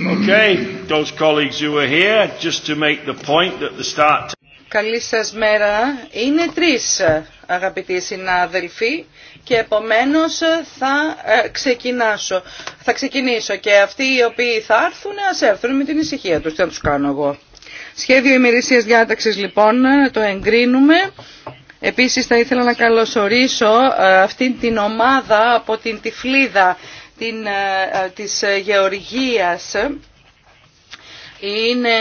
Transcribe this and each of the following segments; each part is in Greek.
Okay, those colleagues who here, just to make the point the start. Καλή σας μέρα. Είναι τρεις αγαπητοί συνάδελφοι και επομένως θα ε, ξεκινάσω. Θα ξεκινήσω και αυτοί οι οποίοι θα έρθουν ας έρθουν με την ησυχία τους. Τι θα τους κάνω εγώ. Σχέδιο ημερήσιας διάταξης λοιπόν το εγκρίνουμε. Επίσης θα ήθελα να καλωσορίσω ε, αυτήν την ομάδα από την Τυφλίδα την, ε, ε, της γεωργίας είναι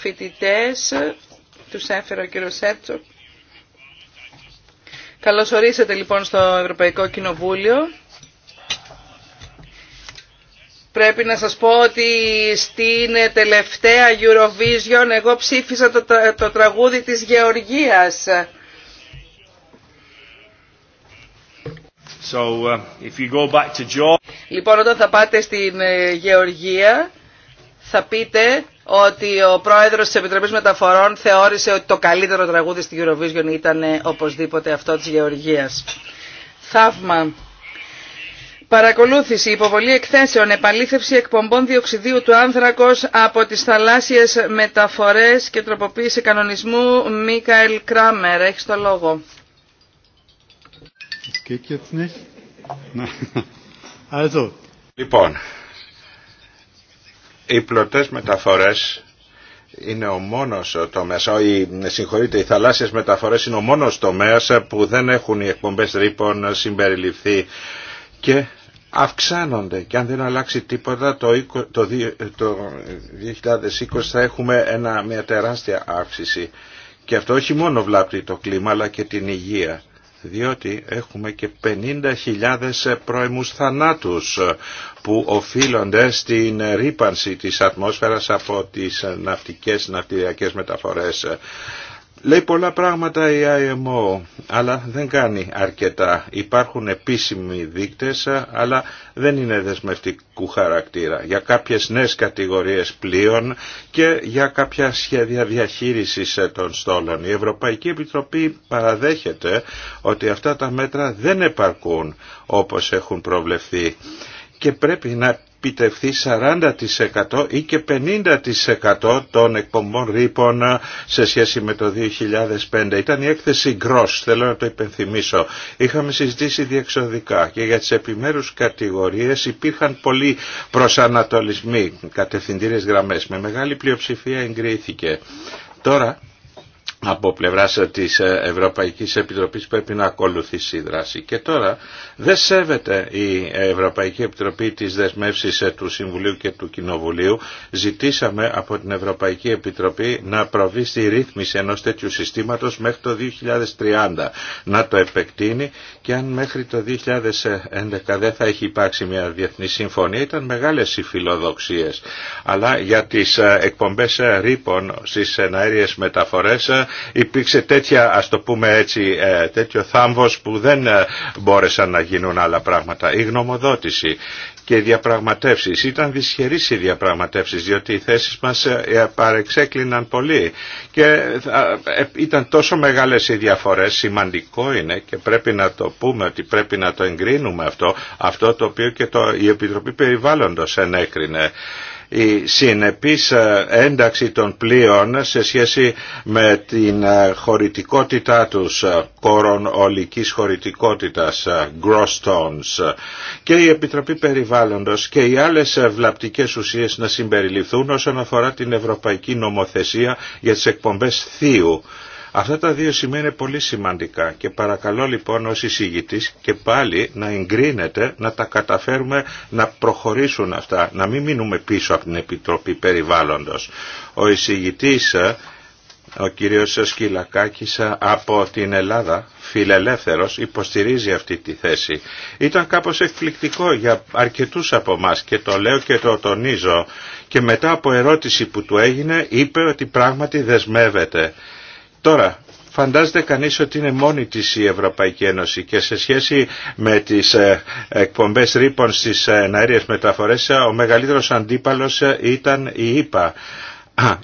φοιτητές, του έφερε ο κύριο Σέτσο. Καλώς ορίσατε λοιπόν στο Ευρωπαϊκό Κοινοβούλιο. Πρέπει να σας πω ότι στην τελευταία Eurovision εγώ ψήφισα το, το τραγούδι της Γεωργίας. Uh, λοιπόν, όταν θα πάτε στην ε, Γεωργία, θα πείτε ότι ο πρόεδρος της Επιτροπής Μεταφορών θεώρησε ότι το καλύτερο τραγούδι στην Eurovision ήταν ε, οπωσδήποτε αυτό της Γεωργίας. Θαύμα. Παρακολούθηση, υποβολή εκθέσεων, επαλήθευση εκπομπών διοξιδίου του άνθρακος από τις θαλάσσιες μεταφορές και τροποποίηση κανονισμού Μίκαελ Κράμερ. Έχεις το λόγο. Λοιπόν, οι πλωτές μεταφορές είναι ο μόνος τομέας, ή συγχωρείτε, οι θαλάσσιες μεταφορές είναι ο μόνος τομέα που δεν έχουν οι εκπομπές ρήπων συμπεριληφθεί και αυξάνονται και αν δεν αλλάξει τίποτα το, το, το 2020 θα έχουμε μια τεράστια αύξηση και αυτό όχι μόνο βλάπτει το κλίμα αλλά και την υγεία διότι έχουμε και 50.000 πρώιμους θανάτους που οφείλονται στην ρήπανση της ατμόσφαιρας από τις ναυτικές ναυτιδιακές μεταφορές. Λέει πολλά πράγματα η IMO, αλλά δεν κάνει αρκετά. Υπάρχουν επίσημοι δείκτες, αλλά δεν είναι δεσμευτικού χαρακτήρα. Για κάποιες νέες κατηγορίες πλοίων και για κάποια σχέδια διαχείρισης των στόλων. Η Ευρωπαϊκή Επιτροπή παραδέχεται ότι αυτά τα μέτρα δεν επαρκούν όπως έχουν προβλεφθεί και πρέπει να επιτευχθεί 40% ή και 50% των εκπομπών ρήπων σε σχέση με το 2005. Ήταν η έκθεση Gross, θέλω να το υπενθυμίσω. Είχαμε συζητήσει διεξοδικά και για τις επιμέρους κατηγορίες υπήρχαν πολλοί προσανατολισμοί, κατευθυντήριες γραμμές. Με μεγάλη πλειοψηφία εγκρίθηκε. Τώρα από πλευράς της Ευρωπαϊκής Επιτροπής πρέπει να ακολουθήσει η δράση. Και τώρα δεν σέβεται η Ευρωπαϊκή Επιτροπή τις δεσμεύσεις του Συμβουλίου και του Κοινοβουλίου. Ζητήσαμε από την Ευρωπαϊκή Επιτροπή να προβεί στη ρύθμιση ενός τέτοιου συστήματος μέχρι το 2030, να το επεκτείνει και αν μέχρι το 2011 δεν θα έχει υπάρξει μια διεθνή συμφωνία, ήταν μεγάλες οι φιλοδοξίες. Αλλά για τις εκπομπέ ρήπων στι εναέριες μεταφορέ υπήρξε τέτοια, ας το πούμε έτσι, ε, τέτοιο θάμβος που δεν ε, μπόρεσαν να γίνουν άλλα πράγματα. Η γνωμοδότηση και οι διαπραγματεύσεις. Ήταν δυσχερείς οι διαπραγματεύσεις διότι οι θέσεις μας ε, παρεξέκλειναν πολύ και ήταν τόσο μεγάλες οι διαφορές, σημαντικό είναι και πρέπει να το πούμε ότι πρέπει να το εγκρίνουμε αυτό, αυτό το οποίο και το, η Επιτροπή Περιβάλλοντος ενέκρινε η συνεπής ε, ένταξη των πλοίων σε σχέση με την ε, χωρητικότητά τους, ε, κόρων ολικής χωρητικότητας, gross και η Επιτροπή Περιβάλλοντος και οι άλλες βλαπτικές ουσίες να συμπεριληφθούν όσον αφορά την Ευρωπαϊκή Νομοθεσία για τις εκπομπές θείου Αυτά τα δύο σημεία πολύ σημαντικά και παρακαλώ λοιπόν ως εισηγητής και πάλι να εγκρίνετε να τα καταφέρουμε να προχωρήσουν αυτά, να μην μείνουμε πίσω από την Επιτροπή Περιβάλλοντος. Ο εισηγητής, ε, ο κύριος Σκυλακάκης ε, από την Ελλάδα, φιλελεύθερος, υποστηρίζει αυτή τη θέση. Ήταν κάπως εκπληκτικό για αρκετούς από εμά και το λέω και το τονίζω και μετά από ερώτηση που του έγινε είπε ότι πράγματι δεσμεύεται Τώρα, φαντάζεται κανείς ότι είναι μόνη της η Ευρωπαϊκή Ένωση και σε σχέση με τις ε, εκπομπές ρήπων στις ε, εναέριες μεταφορές ε, ο μεγαλύτερος αντίπαλος ήταν η ΕΠΑ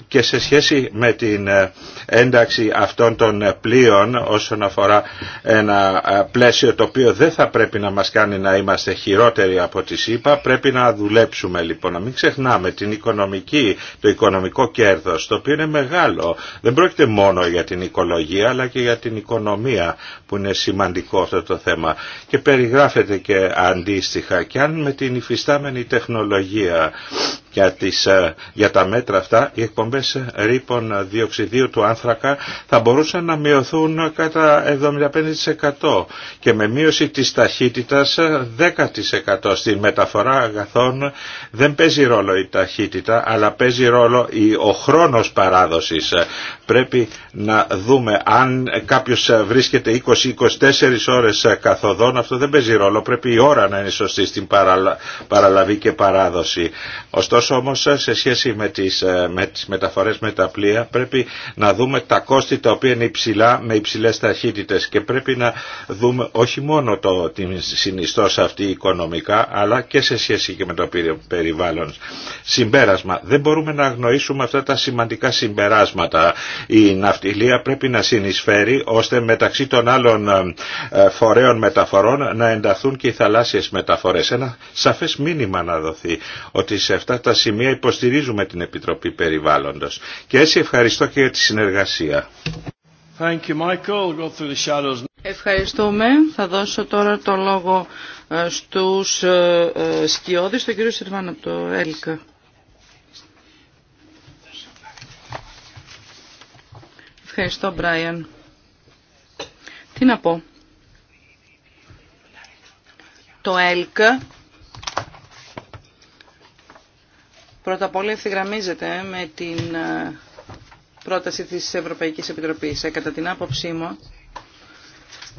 και σε σχέση με την ε, ένταξη αυτών των ε, πλοίων όσον αφορά ένα ε, πλαίσιο το οποίο δεν θα πρέπει να μας κάνει να είμαστε χειρότεροι από τις ΣΥΠΑ πρέπει να δουλέψουμε λοιπόν να μην ξεχνάμε την οικονομική, το οικονομικό κέρδος το οποίο είναι μεγάλο δεν πρόκειται μόνο για την οικολογία αλλά και για την οικονομία που είναι σημαντικό αυτό το θέμα και περιγράφεται και αντίστοιχα και αν με την υφιστάμενη τεχνολογία για, ε, για τα μέτρα αυτά οι εκπομπές ε, ρήπων ε, διοξιδίου του άνθρακα θα μπορούσαν να μειωθούν κατά 75% και με μείωση της ταχύτητας 10% στην μεταφορά αγαθών δεν παίζει ρόλο η ταχύτητα αλλά παίζει ρόλο ο χρόνος παράδοσης. Πρέπει να δούμε αν κάποιος βρίσκεται 20-24 ώρες καθοδόν αυτό δεν παίζει ρόλο πρέπει η ώρα να είναι σωστή στην παραλαβή και παράδοση. Ωστόσο όμως ε, σε σχέση με τις, ε, με μεταφορές με τα πλοία πρέπει να δούμε τα κόστη τα οποία είναι υψηλά με υψηλές ταχύτητες και πρέπει να δούμε όχι μόνο το, την αυτή οικονομικά αλλά και σε σχέση και με το περιβάλλον. Συμπέρασμα. Δεν μπορούμε να αγνοήσουμε αυτά τα σημαντικά συμπεράσματα. Η ναυτιλία πρέπει να συνεισφέρει ώστε μεταξύ των άλλων ε, φορέων μεταφορών να ενταθούν και οι θαλάσσιες μεταφορές. Ένα σαφές μήνυμα να δοθεί ότι σε αυτά τα σημεία υποστηρίζουμε την Επιτροπή Περιβάλλοντος. Και έτσι ευχαριστώ και για τη συνεργασία. Ευχαριστούμε. Θα δώσω τώρα το λόγο ε, στους ε, ε, σκιώδεις, τον κύριο Σερβάν από το ΕΛΚΑ. Ευχαριστώ, Μπράιαν. Τι να πω. Το ΕΛΚΑ... πρώτα απ' όλα ευθυγραμμίζεται με την ε, πρόταση της Ευρωπαϊκής Επιτροπής. Ε, κατά την άποψή μου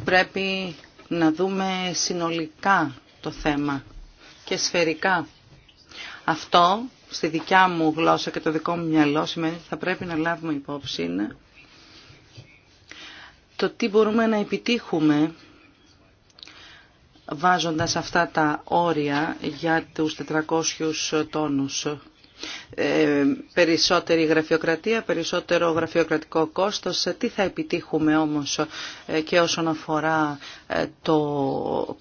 πρέπει να δούμε συνολικά το θέμα και σφαιρικά. Αυτό στη δικιά μου γλώσσα και το δικό μου μυαλό σημαίνει ότι θα πρέπει να λάβουμε υπόψη το τι μπορούμε να επιτύχουμε βάζοντας αυτά τα όρια για τους 400 τόνους. Ε, περισσότερη γραφειοκρατία, περισσότερο γραφειοκρατικό κόστος. Ε, τι θα επιτύχουμε όμως ε, και όσον αφορά το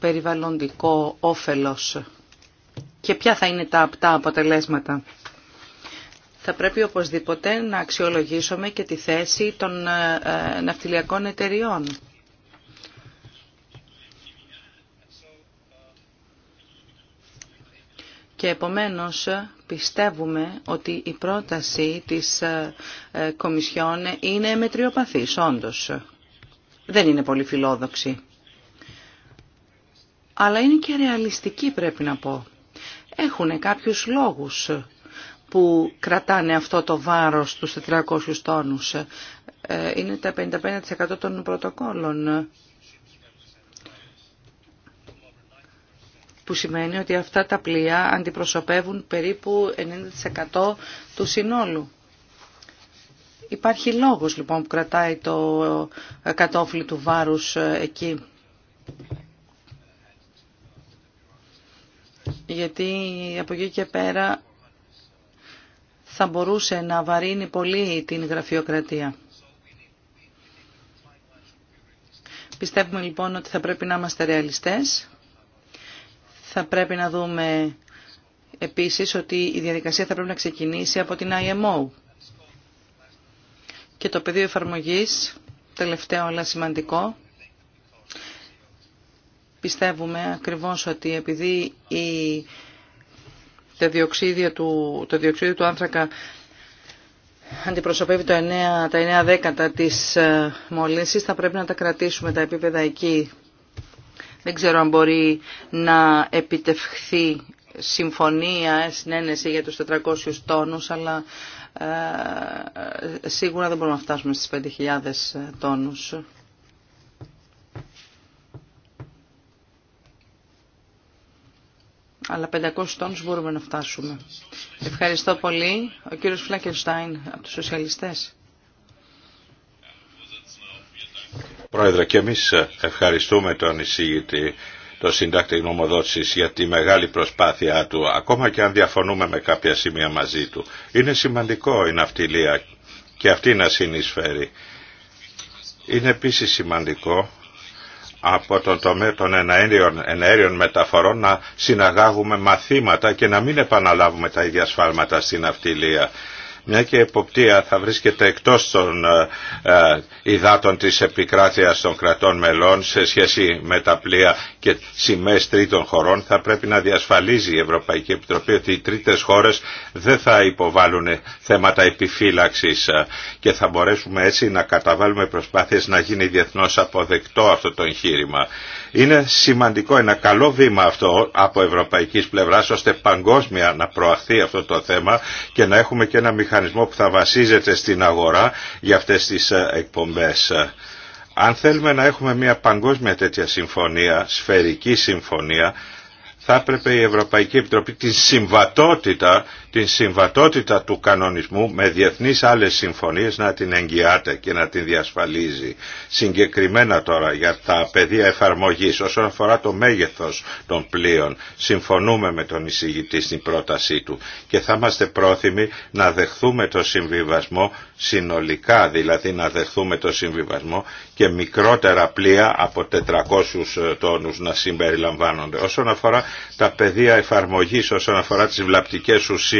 περιβαλλοντικό όφελος και ποια θα είναι τα απτά αποτελέσματα. Θα πρέπει οπωσδήποτε να αξιολογήσουμε και τη θέση των ναυτιλιακών εταιριών και επομένως πιστεύουμε ότι η πρόταση της ε, ε, Κομισιόν είναι μετριοπαθής, όντως. Δεν είναι πολύ φιλόδοξη. Αλλά είναι και ρεαλιστική πρέπει να πω. Έχουν κάποιους λόγους που κρατάνε αυτό το βάρος τους 400 τόνους. Ε, είναι τα 55% των πρωτοκόλων που σημαίνει ότι αυτά τα πλοία αντιπροσωπεύουν περίπου 90% του συνόλου. Υπάρχει λόγος λοιπόν που κρατάει το ε, κατόφλι του βάρους ε, εκεί. Γιατί από εκεί και πέρα θα μπορούσε να βαρύνει πολύ την γραφειοκρατία. Πιστεύουμε λοιπόν ότι θα πρέπει να είμαστε ρεαλιστές θα πρέπει να δούμε επίσης ότι η διαδικασία θα πρέπει να ξεκινήσει από την IMO. Και το πεδίο εφαρμογής, τελευταίο αλλά σημαντικό, πιστεύουμε ακριβώς ότι επειδή η, το, διοξίδιο του, το διοξίδιο του άνθρακα αντιπροσωπεύει το 9, τα 9 δέκατα της ε, μολύνσης, θα πρέπει να τα κρατήσουμε τα επίπεδα εκεί δεν ξέρω αν μπορεί να επιτευχθεί συμφωνία, συνένεση για τους 400 τόνους, αλλά ε, σίγουρα δεν μπορούμε να φτάσουμε στις 5.000 ε, τόνους. Αλλά 500 τόνους μπορούμε να φτάσουμε. Ευχαριστώ πολύ. Ο κύριος Φλάκενστάιν από τους Σοσιαλιστές. Πρόεδρε, και εμείς ευχαριστούμε τον εισηγητή, το συντάκτη γνωμοδότησης για τη μεγάλη προσπάθειά του, ακόμα και αν διαφωνούμε με κάποια σημεία μαζί του. Είναι σημαντικό η ναυτιλία και αυτή να συνεισφέρει. Είναι επίσης σημαντικό από τον τομέα των εναέριων, μεταφορών να συναγάγουμε μαθήματα και να μην επαναλάβουμε τα ίδια σφάλματα στην ναυτιλία μια και η εποπτεία θα βρίσκεται εκτός των ε, ε, υδάτων της επικράτειας των κρατών μελών σε σχέση με τα πλοία και σημαίες τρίτων χωρών θα πρέπει να διασφαλίζει η Ευρωπαϊκή Επιτροπή ότι οι τρίτες χώρες δεν θα υποβάλουν θέματα επιφύλαξης ε, και θα μπορέσουμε έτσι να καταβάλουμε προσπάθειες να γίνει διεθνώς αποδεκτό αυτό το εγχείρημα. Είναι σημαντικό ένα καλό βήμα αυτό από ευρωπαϊκής πλευράς ώστε παγκόσμια να προαχθεί αυτό το θέμα και να έχουμε και ένα μηχανισμό μηχανισμό που θα βασίζεται στην αγορά για αυτές τις ε, εκπομπές. Αν θέλουμε να έχουμε μια παγκόσμια τέτοια συμφωνία, σφαιρική συμφωνία, θα έπρεπε η Ευρωπαϊκή Επιτροπή την συμβατότητα την συμβατότητα του κανονισμού με διεθνείς άλλες συμφωνίες να την εγγυάται και να την διασφαλίζει. Συγκεκριμένα τώρα για τα πεδία εφαρμογής όσον αφορά το μέγεθος των πλοίων συμφωνούμε με τον εισηγητή στην πρότασή του και θα είμαστε πρόθυμοι να δεχθούμε το συμβιβασμό συνολικά δηλαδή να δεχθούμε το συμβιβασμό και μικρότερα πλοία από 400 τόνους να συμπεριλαμβάνονται. Όσον αφορά τα πεδία εφαρμογής, όσον αφορά τις βλαπτικές ουσίες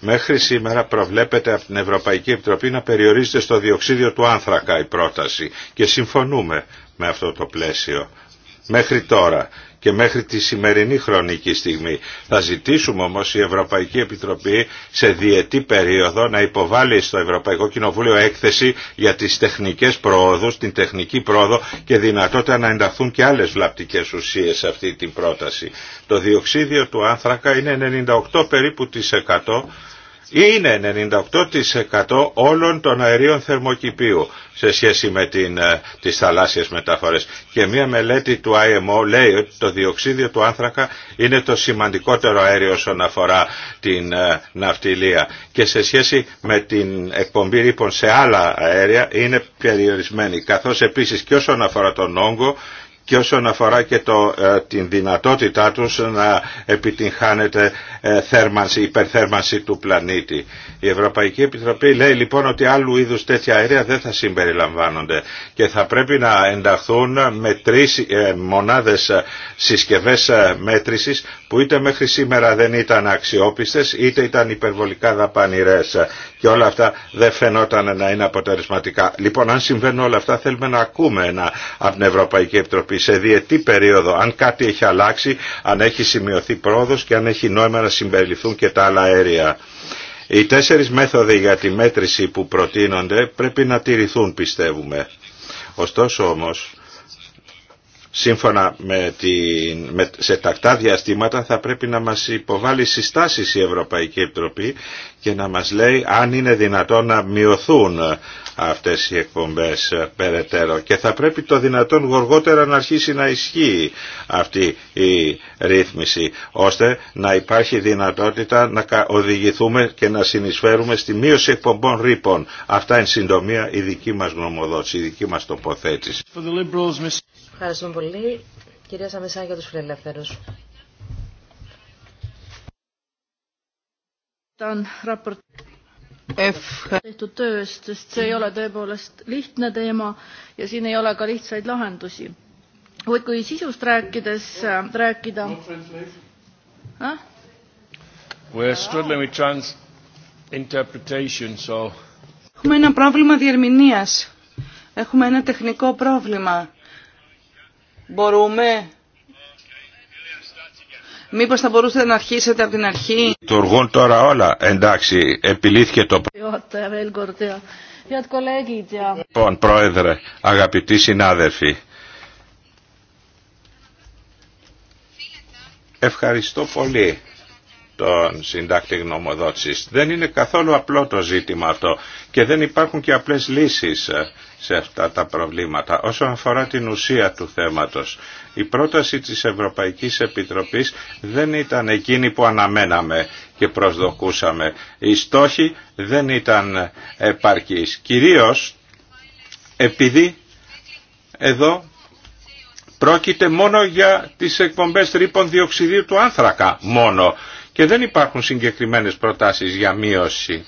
Μέχρι σήμερα προβλέπεται από την Ευρωπαϊκή Επιτροπή να περιορίζεται στο διοξίδιο του άνθρακα η πρόταση και συμφωνούμε με αυτό το πλαίσιο. Μέχρι τώρα και μέχρι τη σημερινή χρονική στιγμή. Θα ζητήσουμε όμως η Ευρωπαϊκή Επιτροπή σε διετή περίοδο να υποβάλει στο Ευρωπαϊκό Κοινοβούλιο έκθεση για τις τεχνικές προόδους, την τεχνική πρόοδο και δυνατότητα να ενταχθούν και άλλες βλαπτικές ουσίες σε αυτή την πρόταση. Το διοξίδιο του άνθρακα είναι 98 περίπου είναι 98% όλων των αερίων θερμοκηπίου σε σχέση με την, ε, τις θαλάσσιες μεταφορές. Και μια μελέτη του IMO λέει ότι το διοξίδιο του άνθρακα είναι το σημαντικότερο αέριο όσον αφορά την ε, ναυτιλία και σε σχέση με την εκπομπή ρήπων σε άλλα αέρια είναι περιορισμένη καθώς επίσης και όσον αφορά τον όγκο και όσον αφορά και το, ε, την δυνατότητά τους να επιτυγχάνεται ε, θέρμανση, υπερθέρμανση του πλανήτη. Η Ευρωπαϊκή Επιτροπή λέει λοιπόν ότι άλλου είδους τέτοια αέρια δεν θα συμπεριλαμβάνονται και θα πρέπει να ενταχθούν με τρεις ε, μονάδες συσκευές μέτρησης που είτε μέχρι σήμερα δεν ήταν αξιόπιστες είτε ήταν υπερβολικά δαπανηρές και όλα αυτά δεν φαινόταν να είναι αποτελεσματικά. Λοιπόν, αν συμβαίνουν όλα αυτά θέλουμε να ακούμε ένα, από την Ευρωπαϊκή Επιτροπή σε διετή περίοδο αν κάτι έχει αλλάξει, αν έχει σημειωθεί πρόοδος και αν έχει νόημα να συμπεριληφθούν και τα άλλα αέρια. Οι τέσσερις μέθοδοι για τη μέτρηση που προτείνονται πρέπει να τηρηθούν πιστεύουμε. Ωστόσο όμως σύμφωνα με την, με, σε τακτά διαστήματα θα πρέπει να μας υποβάλει συστάσεις η Ευρωπαϊκή Επιτροπή και να μας λέει αν είναι δυνατόν να μειωθούν αυτές οι εκπομπές περαιτέρω και θα πρέπει το δυνατόν γοργότερα να αρχίσει να ισχύει αυτή η ρύθμιση ώστε να υπάρχει δυνατότητα να οδηγηθούμε και να συνεισφέρουμε στη μείωση εκπομπών ρήπων. Αυτά είναι συντομία η δική μας γνωμοδότηση, η δική μας τοποθέτηση. Ευχαριστούμε πολύ. Κυρία Σαμισά για τους φιλελεύθερους. Έχουμε ένα πρόβλημα διερμηνίας. Έχουμε ένα τεχνικό πρόβλημα. Μπορούμε... Μήπως θα μπορούσατε να αρχίσετε από την αρχή. λειτουργούν τώρα όλα. Εντάξει, επιλύθηκε το πρόβλημα. Λοιπόν, πρόεδρε, αγαπητοί συνάδελφοι, ευχαριστώ πολύ τον συντάκτη γνωμοδότησης. Δεν είναι καθόλου απλό το ζήτημα αυτό και δεν υπάρχουν και απλές λύσεις ε, σε αυτά τα προβλήματα. Όσον αφορά την ουσία του θέματος, η πρόταση της Ευρωπαϊκής Επιτροπής δεν ήταν εκείνη που αναμέναμε και προσδοκούσαμε. Οι στόχοι δεν ήταν επαρκείς. Κυρίως επειδή εδώ πρόκειται μόνο για τις εκπομπές τρύπων διοξιδίου του άνθρακα μόνο και δεν υπάρχουν συγκεκριμένες προτάσεις για μείωση.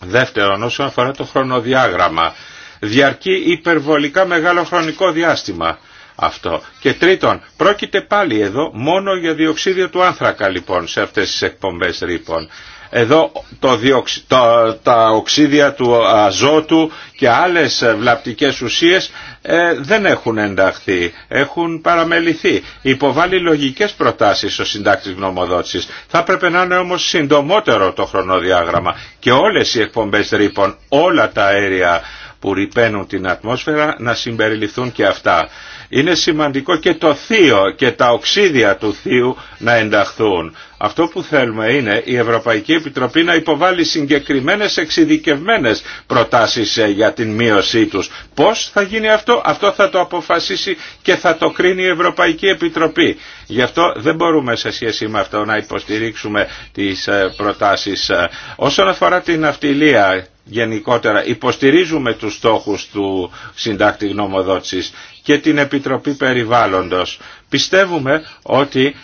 Δεύτερον, όσον αφορά το χρονοδιάγραμμα, διαρκεί υπερβολικά μεγάλο χρονικό διάστημα αυτό. Και τρίτον, πρόκειται πάλι εδώ μόνο για διοξίδιο του άνθρακα λοιπόν σε αυτές τις εκπομπές ρήπων. Εδώ το τα οξύδια του αζότου και άλλες βλαπτικές ουσίες ε, δεν έχουν ενταχθεί, έχουν παραμεληθεί. Υποβάλλει λογικές προτάσεις ο συντάκτης γνωμοδότησης. Θα πρέπει να είναι όμως συντομότερο το χρονοδιάγραμμα και όλες οι εκπομπές ρήπων, όλα τα αέρια που ρηπαίνουν την ατμόσφαιρα να συμπεριληφθούν και αυτά. Είναι σημαντικό και το θείο και τα οξύδια του θείου να ενταχθούν. Αυτό που θέλουμε είναι η Ευρωπαϊκή Επιτροπή να υποβάλει συγκεκριμένες εξειδικευμένες προτάσεις ε, για την μείωσή τους. Πώς θα γίνει αυτό, αυτό θα το αποφασίσει και θα το κρίνει η Ευρωπαϊκή Επιτροπή. Γι' αυτό δεν μπορούμε σε σχέση με αυτό να υποστηρίξουμε τις ε, προτάσεις. Ε. Όσον αφορά την αυτιλία γενικότερα, υποστηρίζουμε τους στόχους του συντάκτη γνωμοδότησης και την Επιτροπή Περιβάλλοντος. Πιστεύουμε ότι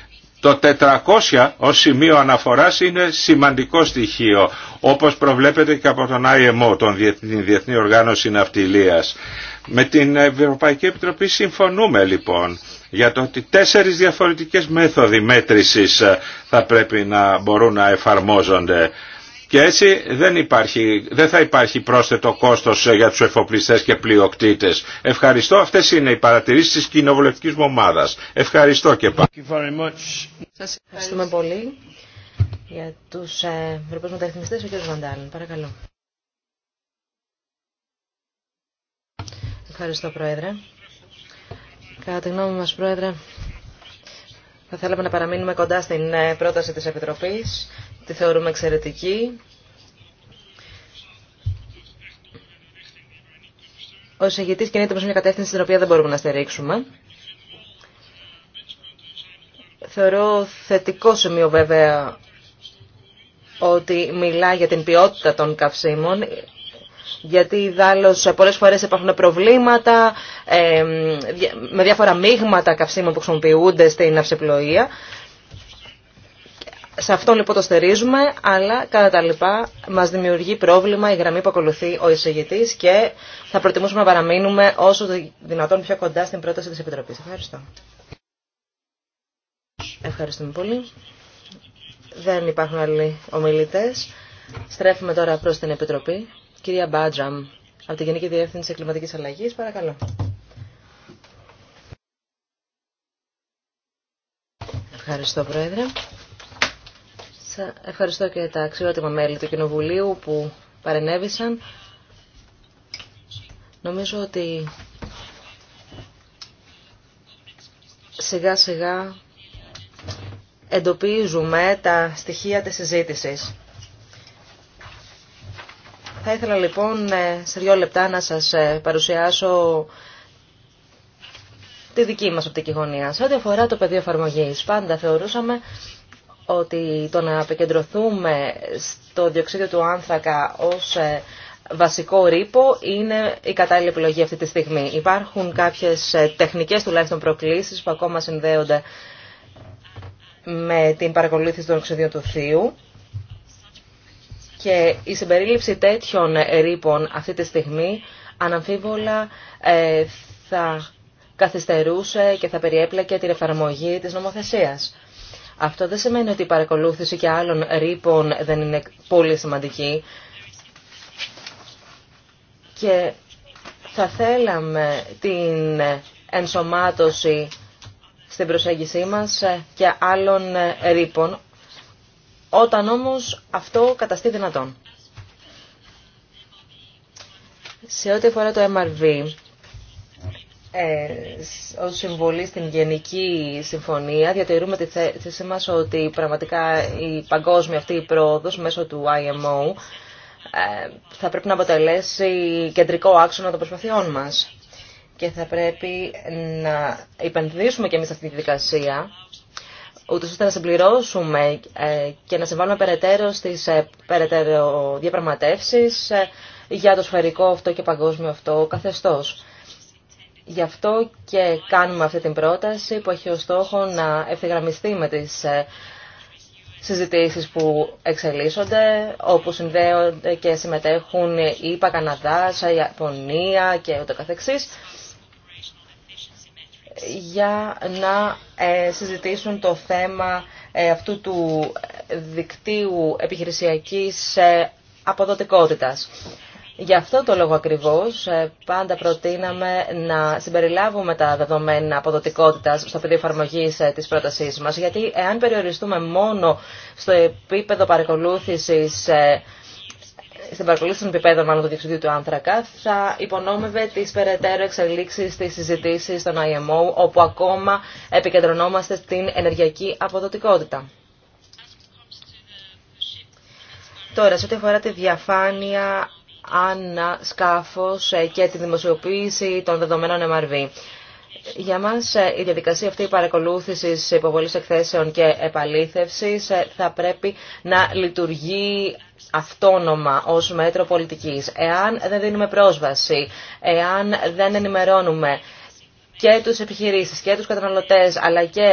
το 400 ως σημείο αναφοράς είναι σημαντικό στοιχείο, όπως προβλέπεται και από τον IMO, τον Διεθνή Οργάνωση Ναυτιλίας. Με την Ευρωπαϊκή Επιτροπή συμφωνούμε λοιπόν για το ότι τέσσερις διαφορετικές μέθοδοι μέτρησης θα πρέπει να μπορούν να εφαρμόζονται και έτσι δεν, υπάρχει, δεν θα υπάρχει πρόσθετο κόστος για τους εφοπλιστές και πλειοκτήτες. Ευχαριστώ. Αυτές είναι οι παρατηρήσεις της κοινοβουλευτικής μου ομάδας. Ευχαριστώ και πάλι. Σας ευχαριστούμε πολύ για τους ε, Ευρωπαίους Μεταρρυθμιστές, ο κ. Βαντάλεν. Παρακαλώ. Ευχαριστώ, Πρόεδρε. Κατά τη γνώμη μας, Πρόεδρε, θα θέλαμε να παραμείνουμε κοντά στην ε, πρόταση της Επιτροπής Τη θεωρούμε εξαιρετική. Ο εισηγητής κινείται προς μια κατεύθυνση στην οποία δεν μπορούμε να στερήξουμε. Θεωρώ θετικό σημείο βέβαια ότι μιλά για την ποιότητα των καυσίμων, γιατί δάλλως πολλές φορές υπάρχουν προβλήματα ε, με διάφορα μείγματα καυσίμων που χρησιμοποιούνται στην αυσεπλοεία. Σε αυτό λοιπόν το στερίζουμε, αλλά κατά τα λοιπά μας δημιουργεί πρόβλημα η γραμμή που ακολουθεί ο εισηγητής και θα προτιμούσαμε να παραμείνουμε όσο δυνατόν πιο κοντά στην πρόταση της Επιτροπής. Ευχαριστώ. Ευχαριστούμε πολύ. Δεν υπάρχουν άλλοι ομιλητές. Στρέφουμε τώρα προς την Επιτροπή. Κυρία Μπάτζαμ, από την Γενική Διεύθυνση Εκκληματική Αλλαγής, παρακαλώ. Ευχαριστώ, Πρόεδρε. Σα ευχαριστώ και τα αξιότιμα μέλη του Κοινοβουλίου που παρενέβησαν. Νομίζω ότι σιγά σιγά εντοπίζουμε τα στοιχεία της συζήτησης. Θα ήθελα λοιπόν ε, σε δύο λεπτά να σας ε, παρουσιάσω τη δική μας οπτική γωνία. Σε ό,τι αφορά το πεδίο εφαρμογή, πάντα θεωρούσαμε ότι το να επικεντρωθούμε στο διοξείδιο του άνθρακα ως ε, βασικό ρήπο είναι η κατάλληλη επιλογή αυτή τη στιγμή. Υπάρχουν κάποιες ε, τεχνικές τουλάχιστον προκλήσεις που ακόμα συνδέονται με την παρακολούθηση των οξυδίων του θείου και η συμπερίληψη τέτοιων ρήπων αυτή τη στιγμή αναμφίβολα ε, θα καθυστερούσε και θα περιέπλεκε την εφαρμογή της νομοθεσίας. Αυτό δεν σημαίνει ότι η παρακολούθηση και άλλων ρήπων δεν είναι πολύ σημαντική. Και θα θέλαμε την ενσωμάτωση στην προσέγγισή μας και άλλων ρήπων, όταν όμως αυτό καταστεί δυνατόν. Σε ό,τι αφορά το MRV, ε, Ω συμβολή στην Γενική Συμφωνία διατηρούμε τη θέση μα ότι πραγματικά η παγκόσμια αυτή η πρόοδος μέσω του IMO ε, θα πρέπει να αποτελέσει κεντρικό άξονα των προσπαθειών μας και θα πρέπει να επενδύσουμε και εμεί αυτή τη δικασία ούτως ώστε να συμπληρώσουμε ε, και να συμβάλλουμε περαιτέρω στις περαιτέρω διαπραγματεύσεις για το σφαιρικό αυτό και παγκόσμιο αυτό καθεστώς. Γι' αυτό και κάνουμε αυτή την πρόταση που έχει ως στόχο να ευθυγραμμιστεί με τις ε, συζητήσεις που εξελίσσονται, όπου συνδέονται και συμμετέχουν η ΙΠΑ, Καναδά, η Ιαπωνία και ούτω καθεξής, για να ε, συζητήσουν το θέμα ε, αυτού του δικτύου επιχειρησιακής αποδοτικότητας. Γι' αυτό το λόγο ακριβώς ε, πάντα προτείναμε να συμπεριλάβουμε τα δεδομένα αποδοτικότητας στο πεδίο εφαρμογή ε, της πρότασής μας, γιατί εάν περιοριστούμε μόνο στο επίπεδο παρακολούθησης ε, στην παρακολούθηση των επιπέδων μάλλον του διευθυντήτου του άνθρακα, θα υπονόμευε τι περαιτέρω εξελίξει στι συζητήσει των IMO, όπου ακόμα επικεντρωνόμαστε στην ενεργειακή αποδοτικότητα. Τώρα, σε ό,τι αφορά τη διαφάνεια ανά σκάφος ε, και τη δημοσιοποίηση των δεδομένων MRV. Για μας ε, η διαδικασία αυτή παρακολούθησης υποβολής εκθέσεων και επαλήθευσης ε, θα πρέπει να λειτουργεί αυτόνομα ως μέτρο πολιτικής. Εάν δεν δίνουμε πρόσβαση, εάν δεν ενημερώνουμε και τους επιχειρήσεις και τους καταναλωτές αλλά και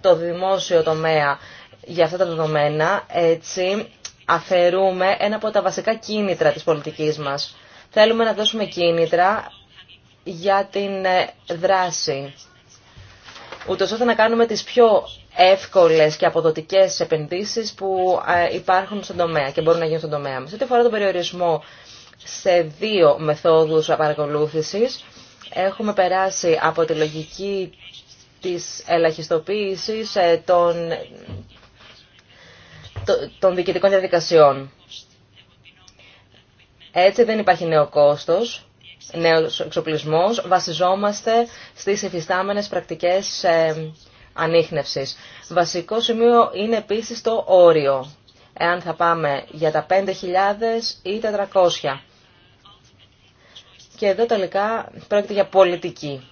το δημόσιο τομέα για αυτά τα δεδομένα, έτσι αφαιρούμε ένα από τα βασικά κίνητρα της πολιτικής μας. Θέλουμε να δώσουμε κίνητρα για την ε, δράση, ούτως ώστε να κάνουμε τις πιο εύκολες και αποδοτικές επενδύσεις που ε, υπάρχουν στον τομέα και μπορούν να γίνουν στον τομέα μας. Ό,τι φορά τον περιορισμό σε δύο μεθόδους παρακολούθησης, έχουμε περάσει από τη λογική της ελαχιστοποίησης ε, των των διοικητικών διαδικασιών. Έτσι δεν υπάρχει νέο κόστος, νέος εξοπλισμός. Βασιζόμαστε στις εφιστάμενες πρακτικές ε, ανείχνευσης. Βασικό σημείο είναι επίσης το όριο. Εάν θα πάμε για τα 5.000 ή 400. Και εδώ τελικά πρόκειται για πολιτική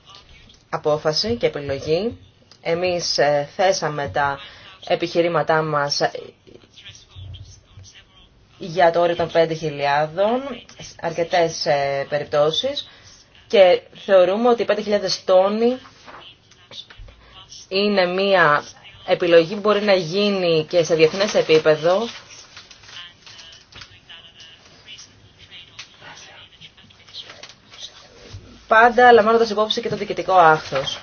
απόφαση και επιλογή. Εμείς ε, θέσαμε τα επιχειρήματά μας για το όριο των 5.000, αρκετές ε, περιπτώσεις και θεωρούμε ότι οι 5.000 τόνοι είναι μία επιλογή που μπορεί να γίνει και σε διεθνές επίπεδο πάντα λαμβάνοντας υπόψη και το διοικητικό άχθος.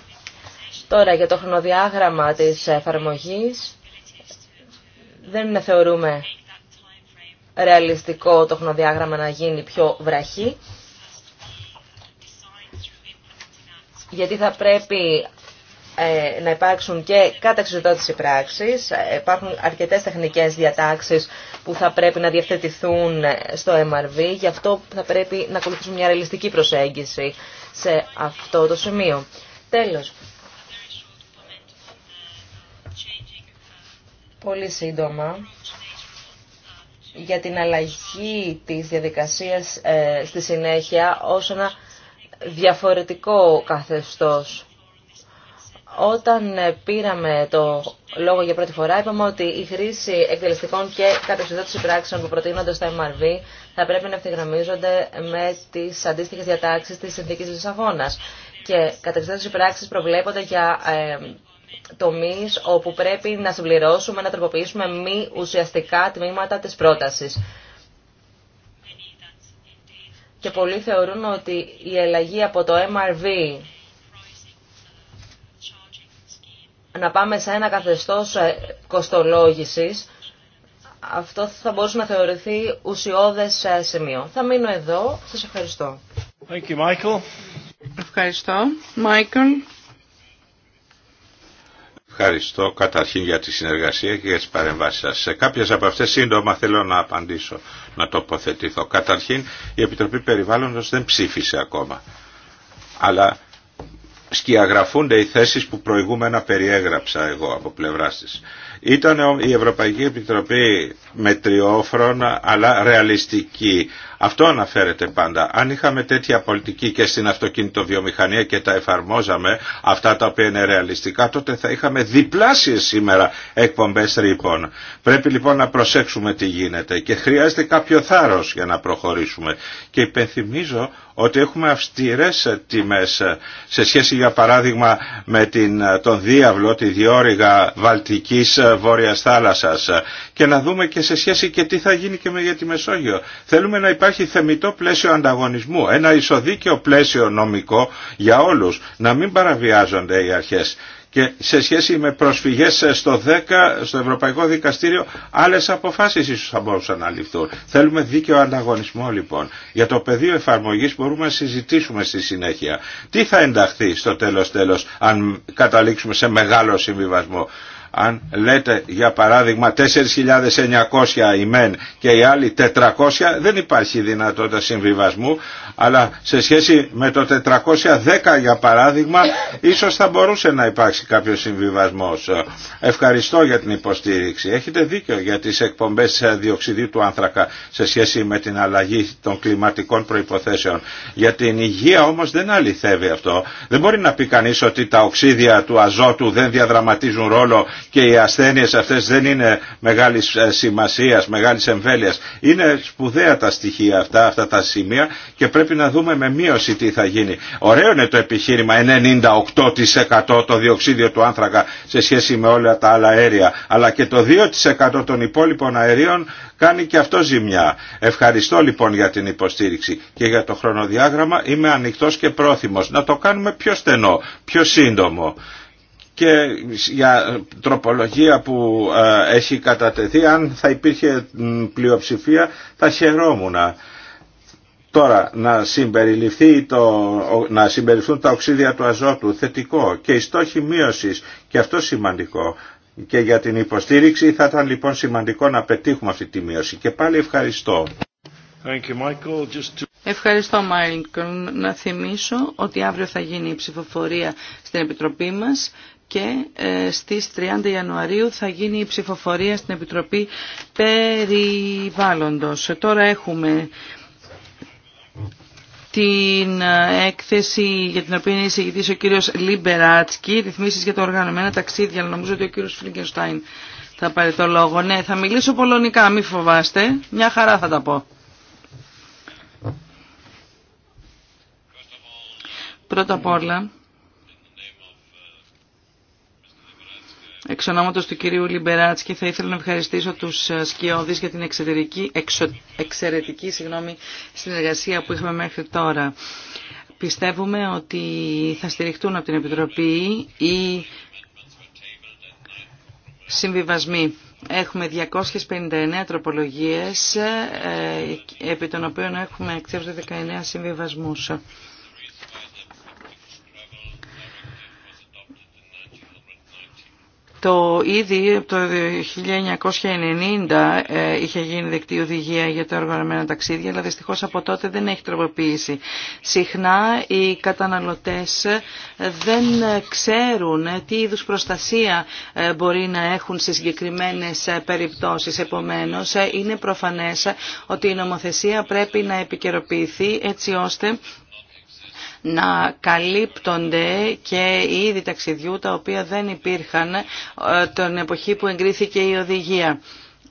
Τώρα για το χρονοδιάγραμμα της εφαρμογής δεν θεωρούμε ρεαλιστικό το χρονοδιάγραμμα να γίνει πιο βραχή. Γιατί θα πρέπει ε, να υπάρξουν και πράξεις. πράξη. Ε, υπάρχουν αρκετές τεχνικές διατάξεις που θα πρέπει να διευθετηθούν ε, στο MRV. Γι' αυτό θα πρέπει να ακολουθήσουμε μια ρεαλιστική προσέγγιση σε αυτό το σημείο. Τέλος. Πολύ σύντομα για την αλλαγή της διαδικασίας ε, στη συνέχεια ως ένα διαφορετικό καθεστώς. Όταν ε, πήραμε το λόγο για πρώτη φορά, είπαμε ότι η χρήση εκτελεστικών και κατεξοδότηση πράξεων που προτείνονται στα MRV θα πρέπει να ευθυγραμμίζονται με τις αντίστοιχες διατάξεις της συνθήκης της αφώνας. Και κατεξοδότηση πράξεις προβλέπονται για ε, Τομεί όπου πρέπει να συμπληρώσουμε, να τροποποιήσουμε μη ουσιαστικά τμήματα τη πρότασης. Και πολλοί θεωρούν ότι η ελλαγή από το MRV να πάμε σε ένα καθεστώς κοστολόγησης, αυτό θα μπορούσε να θεωρηθεί ουσιώδες σημείο. Θα μείνω εδώ. Σας ευχαριστώ. Thank you, Michael. Ευχαριστώ, Michael. Ευχαριστώ καταρχήν για τη συνεργασία και για τις παρεμβάσεις σας. Σε κάποιες από αυτές σύντομα θέλω να απαντήσω, να τοποθετηθώ. Καταρχήν η Επιτροπή Περιβάλλοντος δεν ψήφισε ακόμα. Αλλά σκιαγραφούνται οι θέσεις που προηγούμενα περιέγραψα εγώ από πλευράς της. Ήταν η Ευρωπαϊκή Επιτροπή μετριόφρονα αλλά ρεαλιστική. Αυτό αναφέρεται πάντα. Αν είχαμε τέτοια πολιτική και στην αυτοκινητοβιομηχανία και τα εφαρμόζαμε, αυτά τα οποία είναι ρεαλιστικά, τότε θα είχαμε διπλάσιες σήμερα εκπομπές ρήπων. Πρέπει λοιπόν να προσέξουμε τι γίνεται και χρειάζεται κάποιο θάρρος για να προχωρήσουμε. Και υπενθυμίζω ότι έχουμε αυστηρές τιμές σε σχέση για παράδειγμα με τον διάβλο, τη διόρυγα Βαλτικής ε, Βόρειας Θάλασσας και να δούμε και σε σχέση και τι θα γίνει και με για τη Μεσόγειο. Θέλουμε να υπάρχει θεμητό πλαίσιο ανταγωνισμού, ένα ισοδίκαιο πλαίσιο νομικό για όλους, να μην παραβιάζονται οι αρχές και σε σχέση με προσφυγές στο 10 στο Ευρωπαϊκό Δικαστήριο άλλες αποφάσεις ίσως θα μπορούσαν να ληφθούν. Θέλουμε δίκαιο ανταγωνισμό λοιπόν. Για το πεδίο εφαρμογής μπορούμε να συζητήσουμε στη συνέχεια. Τι θα ενταχθεί στο τέλος τέλος αν καταλήξουμε σε μεγάλο συμβιβασμό αν λέτε για παράδειγμα 4.900 ημέν και οι άλλοι 400 δεν υπάρχει δυνατότητα συμβιβασμού αλλά σε σχέση με το 410 για παράδειγμα ίσως θα μπορούσε να υπάρξει κάποιος συμβιβασμός. Ευχαριστώ για την υποστήριξη. Έχετε δίκιο για τις εκπομπές διοξιδίου του άνθρακα σε σχέση με την αλλαγή των κλιματικών προϋποθέσεων. Για την υγεία όμως δεν αληθεύει αυτό. Δεν μπορεί να πει κανείς ότι τα οξύδια του αζότου δεν διαδραματίζουν ρόλο και οι ασθένειες αυτές δεν είναι μεγάλης ε, σημασίας, μεγάλης εμβέλειας. Είναι σπουδαία τα στοιχεία αυτά, αυτά τα σημεία και πρέπει να δούμε με μείωση τι θα γίνει. Ωραίο είναι το επιχείρημα 98% το διοξίδιο του άνθρακα σε σχέση με όλα τα άλλα αέρια, αλλά και το 2% των υπόλοιπων αερίων κάνει και αυτό ζημιά. Ευχαριστώ λοιπόν για την υποστήριξη και για το χρονοδιάγραμμα είμαι ανοιχτός και πρόθυμος να το κάνουμε πιο στενό, πιο σύντομο και για τροπολογία που ε, έχει κατατεθεί αν θα υπήρχε πλειοψηφία θα χαιρόμουν. Τώρα να, συμπεριληφθεί το, να συμπεριληφθούν τα οξύδια του αζότου θετικό και οι στόχοι μείωσης και αυτό σημαντικό και για την υποστήριξη θα ήταν λοιπόν σημαντικό να πετύχουμε αυτή τη μείωση και πάλι ευχαριστώ. Ευχαριστώ Μάικλ. Να θυμίσω ότι αύριο θα γίνει η ψηφοφορία στην Επιτροπή μας και ε, στις 30 Ιανουαρίου θα γίνει η ψηφοφορία στην Επιτροπή Περιβάλλοντος. Τώρα έχουμε την ε, έκθεση για την οποία είναι εισηγητής ο κύριος Λιμπεράτσκι, ρυθμίσεις για τα οργανωμένα ταξίδια, αλλά νομίζω ότι ο κύριος Φλίγκενστάιν θα πάρει το λόγο. Ναι, θα μιλήσω πολωνικά, μη φοβάστε, μια χαρά θα τα πω. Πρώτα απ' όλα, Εξ ονόματος του κυρίου Λιμπεράτσκι θα ήθελα να ευχαριστήσω τους ε, σκιώδεις για την εξαιρετική, εξω, εξαιρετική συνεργασία που είχαμε μέχρι τώρα. Πιστεύουμε ότι θα στηριχτούν από την Επιτροπή οι συμβιβασμοί. Έχουμε 259 τροπολογίες, ε, ε, επί των οποίων έχουμε 19 συμβιβασμούς. Το ήδη από το 1990 ε, είχε γίνει δεκτή οδηγία για τα οργανωμένα ταξίδια, αλλά δυστυχώς από τότε δεν έχει τροποποιήσει. Συχνά οι καταναλωτές δεν ξέρουν τι είδους προστασία ε, μπορεί να έχουν σε συγκεκριμένες ε, περιπτώσεις. Επομένως, είναι προφανές ότι η νομοθεσία πρέπει να επικαιροποιηθεί έτσι ώστε να καλύπτονται και οι είδη ταξιδιού τα οποία δεν υπήρχαν ε, τον εποχή που εγκρίθηκε η οδηγία.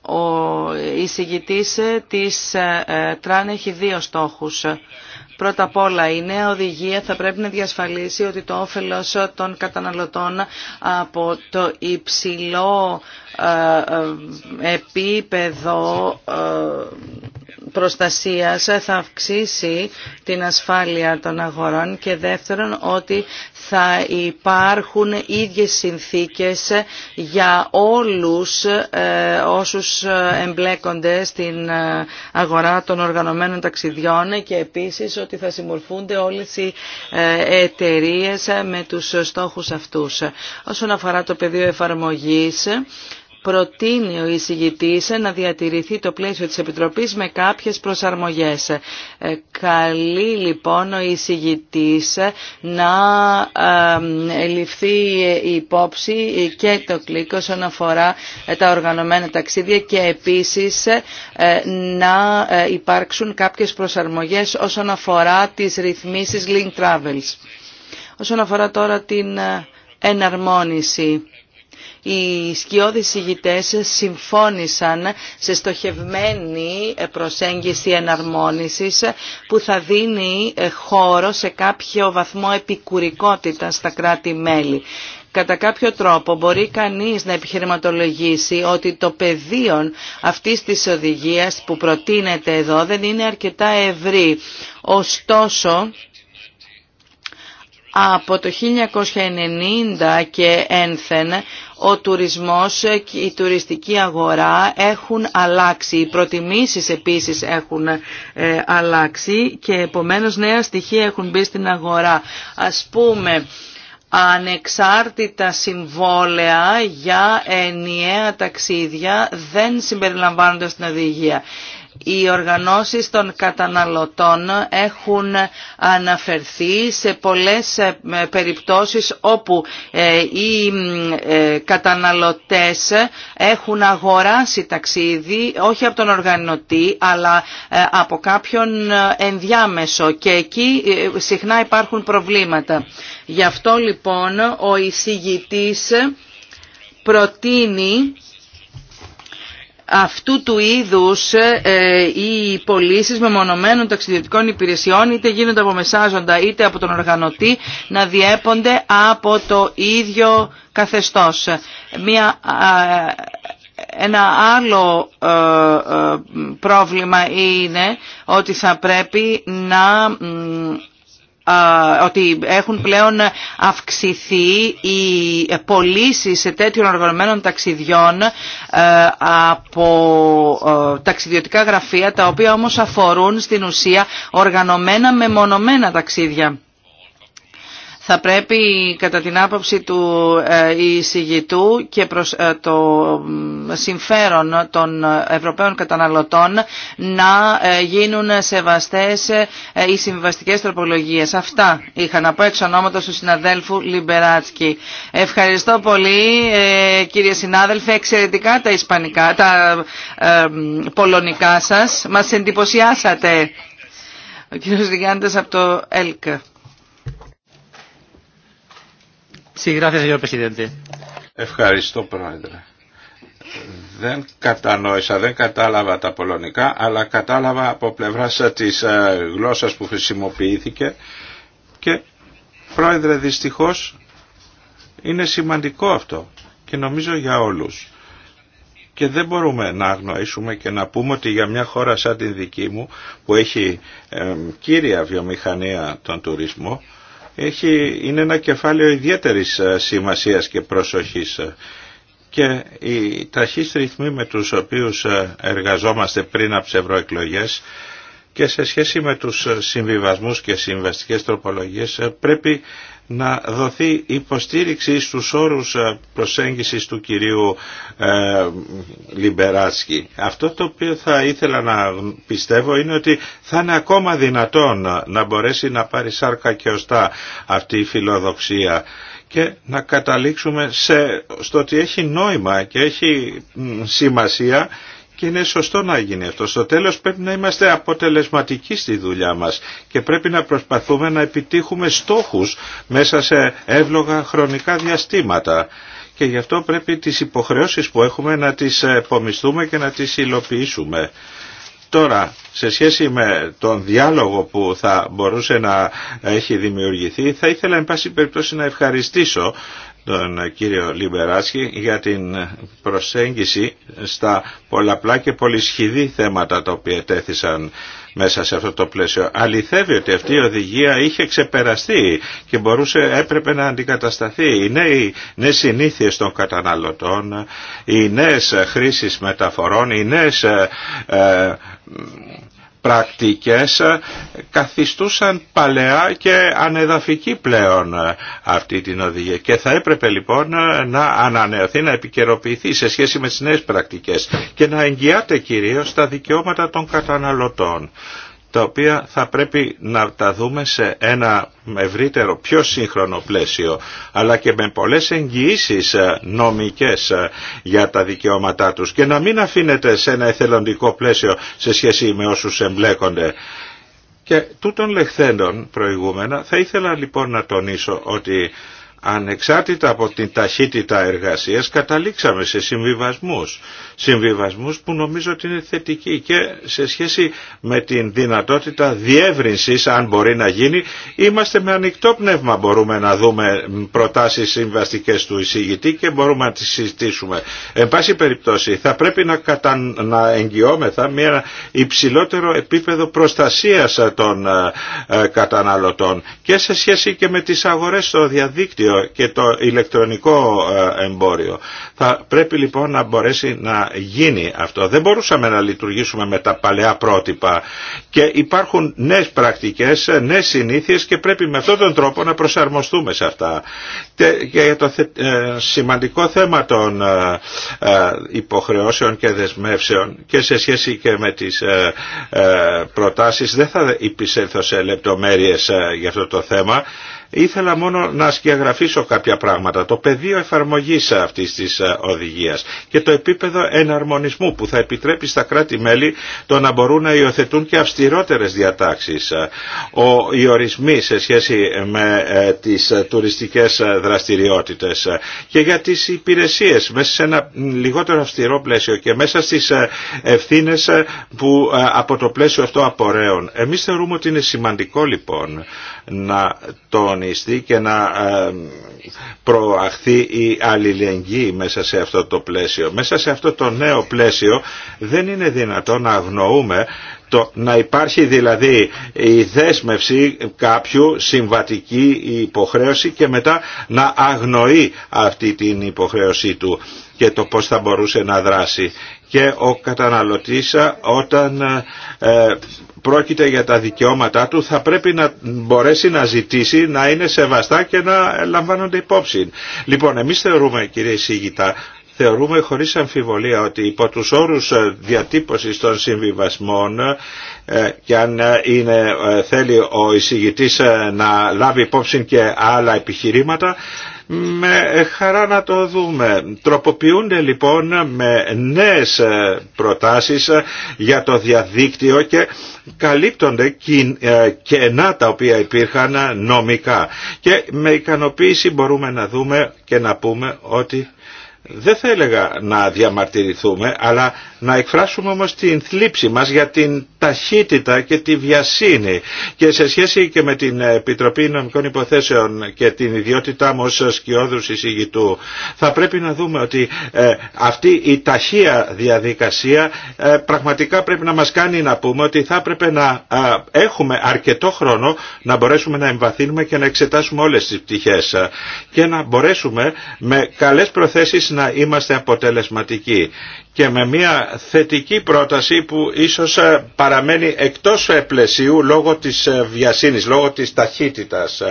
Ο εισηγητής ε, της ε, Τράν έχει δύο στόχους Πρώτα απ' όλα η νέα οδηγία θα πρέπει να διασφαλίσει ότι το όφελος των καταναλωτών από το υψηλό ε, ε, επίπεδο ε, προστασίας θα αυξήσει την ασφάλεια των αγορών και δεύτερον ότι θα υπάρχουν ίδιες συνθήκες για όλους όσους εμπλέκονται στην αγορά των οργανωμένων ταξιδιών και επίσης ότι ότι θα συμμορφούνται όλες οι ε, εταιρείε με τους στόχους αυτούς. Όσον αφορά το πεδίο εφαρμογής, προτείνει ο εισηγητής να διατηρηθεί το πλαίσιο της Επιτροπής με κάποιες προσαρμογές. Ε, καλεί λοιπόν ο εισηγητής να ληφθεί υπόψη και το κλικ όσον αφορά ε, τα οργανωμένα ταξίδια και επίσης ε, να υπάρξουν κάποιες προσαρμογές όσον αφορά τις ρυθμίσεις Link Travels. Όσον αφορά τώρα την εναρμόνιση οι σκιώδεις ηγητές συμφώνησαν σε στοχευμένη προσέγγιση εναρμόνισης που θα δίνει χώρο σε κάποιο βαθμό επικουρικότητα στα κράτη-μέλη. Κατά κάποιο τρόπο μπορεί κανείς να επιχειρηματολογήσει ότι το πεδίο αυτής της οδηγίας που προτείνεται εδώ δεν είναι αρκετά ευρύ. Ωστόσο, από το 1990 και ένθεν ο τουρισμός και η τουριστική αγορά έχουν αλλάξει. Οι προτιμήσεις επίσης έχουν ε, αλλάξει και επομένως νέα στοιχεία έχουν μπει στην αγορά. Ας πούμε ανεξάρτητα συμβόλαια για ενιαία ταξίδια δεν συμπεριλαμβάνονται στην οδηγία. Οι οργανώσεις των καταναλωτών έχουν αναφερθεί σε πολλές ε, περιπτώσεις όπου ε, οι ε, καταναλωτές έχουν αγοράσει ταξίδι όχι από τον οργανωτή αλλά από κάποιον ενδιάμεσο και εκεί συχνά υπάρχουν προβλήματα. Γι' αυτό λοιπόν ο εισηγητής προτείνει αυτού του είδους ε, ε, οι πωλήσει μεμονωμένων ταξιδιωτικών υπηρεσιών είτε γίνονται από μεσάζοντα είτε από τον οργανωτή να διέπονται από το ίδιο καθεστώς. Μια ένα άλλο ε, πρόβλημα είναι ότι θα πρέπει να ότι έχουν πλέον αυξηθεί οι πωλήσει σε τέτοιων οργανωμένων ταξιδιών ε, από ε, ταξιδιωτικά γραφεία, τα οποία όμως αφορούν στην ουσία οργανωμένα μεμονωμένα ταξίδια θα πρέπει κατά την άποψη του ε, εισηγητού και προς ε, το συμφέρον των Ευρωπαίων καταναλωτών να ε, γίνουν σεβαστές οι συμβαστικές τροπολογίες. Αυτά είχα να πω εξ ονόματος του συναδέλφου Λιμπεράτσκι. Ευχαριστώ πολύ κύριε συνάδελφε, εξαιρετικά τα ισπανικά, τα ε, πολωνικά σας. Μας εντυπωσιάσατε. Ο κύριος Ριγάντας από το ΕΛΚ. Ευχαριστώ πρόεδρε. Δεν κατανόησα, δεν κατάλαβα τα πολωνικά, αλλά κατάλαβα από πλευράς της ε, γλώσσα που χρησιμοποιήθηκε και πρόεδρε δυστυχώ: είναι σημαντικό αυτό και νομίζω για όλους. Και δεν μπορούμε να αγνοήσουμε και να πούμε ότι για μια χώρα σαν την δική μου που έχει κύρια βιομηχανία τον τουρισμό έχει, είναι ένα κεφάλαιο ιδιαίτερης ε, σημασίας και προσοχής και οι ταχύς ρυθμοί με τους οποίους ε, εργαζόμαστε πριν από τις και σε σχέση με τους ε, συμβιβασμούς και συμβαστικές τροπολογίες πρέπει να δοθεί υποστήριξη στους όρους ε, προσέγγισης του κυρίου ε, Αυτό το οποίο θα ήθελα να πιστεύω είναι ότι θα είναι ακόμα δυνατόν ε, να μπορέσει να πάρει σάρκα και ωστά αυτή η φιλοδοξία και να καταλήξουμε σε, στο ότι έχει νόημα και έχει σημασία και είναι σωστό να γίνει αυτό. Στο τέλος πρέπει να είμαστε αποτελεσματικοί στη δουλειά μας και πρέπει να προσπαθούμε να επιτύχουμε στόχους μέσα σε εύλογα χρονικά διαστήματα και γι' αυτό πρέπει τις υποχρεώσεις που έχουμε να τις επομισθούμε και να τις υλοποιήσουμε. Τώρα, σε σχέση με τον διάλογο που θα μπορούσε να έχει δημιουργηθεί, θα ήθελα εν πάση περιπτώσει να ευχαριστήσω τον κύριο Λιμπεράσχη για την προσέγγιση στα πολλαπλά και πολυσχηδή θέματα τα οποία τέθησαν μέσα σε αυτό το πλαίσιο. Αληθεύει ότι αυτή η οδηγία είχε ξεπεραστεί και μπορούσε, έπρεπε να αντικατασταθεί. Οι νέοι, νέες συνήθειες των καταναλωτών, οι νέες χρήσεις μεταφορών, οι νέες ε, ε, πρακτικές καθιστούσαν παλαιά και ανεδαφική πλέον αυτή την οδηγία και θα έπρεπε λοιπόν να ανανεωθεί, να επικαιροποιηθεί σε σχέση με τις νέες πρακτικές και να εγγυάται κυρίως τα δικαιώματα των καταναλωτών τα οποία θα πρέπει να τα δούμε σε ένα ευρύτερο, πιο σύγχρονο πλαίσιο, αλλά και με πολλές εγγυήσει ε, νομικές ε, για τα δικαιώματά τους και να μην αφήνεται σε ένα εθελοντικό πλαίσιο σε σχέση με όσους εμπλέκονται. Και τούτων λεχθέντων προηγούμενα θα ήθελα λοιπόν να τονίσω ότι ανεξάρτητα από την ταχύτητα εργασίας καταλήξαμε σε συμβιβασμούς. Συμβιβασμούς που νομίζω ότι είναι θετικοί και σε σχέση με την δυνατότητα διεύρυνσης αν μπορεί να γίνει είμαστε με ανοιχτό πνεύμα μπορούμε να δούμε προτάσεις συμβαστικές του εισηγητή και μπορούμε να τις συζητήσουμε. Εν πάση περιπτώσει θα πρέπει να, κατα... να εγγυόμεθα μια υψηλότερο επίπεδο προστασίας των ε, ε, καταναλωτών και σε σχέση και με τις αγορές στο διαδίκτυο και το ηλεκτρονικό ε, εμπόριο. Θα πρέπει λοιπόν να μπορέσει να γίνει αυτό. Δεν μπορούσαμε να λειτουργήσουμε με τα παλαιά πρότυπα και υπάρχουν νέες πρακτικές, ε, νέες συνήθειες και πρέπει με αυτόν τον τρόπο να προσαρμοστούμε σε αυτά. Και για το ε, σημαντικό θέμα των υποχρεώσεων και δεσμεύσεων και σε σχέση και με τις προτάσεις δεν θα υπησέλθω σε λεπτομέρειες για αυτό το θέμα. Ήθελα μόνο να σκιαγραφίσω κάποια πράγματα. Το πεδίο εφαρμογής αυτής της ε, οδηγίας και το επίπεδο εναρμονισμού που θα επιτρέπει στα κράτη-μέλη το να μπορούν να υιοθετούν και αυστηρότερες διατάξεις. Ε, οι ορισμοί σε σχέση με τι ε, τις τουριστικές δραστηριότητες και για τις υπηρεσίες μέσα σε ένα λιγότερο αυστηρό πλαίσιο και μέσα στις ευθύνες που από το πλαίσιο αυτό απορρέουν. Εμείς θεωρούμε ότι είναι σημαντικό λοιπόν να τον και να ε, προαχθεί η αλληλεγγύη μέσα σε αυτό το πλαίσιο. Μέσα σε αυτό το νέο πλαίσιο δεν είναι δυνατό να αγνοούμε το, να υπάρχει δηλαδή η δέσμευση κάποιου συμβατική υποχρέωση και μετά να αγνοεί αυτή την υποχρέωσή του και το πώς θα μπορούσε να δράσει και ο καταναλωτής ε, όταν ε, ε, πρόκειται για τα δικαιώματά του θα πρέπει να μπορέσει να ζητήσει να είναι σεβαστά και να λαμβάνονται υπόψη. Λοιπόν, εμείς θεωρούμε κύριε Σίγητα θεωρούμε χωρίς αμφιβολία ότι υπό τους όρους διατύπωσης των συμβιβασμών και αν είναι, θέλει ο εισηγητής να λάβει υπόψη και άλλα επιχειρήματα με χαρά να το δούμε. Τροποποιούνται λοιπόν με νέες ε, προτάσεις ε, για το διαδίκτυο και καλύπτονται ε, κενά τα οποία υπήρχαν νομικά. Και με ικανοποίηση μπορούμε να δούμε και να πούμε ότι δεν θα έλεγα να διαμαρτυρηθούμε, αλλά να εκφράσουμε όμως την θλίψη μας για την ταχύτητα και τη βιασύνη. Και σε σχέση και με την Επιτροπή Νομικών Υποθέσεων και την ιδιότητά μου ως σκιώδους εισηγητού, θα πρέπει να δούμε ότι ε, αυτή η ταχεία διαδικασία ε, πραγματικά πρέπει να μας κάνει να πούμε ότι θα πρέπει να ε, έχουμε αρκετό χρόνο να μπορέσουμε να εμβαθύνουμε και να εξετάσουμε όλες τις πτυχές και να μπορέσουμε με καλές προθέσεις να είμαστε αποτελεσματικοί και με μια θετική πρόταση που ίσως ε, παραμένει εκτός ε, πλαισίου λόγω της ε, βιασύνης, λόγω της ταχύτητας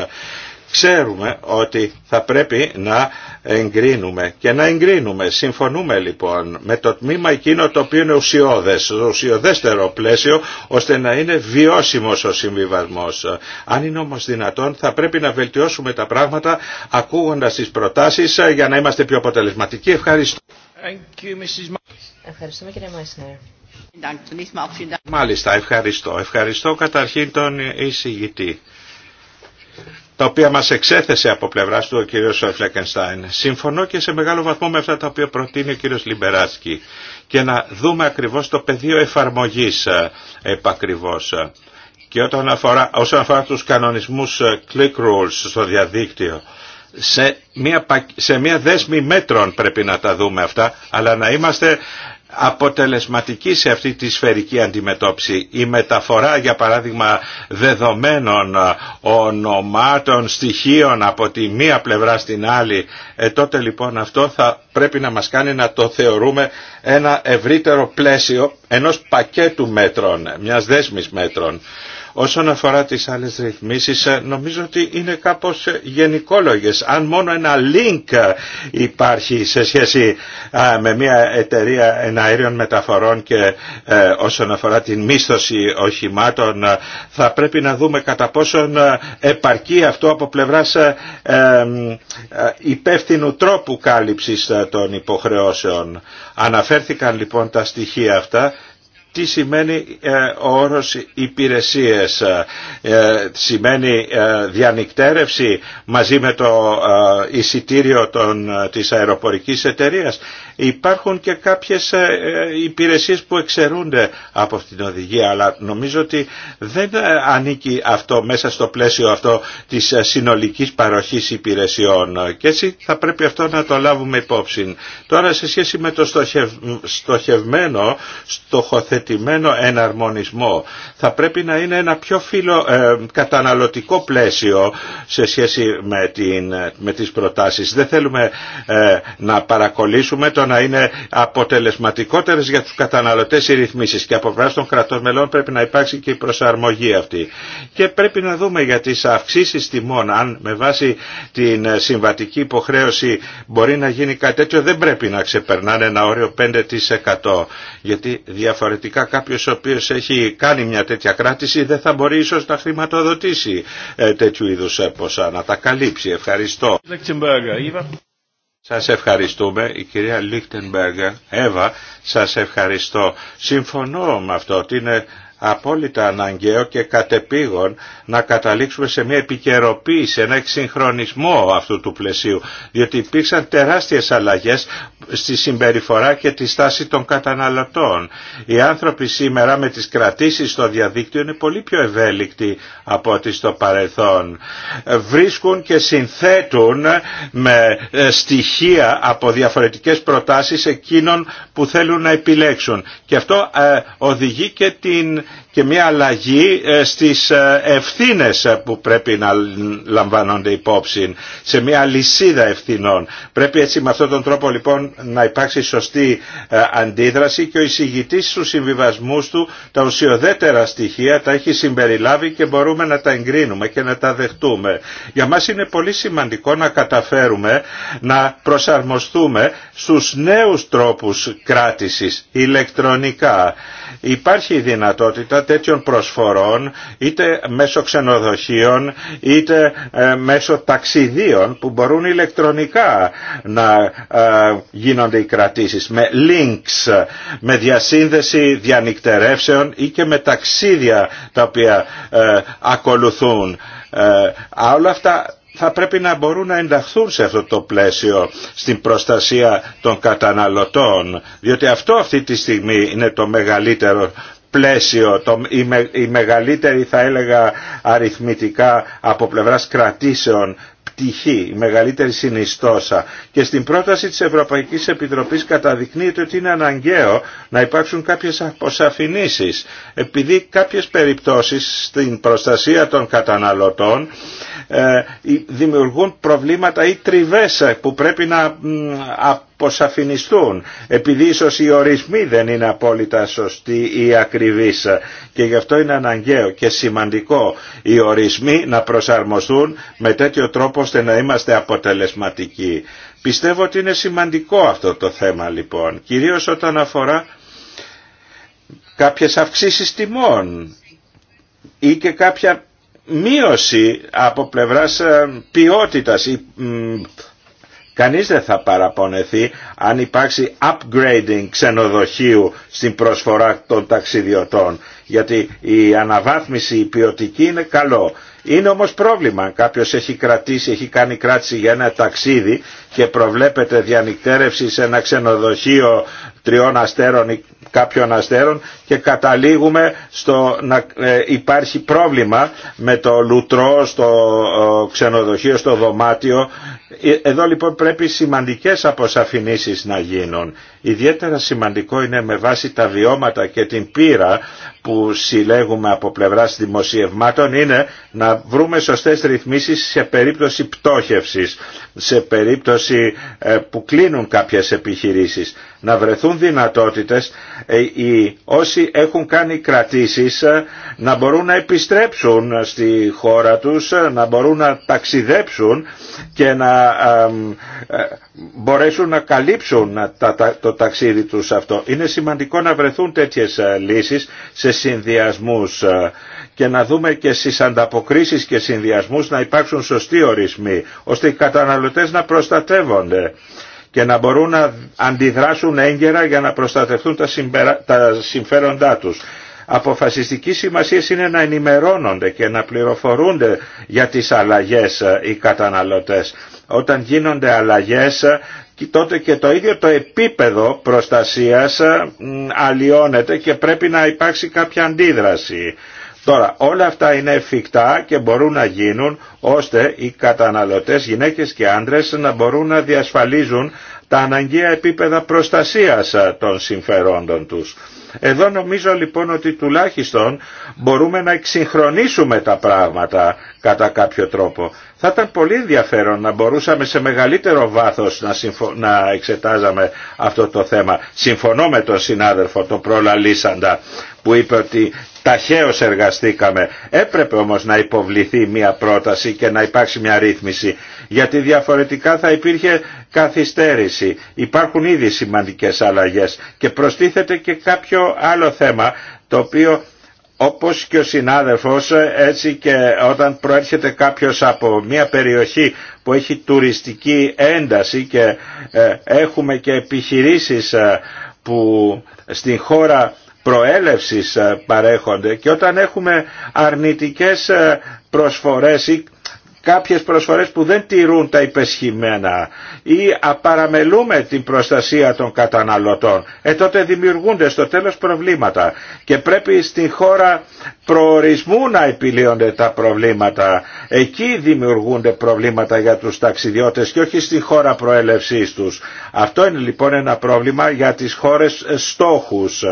ξέρουμε ότι θα πρέπει να εγκρίνουμε και να εγκρίνουμε. Συμφωνούμε λοιπόν με το τμήμα εκείνο το οποίο είναι ουσιώδες, το ουσιωδέστερο πλαίσιο, ώστε να είναι βιώσιμος ο συμβιβασμός. Αν είναι όμως δυνατόν θα πρέπει να βελτιώσουμε τα πράγματα ακούγοντας τις προτάσεις ε, για να είμαστε πιο αποτελεσματικοί. Ευχαριστώ. Ευχαριστούμε κύριε Μάισνερ. Μάλιστα, ευχαριστώ. Ευχαριστώ καταρχήν τον εισηγητή τα οποία μας εξέθεσε από πλευράς του ο κύριος Φλέκενστάιν. Συμφωνώ και σε μεγάλο βαθμό με αυτά τα οποία προτείνει ο κύριος Λιμπεράσκη και να δούμε ακριβώς το πεδίο εφαρμογής ε, επακριβώς. Και όταν αφορά, όσον αφορά τους κανονισμούς ε, click rules στο διαδίκτυο, σε μια, σε δέσμη μέτρων πρέπει να τα δούμε αυτά, αλλά να είμαστε αποτελεσματικοί σε αυτή τη σφαιρική αντιμετώπιση. Η μεταφορά για παράδειγμα δεδομένων ε, ονομάτων, στοιχείων από τη μία πλευρά στην άλλη ε, τότε λοιπόν αυτό θα πρέπει να μας κάνει να το θεωρούμε ένα ευρύτερο πλαίσιο ενός πακέτου μέτρων, μιας δέσμης μέτρων. Όσον αφορά τις άλλες ρυθμίσεις ε, νομίζω ότι είναι κάπως ε, γενικόλογες. Αν μόνο ένα link ε, υπάρχει σε σχέση με μια εταιρεία εναέριων μεταφορών και όσον αφορά την μίσθωση οχημάτων θα πρέπει να δούμε κατά πόσον επαρκεί αυτό από πλευράς υπεύθυνου τρόπου κάλυψης των υποχρεώσεων. Αναφέρθηκαν λοιπόν τα στοιχεία αυτά τι σημαίνει ε, ο όρος υπηρεσίες. Ε, ε, σημαίνει διανυκτέρευση μαζί με το εισιτήριο των, της αεροπορικής εταιρείας. Υπάρχουν και κάποιες ε, ε, υπηρεσίες που εξαιρούνται από αυτήν την οδηγία, αλλά νομίζω ότι δεν ε, ανήκει αυτό μέσα στο πλαίσιο αυτό της συνολικής παροχής υπηρεσιών και έτσι θα πρέπει αυτό να το λάβουμε υπόψη. Τώρα σε σχέση με το στοχευμένο, στοχοθετημένο εναρμονισμό θα πρέπει να είναι ένα πιο φιλο, καταναλωτικό πλαίσιο σε σχέση με, την, με τις προτάσεις. Δεν θέλουμε να παρακολύσουμε να είναι αποτελεσματικότερες για τους καταναλωτές οι ρυθμίσεις και από πλευρά των κρατών μελών πρέπει να υπάρξει και η προσαρμογή αυτή. Και πρέπει να δούμε για τις αυξήσεις τιμών αν με βάση την συμβατική υποχρέωση μπορεί να γίνει κάτι τέτοιο δεν πρέπει να ξεπερνάνε ένα όριο 5% γιατί διαφορετικά κάποιος ο οποίος έχει κάνει μια τέτοια κράτηση δεν θα μπορεί ίσως να χρηματοδοτήσει ε, τέτοιου είδους ε, ποσά, να τα καλύψει. Ευχαριστώ. Σας ευχαριστούμε. Η κυρία Λίχτενμπεργκ, Εύα, σας ευχαριστώ. Συμφωνώ με αυτό ότι είναι απόλυτα αναγκαίο και κατεπήγον να καταλήξουμε σε μια επικαιροποίηση, ένα εξυγχρονισμό αυτού του πλαισίου, διότι υπήρξαν τεράστιες αλλαγές στη συμπεριφορά και τη στάση των καταναλωτών. Οι άνθρωποι σήμερα με τις κρατήσεις στο διαδίκτυο είναι πολύ πιο ευέλικτοι από ό,τι στο παρελθόν. Βρίσκουν και συνθέτουν με ε, στοιχεία από διαφορετικές προτάσεις εκείνων που θέλουν να επιλέξουν. Και αυτό ε, οδηγεί και την και μια αλλαγή ε, στις ε, ευθύνες ε, που πρέπει να λαμβάνονται υπόψη σε μια λυσίδα ευθυνών. Πρέπει έτσι με αυτόν τον τρόπο λοιπόν να υπάρξει σωστή αντίδραση και ο εισηγητής στους συμβιβασμούς του τα ουσιοδέτερα στοιχεία τα έχει συμπεριλάβει και μπορούμε να τα εγκρίνουμε και να τα δεχτούμε. Για μας είναι πολύ σημαντικό να καταφέρουμε να προσαρμοστούμε στους νέους τρόπους κράτησης ηλεκτρονικά. Υπάρχει η δυνατότητα τέτοιων προσφορών είτε μέσω ξενοδοχείων είτε ε, μέσω ταξιδίων που μπορούν ηλεκτρονικά να ε, γίνονται οι κρατήσεις με links, με διασύνδεση διανυκτερεύσεων ή και με ταξίδια τα οποία ε, ακολουθούν. Όλα αυτά θα πρέπει να μπορούν να ενταχθούν σε αυτό το πλαίσιο στην προστασία των καταναλωτών διότι αυτό αυτή τη στιγμή είναι το μεγαλύτερο πλαίσιο, το, η, μεγαλύτερη θα έλεγα αριθμητικά από πλευράς κρατήσεων πτυχή, η μεγαλύτερη συνιστόσα. Και στην πρόταση της Ευρωπαϊκής Επιτροπής καταδεικνύεται ότι είναι αναγκαίο να υπάρξουν κάποιες αποσαφηνήσεις, επειδή κάποιες περιπτώσεις στην προστασία των καταναλωτών ε, δημιουργούν προβλήματα ή τριβές που πρέπει να αποσαφινιστούν επειδή ίσως οι ορισμοί δεν είναι απόλυτα σωστοί ή ακριβείς και γι' αυτό είναι αναγκαίο και σημαντικό οι ορισμοί να προσαρμοστούν με τέτοιο τρόπο ώστε να είμαστε αποτελεσματικοί. Πιστεύω ότι είναι σημαντικό αυτό το θέμα λοιπόν, κυρίως όταν αφορά κάποιες αυξήσεις τιμών ή και κάποια μείωση από πλευράς ε, ποιότητας ή Κανείς δεν θα παραπονεθεί αν υπάρξει upgrading ξενοδοχείου στην προσφορά των ταξιδιωτών, γιατί η αναβάθμιση η ποιοτική είναι καλό. Είναι όμως πρόβλημα αν κάποιος έχει κρατήσει, έχει κάνει κράτηση για ένα ταξίδι και προβλέπεται διανυκτέρευση σε ένα ξενοδοχείο τριών αστέρων ή κάποιων αστέρων και καταλήγουμε στο να ε, υπάρχει πρόβλημα με το λουτρό στο ξενοδοχείο, στο δωμάτιο. Ε, εδώ λοιπόν πρέπει σημαντικές αποσαφηνήσεις να γίνουν Ιδιαίτερα σημαντικό είναι με βάση τα βιώματα και την πείρα που συλλέγουμε από πλευράς δημοσιευμάτων είναι να βρούμε σωστές ρυθμίσεις σε περίπτωση πτώχευσης, σε περίπτωση ε, που κλείνουν κάποιες επιχειρήσεις. Να βρεθούν δυνατότητες ε, οι όσοι έχουν κάνει κρατήσεις ε, να μπορούν να επιστρέψουν στη χώρα τους, να μπορούν να ταξιδέψουν και να μπορέσουν να καλύψουν το ταξίδι τους αυτό. Είναι σημαντικό να βρεθούν τέτοιες ε, λύσεις σε συνδυασμούς ε, και να δούμε και στις ανταποκρίσεις και συνδυασμούς να υπάρξουν σωστοί ορισμοί, ώστε οι καταναλωτές να προστατεύονται και να μπορούν να αντιδράσουν έγκαιρα για να προστατευτούν τα, συμφέροντά τους. Αποφασιστική σημασία είναι να ενημερώνονται και να πληροφορούνται για τις αλλαγές ε, οι καταναλωτές όταν γίνονται αλλαγές και τότε και το ίδιο το επίπεδο προστασίας ε, αλλοιώνεται και πρέπει να υπάρξει κάποια αντίδραση. Τώρα όλα αυτά είναι εφικτά και μπορούν να γίνουν ώστε οι καταναλωτές, γυναίκες και άντρες να μπορούν να διασφαλίζουν τα αναγκαία επίπεδα προστασίας ε, των συμφερόντων τους. Εδώ νομίζω λοιπόν ότι τουλάχιστον μπορούμε να εξυγχρονίσουμε τα πράγματα κατά κάποιο τρόπο. Θα ήταν πολύ ενδιαφέρον να μπορούσαμε σε μεγαλύτερο βάθος να, εξετάζαμε αυτό το θέμα. Συμφωνώ με τον συνάδελφο, τον Λίσαντα, που είπε ότι ταχαίως εργαστήκαμε. Έπρεπε όμως να υποβληθεί μια πρόταση και να υπάρξει μια ρύθμιση γιατί διαφορετικά θα υπήρχε καθυστέρηση. Υπάρχουν ήδη σημαντικές αλλαγές και προστίθεται και κάποιο άλλο θέμα το οποίο όπως και ο συνάδελφος έτσι και όταν προέρχεται κάποιος από μια περιοχή που έχει τουριστική ένταση και ε, έχουμε και επιχειρήσεις ε, που στην χώρα προέλευσης ε, παρέχονται και όταν έχουμε αρνητικές προσφορές κάποιες προσφορές που δεν τηρούν τα υπεσχημένα ή απαραμελούμε την προστασία των καταναλωτών, ε τότε δημιουργούνται στο τέλος προβλήματα και πρέπει στην χώρα προορισμού να επιλύονται τα προβλήματα. Εκεί δημιουργούνται προβλήματα για τους ταξιδιώτες και όχι στη χώρα προέλευσής τους. Αυτό είναι λοιπόν ένα πρόβλημα για τις χώρες στόχους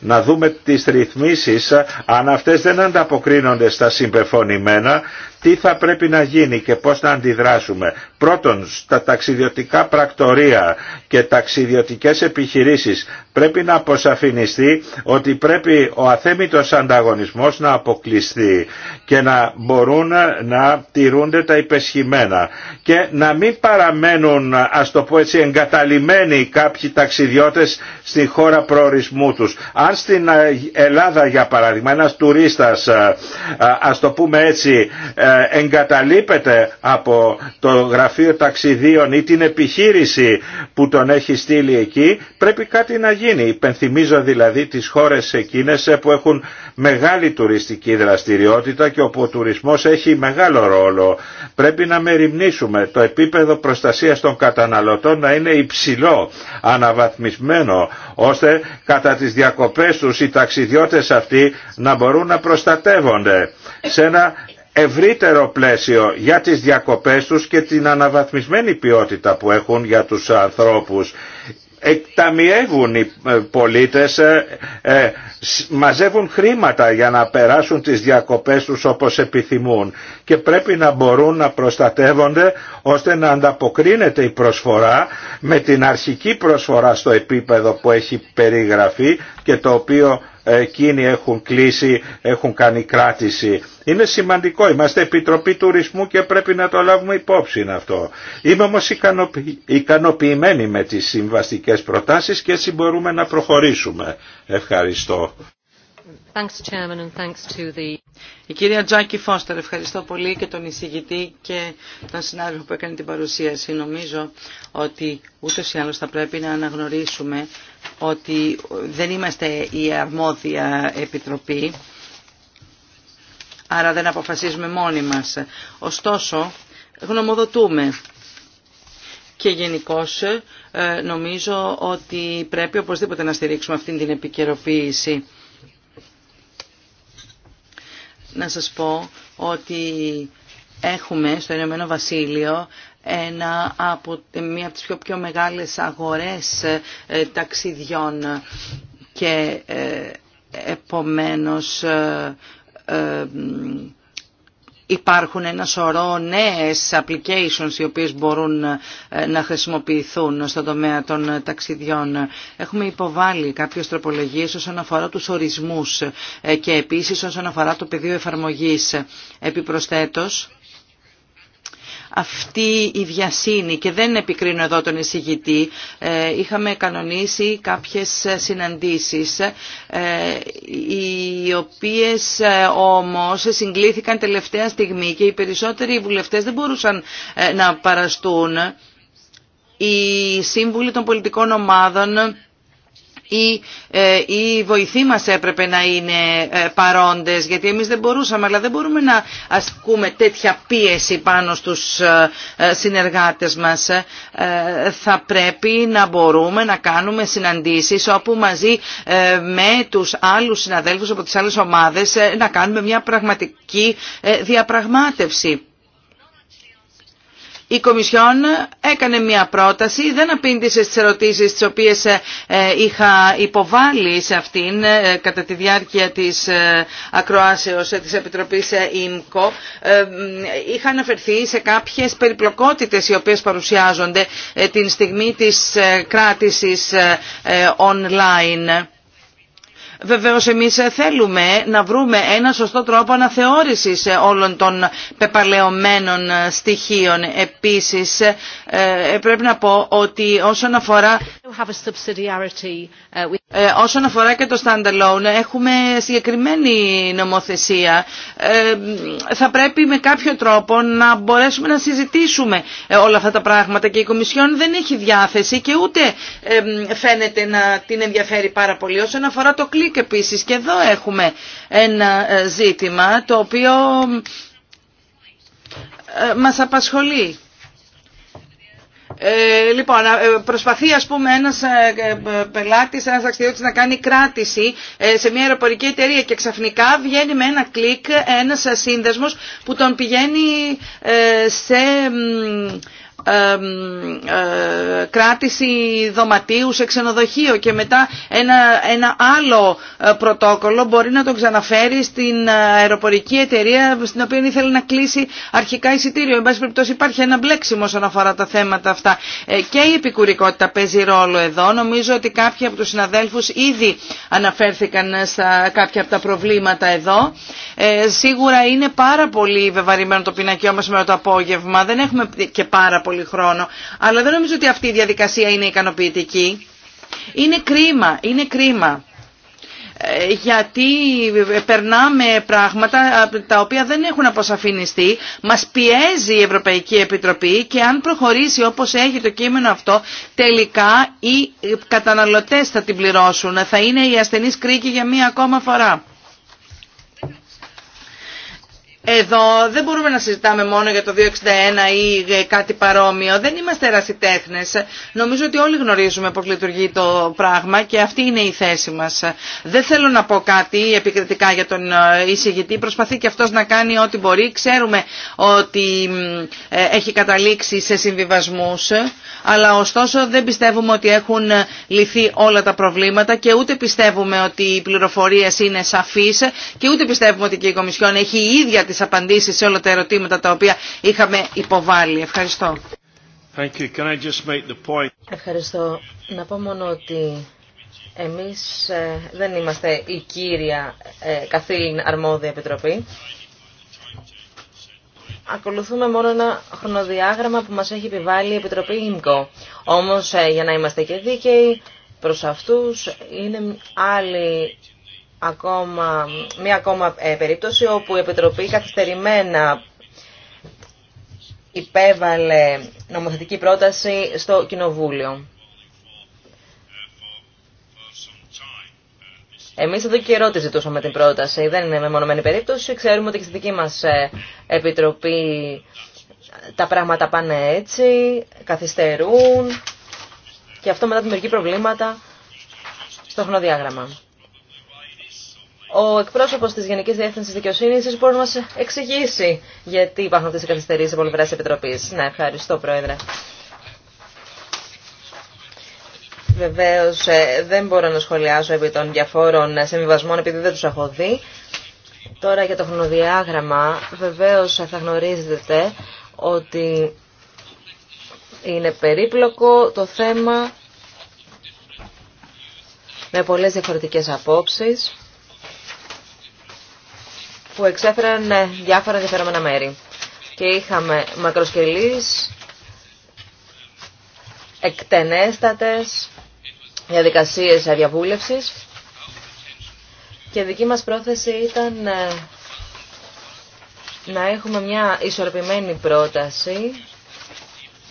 να δούμε τις ρυθμίσεις αν αυτές δεν ανταποκρίνονται στα συμπεφωνημένα τι θα πρέπει να γίνει και πώς να αντιδράσουμε. Πρώτον, στα ταξιδιωτικά πρακτορία και ταξιδιωτικές επιχειρήσεις πρέπει να αποσαφινιστεί ότι πρέπει ο αθέμητος ανταγωνισμός να αποκλειστεί και να μπορούν να τηρούνται τα υπεσχημένα και να μην παραμένουν, ας το πω έτσι, εγκαταλειμμένοι κάποιοι ταξιδιώτες στη χώρα προορισμού τους. Αν στην Ελλάδα, για παράδειγμα, ένας τουρίστας, ας το πούμε έτσι, ε, εγκαταλείπεται από το γραφείο ταξιδίων ή την επιχείρηση που τον έχει στείλει εκεί, πρέπει κάτι να γίνει. Υπενθυμίζω δηλαδή τις χώρες εκείνες που έχουν μεγάλη τουριστική δραστηριότητα και όπου ο τουρισμός έχει μεγάλο ρόλο. Πρέπει να μεριμνήσουμε το επίπεδο προστασίας των καταναλωτών να είναι υψηλό, αναβαθμισμένο, ώστε κατά τις διακοπές τους οι ταξιδιώτες αυτοί να μπορούν να προστατεύονται σε ένα ευρύτερο πλαίσιο για τις διακοπές τους και την αναβαθμισμένη ποιότητα που έχουν για τους ανθρώπους. Εκταμιεύουν οι ε, πολίτες, ε, ε, μαζεύουν χρήματα για να περάσουν τις διακοπές τους όπως επιθυμούν και πρέπει να μπορούν να προστατεύονται ώστε να ανταποκρίνεται η προσφορά με την αρχική προσφορά στο επίπεδο που έχει περιγραφεί και το οποίο εκείνοι έχουν κλείσει, έχουν κάνει κράτηση. Είναι σημαντικό, είμαστε Επιτροπή Τουρισμού και πρέπει να το λάβουμε υπόψη αυτό. Είμαι όμως ικανοποιη... ικανοποιημένοι με τις συμβαστικές προτάσεις και έτσι μπορούμε να προχωρήσουμε. Ευχαριστώ. Thanks, Chairman, and thanks to the... Η κυρία Τζάκη Φώστερ, ευχαριστώ πολύ και τον εισηγητή και τον συνάδελφο που έκανε την παρουσίαση. Νομίζω ότι ούτως ή άλλως θα πρέπει να αναγνωρίσουμε ότι δεν είμαστε η αρμόδια επιτροπή, άρα δεν αποφασίζουμε μόνοι μας. Ωστόσο, γνωμοδοτούμε και γενικώ ε, νομίζω ότι πρέπει οπωσδήποτε να στηρίξουμε αυτήν την επικαιροποίηση. Να σας πω ότι έχουμε στο Ηνωμένο Βασίλειο ένα από, μία από τις πιο, πιο μεγάλες αγορές ε, ταξιδιών και ε, επομένως ε, υπάρχουν ένα σωρό νέες applications οι οποίες μπορούν να χρησιμοποιηθούν στον τομέα των ταξιδιών. Έχουμε υποβάλει κάποιες τροπολογίες όσον αφορά τους ορισμούς και επίσης όσον αφορά το πεδίο εφαρμογής. Επιπροσθέτως, αυτή η διασύνη, και δεν επικρίνω εδώ τον εισηγητή. Ε, είχαμε κανονίσει κάποιες συναντήσεις ε, οι οποίες ε, όμως συγκλήθηκαν τελευταία στιγμή και οι περισσότεροι βουλευτές δεν μπορούσαν να παραστούν. Οι σύμβουλοι των πολιτικών ομάδων ή οι ε, βοηθοί μας έπρεπε να είναι ε, παρόντες γιατί εμείς δεν μπορούσαμε αλλά δεν μπορούμε να ασκούμε τέτοια πίεση πάνω στους ε, συνεργάτες μας θα πρέπει να μπορούμε να κάνουμε συναντήσεις όπου μαζί με τους άλλους συναδέλφους από τις άλλες ομάδες να κάνουμε μια πραγματική διαπραγμάτευση η Κομισιόν έκανε μια πρόταση, δεν απήντησε στις ερωτήσεις τις οποίες ε, ε, είχα υποβάλει σε αυτήν ε, κατά τη διάρκεια της ακροάσεως της Επιτροπής ΙΜΚΟ. Είχα αναφερθεί σε κάποιες περιπλοκότητες οι οποίες παρουσιάζονται την στιγμή της κράτησης online. Βεβαίω, εμεί θέλουμε να βρούμε ένα σωστό τρόπο αναθεώρηση όλων των πεπαλαιωμένων στοιχείων. Επίσης ε, ε, πρέπει να πω ότι όσον αφορά, uh, ε, όσον αφορά και το standalone έχουμε συγκεκριμένη νομοθεσία. Θα πρέπει με κάποιο τρόπο να μπορέσουμε να συζητήσουμε όλα αυτά τα πράγματα και η Κομισιόν δεν έχει διάθεση και ούτε φαίνεται να την ενδιαφέρει πάρα πολύ όσον αφορά το κλίμα και επίσης και εδώ έχουμε ένα ε, ζήτημα το οποίο ε, μας απασχολεί. Ε, λοιπόν, ε, προσπαθεί ας πούμε ένας πελάτης, ένας αξιδιώτης να κάνει κράτηση σε μια αεροπορική εταιρεία και ξαφνικά βγαίνει με ένα κλικ ένας σύνδεσμος που τον πηγαίνει σε ε, κράτηση δωματίου σε ξενοδοχείο και μετά ένα, ένα άλλο ε, πρωτόκολλο μπορεί να το ξαναφέρει στην ε, αεροπορική εταιρεία στην οποία ήθελε να κλείσει αρχικά εισιτήριο. Εν πάση περιπτώσει υπάρχει ένα μπλέξιμο όσον αφορά τα θέματα αυτά. Και η επικουρικότητα παίζει ρόλο εδώ. Νομίζω ότι κάποιοι από τους συναδέλφους ήδη αναφέρθηκαν στα κάποια από τα προβλήματα εδώ. Ε, σίγουρα είναι πάρα πολύ βεβαρημένο το πινακιό μας με το απόγευμα. Δεν έχουμε και πάρα πολύ αλλά δεν νομίζω ότι αυτή η διαδικασία είναι ικανοποιητική. Είναι κρίμα, είναι κρίμα ε, γιατί περνάμε πράγματα ε, τα οποία δεν έχουν αποσαφινιστεί. Μας πιέζει η Ευρωπαϊκή Επιτροπή και αν προχωρήσει όπως έχει το κείμενο αυτό, τελικά οι καταναλωτές θα την πληρώσουν. Θα είναι οι ασθενείς κρίκοι για μία ακόμα φορά. Εδώ δεν μπορούμε να συζητάμε μόνο για το 261 ή κάτι παρόμοιο. Δεν είμαστε ερασιτέχνες. Νομίζω ότι όλοι γνωρίζουμε πώς λειτουργεί το πράγμα και αυτή είναι η κατι παρομοιο δεν ειμαστε ερασιτεχνες νομιζω οτι ολοι γνωριζουμε πω λειτουργει το πραγμα και αυτη ειναι η θεση μα. Δεν θέλω να πω κάτι επικριτικά για τον ε, εισηγητή. Προσπαθεί και αυτό να κάνει ό,τι μπορεί. Ξέρουμε ότι ε, έχει καταλήξει σε συμβιβασμού, αλλά ωστόσο δεν πιστεύουμε ότι έχουν ε, λυθεί όλα τα προβλήματα και ούτε πιστεύουμε ότι οι πληροφορίε είναι σαφεί και ούτε πιστεύουμε ότι και η Κομισιόν έχει ίδια τη τις απαντήσεις σε όλα τα ερωτήματα τα οποία είχαμε υποβάλει. Ευχαριστώ. Ευχαριστώ. Να πω μόνο ότι εμείς ε, δεν είμαστε η κύρια ε, καθήλυν αρμόδια επιτροπή. Ακολουθούμε μόνο ένα χρονοδιάγραμμα που μας έχει επιβάλει η Επιτροπή ΙΜΚΟ. Όμως ε, για να είμαστε και δίκαιοι προς αυτούς είναι άλλη ακόμα, μία ακόμα ε, περίπτωση όπου η Επιτροπή καθυστερημένα υπέβαλε νομοθετική πρόταση στο Κοινοβούλιο. Εμείς εδώ καιρό τη ζητούσαμε την πρόταση. Δεν είναι μεμονωμένη περίπτωση. Ξέρουμε ότι και στη δική μας ε, Επιτροπή τα πράγματα πάνε έτσι, καθυστερούν και αυτό μετά δημιουργεί προβλήματα στο χρονοδιάγραμμα ο εκπρόσωπο τη Γενική Διεύθυνση Δικαιοσύνη, μπορεί να μα εξηγήσει γιατί υπάρχουν αυτέ οι καθυστερήσει από πλευρά Επιτροπή. Ναι, ευχαριστώ Πρόεδρε. Βεβαίω ε, δεν μπορώ να σχολιάσω επί των διαφόρων ε, συμβιβασμών επειδή δεν του έχω δει. Τώρα για το χρονοδιάγραμμα βεβαίω ε, θα γνωρίζετε ότι είναι περίπλοκο το θέμα με πολλές διαφορετικές απόψεις που εξέφεραν ε, διάφορα ενδιαφερόμενα μέρη. Και είχαμε μακροσκελείς, εκτενέστατες διαδικασίες διαβούλευσης και δική μας πρόθεση ήταν ε, να έχουμε μια ισορροπημένη πρόταση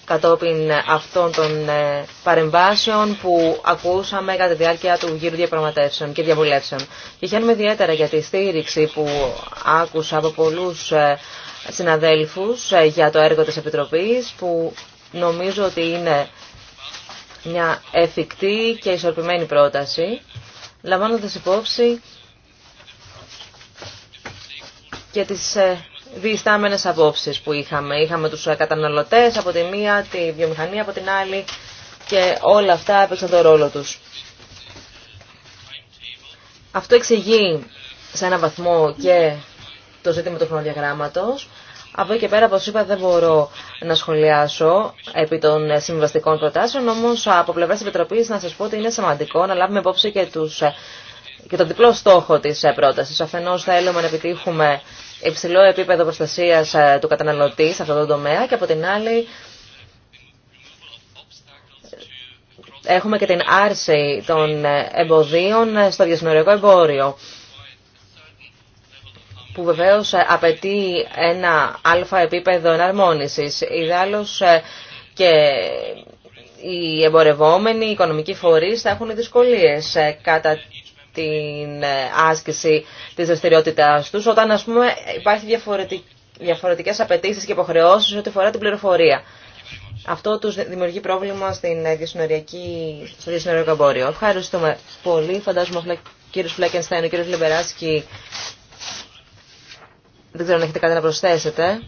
κατόπιν αυτών των ε, παρεμβάσεων που ακούσαμε κατά τη διάρκεια του γύρου διαπραγματεύσεων και διαβουλεύσεων. Και χαίρομαι ιδιαίτερα για τη στήριξη που άκουσα από πολλούς ε, συναδέλφους ε, για το έργο της Επιτροπής που νομίζω ότι είναι μια εφικτή και ισορροπημένη πρόταση λαμβάνοντας υπόψη και τις διεστάμενες απόψεις που είχαμε. Είχαμε τους ε, καταναλωτές από τη μία, τη βιομηχανία από την άλλη και όλα αυτά έπαιξαν τον ρόλο τους. Αυτό εξηγεί σε έναν βαθμό και το ζήτημα του χρονοδιαγράμματος. Από εκεί και πέρα, όπως είπα, δεν μπορώ να σχολιάσω επί των συμβαστικών προτάσεων, όμως από πλευράς της Επιτροπής να σας πω ότι είναι σημαντικό να λάβουμε υπόψη και, τους, ε, και τον διπλό στόχο της ε, πρότασης. Αφενός θέλουμε να επιτύχουμε υψηλό επίπεδο προστασία ε, του καταναλωτή σε αυτό το τομέα και από την άλλη έχουμε και την άρση των εμποδίων στο διασυνοριακό εμπόριο που βεβαίως ε, απαιτεί ένα αλφα επίπεδο εναρμόνισης. Ιδάλλως ε, και οι εμπορευόμενοι, οι οικονομικοί φορείς θα έχουν δυσκολίες κατά την ε, άσκηση της δραστηριότητά τους όταν ας πούμε υπάρχει διαφορετική διαφορετικές απαιτήσει και υποχρεώσεις ό,τι αφορά την πληροφορία. Αυτό του δημιουργεί πρόβλημα στην ε, διασυνοριακή, στο διασυνοριακό εμπόριο. Ευχαριστούμε πολύ. Φαντάζομαι ο κύριος Φλέκενστάιν, ο κύριο Λιμπεράσκη, δεν ξέρω αν έχετε κάτι να προσθέσετε.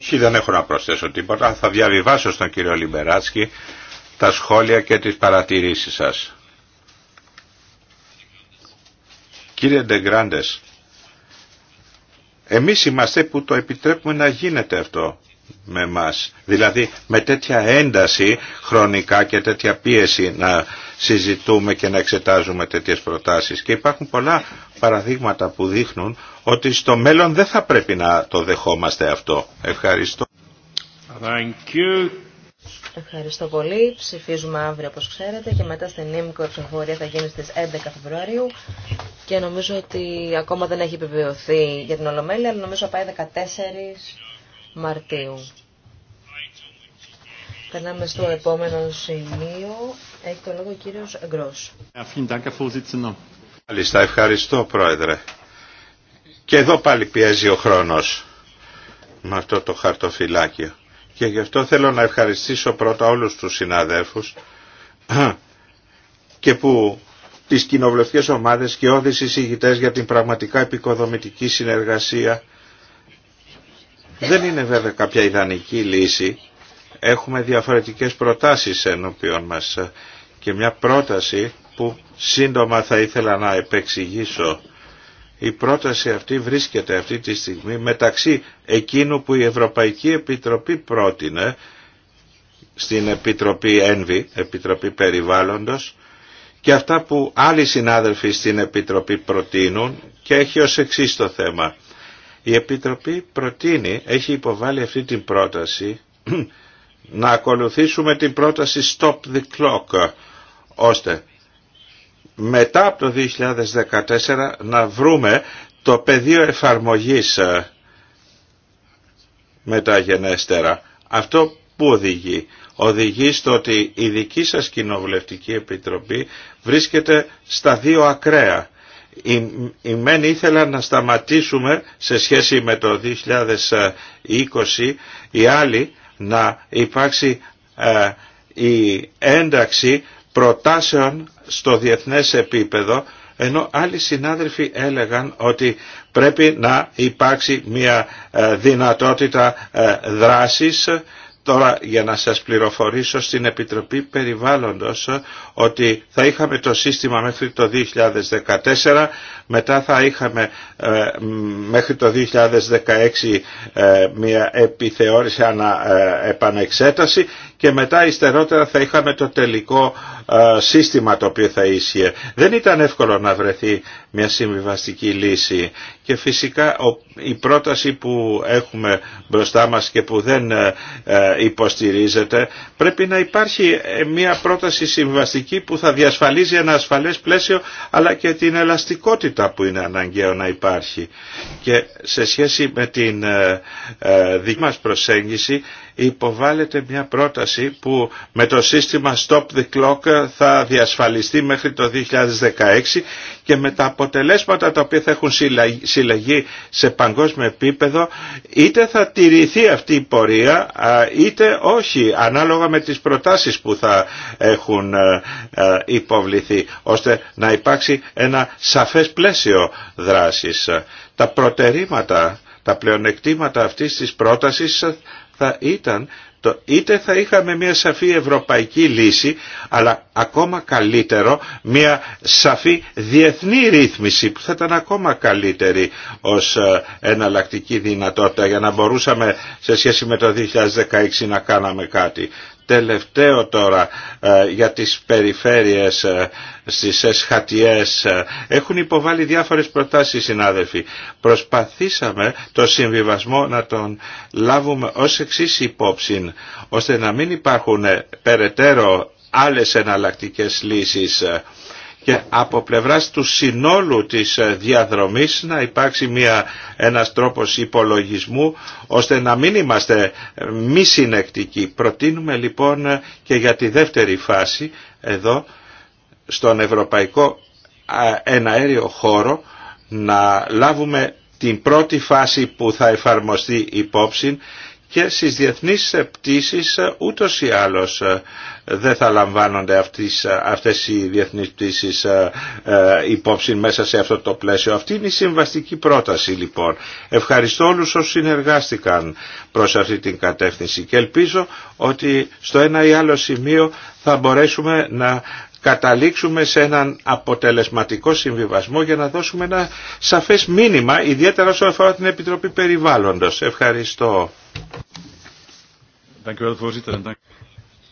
Όχι, δεν έχω να προσθέσω τίποτα. Θα διαβιβάσω στον κύριο Λιμπεράσκη τα σχόλια και τι παρατηρήσει σα. Κύριε Ντεγκράντες, εμείς είμαστε που το επιτρέπουμε να γίνεται αυτό με μας. Δηλαδή με τέτοια ένταση χρονικά και τέτοια πίεση να συζητούμε και να εξετάζουμε τέτοιες προτάσεις. Και υπάρχουν πολλά παραδείγματα που δείχνουν ότι στο μέλλον δεν θα πρέπει να το δεχόμαστε αυτό. Ευχαριστώ. Ευχαριστώ πολύ. Ψηφίζουμε αύριο, όπως ξέρετε, και μετά στην ΕΜΚΟ η ψηφοφορία θα γίνει στις 11 Φεβρουαρίου και νομίζω ότι ακόμα δεν έχει επιβεβαιωθεί για την Ολομέλεια, αλλά νομίζω πάει 14 Μαρτίου. Περνάμε στο επόμενο σημείο. Έχει το λόγο ο κύριος Γκρός. Μάλιστα, ευχαριστώ πρόεδρε. Και εδώ πάλι πιέζει ο χρόνος με αυτό το χαρτοφυλάκιο. Και γι' αυτό θέλω να ευχαριστήσω πρώτα όλους τους συναδέλφους και που τις κοινοβουλευτικές ομάδες και οι εισηγητές για την πραγματικά επικοδομητική συνεργασία. Δεν είναι βέβαια κάποια ιδανική λύση. Έχουμε διαφορετικές προτάσεις ενώπιον μας και μια πρόταση που σύντομα θα ήθελα να επεξηγήσω η πρόταση αυτή βρίσκεται αυτή τη στιγμή μεταξύ εκείνου που η Ευρωπαϊκή Επιτροπή πρότεινε στην Επιτροπή Ένβη, Επιτροπή Περιβάλλοντος και αυτά που άλλοι συνάδελφοι στην Επιτροπή προτείνουν και έχει ως εξή το θέμα. Η Επιτροπή προτείνει, έχει υποβάλει αυτή την πρόταση να ακολουθήσουμε την πρόταση Stop the Clock ώστε μετά από το 2014 να βρούμε το πεδίο εφαρμογής ε, μεταγενέστερα. Αυτό που οδηγεί. Οδηγεί στο ότι η δική σας κοινοβουλευτική επιτροπή βρίσκεται στα δύο ακραία. Η μεν να σταματήσουμε σε σχέση με το 2020, η άλλοι να υπάρξει ε, η ένταξη προτάσεων στο διεθνές επίπεδο ενώ άλλοι συνάδελφοι έλεγαν ότι πρέπει να υπάρξει μια ε, δυνατότητα ε, δράσης Τώρα για να σας πληροφορήσω στην Επιτροπή Περιβάλλοντος ε, ότι θα είχαμε το σύστημα μέχρι το 2014, μετά θα είχαμε μέχρι το 2016 μια επιθεώρηση, ανα, επανεξέταση και μετά υστερότερα θα είχαμε το τελικό ε, σύστημα το οποίο θα ίσχυε. Δεν ήταν εύκολο να βρεθεί μια συμβιβαστική λύση και φυσικά η πρόταση που έχουμε μπροστά μας και που δεν ε, ε, υποστηρίζεται πρέπει να υπάρχει μια πρόταση συμβιβαστική που θα διασφαλίζει ένα ασφαλές πλαίσιο αλλά και την ελαστικότητα που είναι αναγκαίο να υπάρχει. Και σε σχέση με την δική μας προσέγγιση υποβάλλεται μια πρόταση που με το σύστημα Stop the Clock θα διασφαλιστεί μέχρι το 2016 και με τα αποτελέσματα τα οποία θα έχουν συλλαγεί σε παγκόσμιο επίπεδο είτε θα τηρηθεί αυτή η πορεία είτε όχι ανάλογα με τις προτάσεις που θα έχουν ε, ε, υποβληθεί ώστε να υπάρξει ένα σαφές πλαίσιο δράσης. Τα προτερήματα τα πλεονεκτήματα αυτής της πρότασης θα ήταν το είτε θα είχαμε μια σαφή ευρωπαϊκή λύση, αλλά ακόμα καλύτερο μια σαφή διεθνή ρύθμιση που θα ήταν ακόμα καλύτερη ως ε, εναλλακτική δυνατότητα για να μπορούσαμε σε σχέση με το 2016 να κάναμε κάτι τελευταίο τώρα ε, για τις περιφέρειες ε, στις εσχατιές ε, έχουν υποβάλει διάφορες προτάσεις συνάδελφοι. Προσπαθήσαμε το συμβιβασμό να τον λάβουμε ως εξή υπόψη ώστε να μην υπάρχουν περαιτέρω άλλες εναλλακτικές λύσεις και από πλευράς του συνόλου της ε, διαδρομής να υπάρξει μια, ένας τρόπος υπολογισμού ώστε να μην είμαστε ε, μη συνεκτικοί. Προτείνουμε λοιπόν ε, και για τη δεύτερη φάση εδώ στον ευρωπαϊκό εναέριο χώρο να λάβουμε την πρώτη φάση που θα εφαρμοστεί υπόψη και στις διεθνείς πτήσεις ε, ούτως ή άλλως ε, δεν θα λαμβάνονται αυτές, ε, αυτές οι διεθνείς πτήσεις υπόψη μέσα σε αυτό το πλαίσιο. Αυτή είναι η συμβαστική πρόταση λοιπόν. Ευχαριστώ όλους όσους συνεργάστηκαν προς αυτή την κατεύθυνση και ελπίζω ότι στο ένα ή άλλο σημείο θα μπορέσουμε να καταλήξουμε σε έναν αποτελεσματικό συμβιβασμό για να δώσουμε ένα σαφές μήνυμα, ιδιαίτερα όσον αφορά την Επιτροπή Περιβάλλοντος. Ευχαριστώ.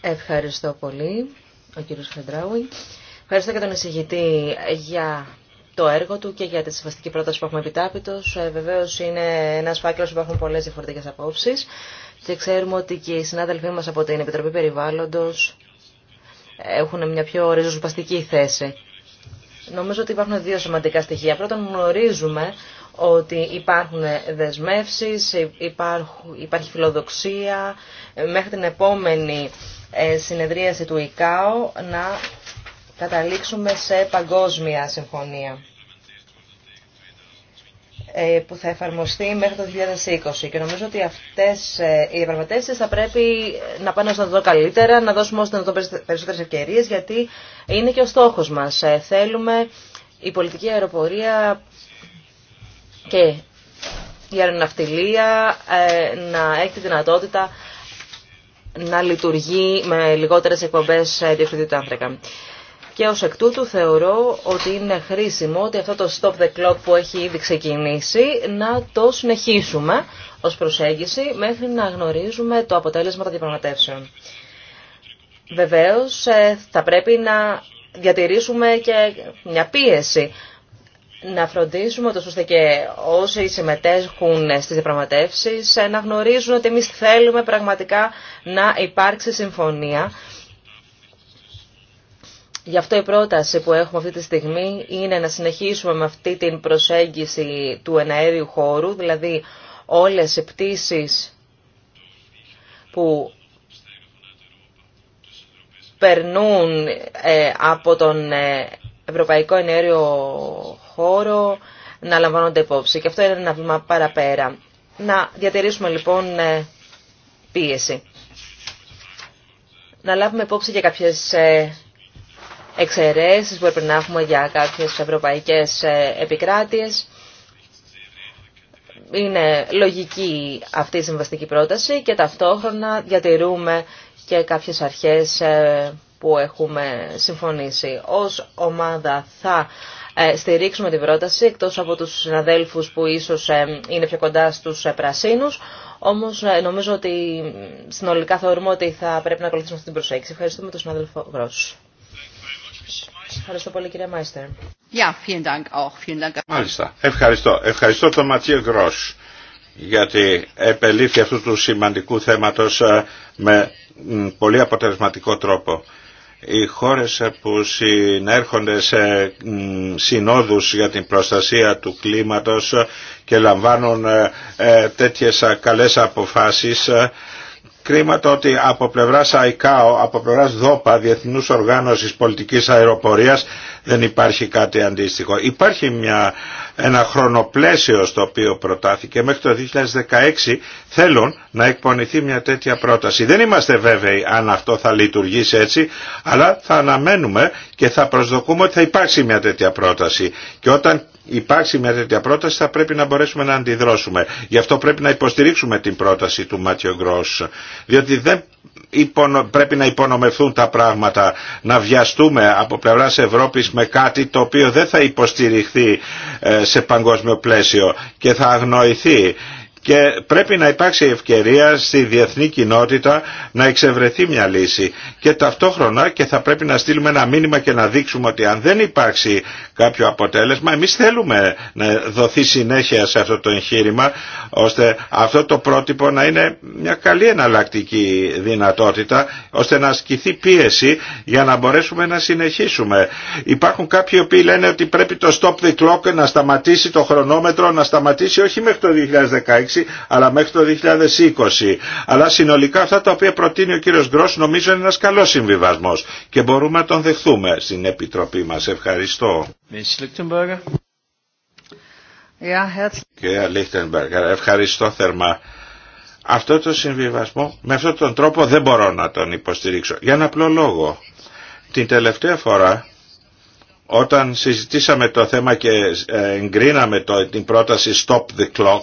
Ευχαριστώ πολύ, ο κύριος Χαντράουι. Ευχαριστώ και τον εισηγητή για το έργο του και για τη συμβαστική πρόταση που έχουμε επιτάπητος. Ε, Βεβαίω είναι ένα φάκελο που έχουν πολλές διαφορετικές απόψεις και ξέρουμε ότι και οι συνάδελφοί μας από την Επιτροπή Περιβάλλοντος έχουν μια πιο ριζοσπαστική θέση. Νομίζω ότι υπάρχουν δύο σημαντικά στοιχεία. Πρώτον, γνωρίζουμε ότι υπάρχουν δεσμεύσεις, υπάρχει φιλοδοξία μέχρι την επόμενη ε, συνεδρίαση του ΙΚΑΟ να καταλήξουμε σε παγκόσμια συμφωνία. Ε, που θα εφαρμοστεί μέχρι το 2020. Και νομίζω ότι αυτές ε, οι διαπραγματεύσει θα πρέπει να πάνε στον να καλύτερα, να δώσουμε όσο να το περισσότερες ευκαιρίες, γιατί είναι και ο στόχος μας. Ε, θέλουμε η πολιτική αεροπορία και η αεροναυτιλία να έχει τη δυνατότητα να λειτουργεί με λιγότερες εκπομπές διοξιδίου του άνθρακα. Και ως εκ τούτου θεωρώ ότι είναι χρήσιμο ότι αυτό το stop the clock που έχει ήδη ξεκινήσει να το συνεχίσουμε ως προσέγγιση μέχρι να γνωρίζουμε το αποτέλεσμα των διαπραγματεύσεων. Βεβαίως ε, θα πρέπει να διατηρήσουμε και μια πίεση να φροντίσουμε το ώστε και όσοι συμμετέχουν στις διαπραγματεύσεις ε, να γνωρίζουν ότι εμείς θέλουμε πραγματικά να υπάρξει συμφωνία Γι' αυτό η πρόταση που έχουμε αυτή τη στιγμή είναι να συνεχίσουμε με αυτή την προσέγγιση του εναέριου χώρου, δηλαδή όλες οι πτήσεις που περνούν ε, από τον ε, Ευρωπαϊκό εναέριο Χώρο να λαμβάνονται υπόψη. Και αυτό είναι ένα βήμα παραπέρα. Να διατηρήσουμε λοιπόν ε, πίεση. Να λάβουμε υπόψη για κάποιες εξαιρέσεις που έπρεπε να έχουμε για κάποιες ευρωπαϊκές ε, επικράτειες. Είναι λογική αυτή η συμβαστική πρόταση και ταυτόχρονα διατηρούμε και κάποιες αρχές ε, που έχουμε συμφωνήσει. Ως ομάδα θα ε, στηρίξουμε την πρόταση, εκτός από τους συναδέλφους που ίσως είναι πιο κοντά στους πρασίνους, όμως νομίζω ότι συνολικά θεωρούμε ότι θα πρέπει να ακολουθήσουμε αυτή την προσέγγιση. Ευχαριστούμε τον συναδέλφο Γρόσου. Ευχαριστώ πολύ κύριε Μάιστερ. vielen Dank auch. Ευχαριστώ. Ευχαριστώ τον Ματιέ Γκρός γιατί επελήφθη αυτού του σημαντικού θέματος ε, με πολύ αποτελεσματικό τρόπο. Οι χώρες που συνέρχονται σε συνόδους για την προστασία του κλίματος και λαμβάνουν ε, ε, τέτοιες καλές αποφάσεις κρίμα το ότι από πλευράς ΑΙΚΑΟ, από πλευράς ΔΟΠΑ, Διεθνούς Οργάνωσης Πολιτικής Αεροπορίας, δεν υπάρχει κάτι αντίστοιχο. Υπάρχει μια, ένα χρονοπλαίσιο στο οποίο προτάθηκε. Μέχρι το 2016 θέλουν να εκπονηθεί μια τέτοια πρόταση. Δεν είμαστε βέβαιοι αν αυτό θα λειτουργήσει έτσι, αλλά θα αναμένουμε και θα προσδοκούμε ότι θα υπάρξει μια τέτοια πρόταση. Και όταν υπάρξει μια τέτοια πρόταση θα πρέπει να μπορέσουμε να αντιδρώσουμε. Γι' αυτό πρέπει να υποστηρίξουμε την πρόταση του Μάτιο Γκρός. Διότι δεν πρέπει να υπονομευθούν τα πράγματα, να βιαστούμε από πλευράς Ευρώπης με κάτι το οποίο δεν θα υποστηριχθεί ε, σε παγκόσμιο πλαίσιο και θα αγνοηθεί και πρέπει να υπάρξει ευκαιρία στη διεθνή κοινότητα να εξευρεθεί μια λύση και ταυτόχρονα και θα πρέπει να στείλουμε ένα μήνυμα και να δείξουμε ότι αν δεν υπάρξει κάποιο αποτέλεσμα εμείς θέλουμε να δοθεί συνέχεια σε αυτό το εγχείρημα ώστε αυτό το πρότυπο να είναι μια καλή εναλλακτική δυνατότητα ώστε να ασκηθεί πίεση για να μπορέσουμε να συνεχίσουμε. Υπάρχουν κάποιοι που λένε ότι πρέπει το stop the clock να σταματήσει το χρονόμετρο, να σταματήσει όχι μέχρι το 2016 αλλά μέχρι το 2020. Αλλά συνολικά αυτά τα οποία προτείνει ο κύριος Γκρός νομίζω είναι ένας καλός συμβιβασμός και μπορούμε να τον δεχθούμε στην Επιτροπή μας. Ευχαριστώ. Κυρία Λίχτενμπεργκ, ευχαριστώ θερμά. Αυτό το συμβιβασμό με αυτόν τον τρόπο δεν μπορώ να τον υποστηρίξω. Για ένα απλό λόγο. Την τελευταία φορά όταν συζητήσαμε το θέμα και ε, εγκρίναμε το, την πρόταση Stop the Clock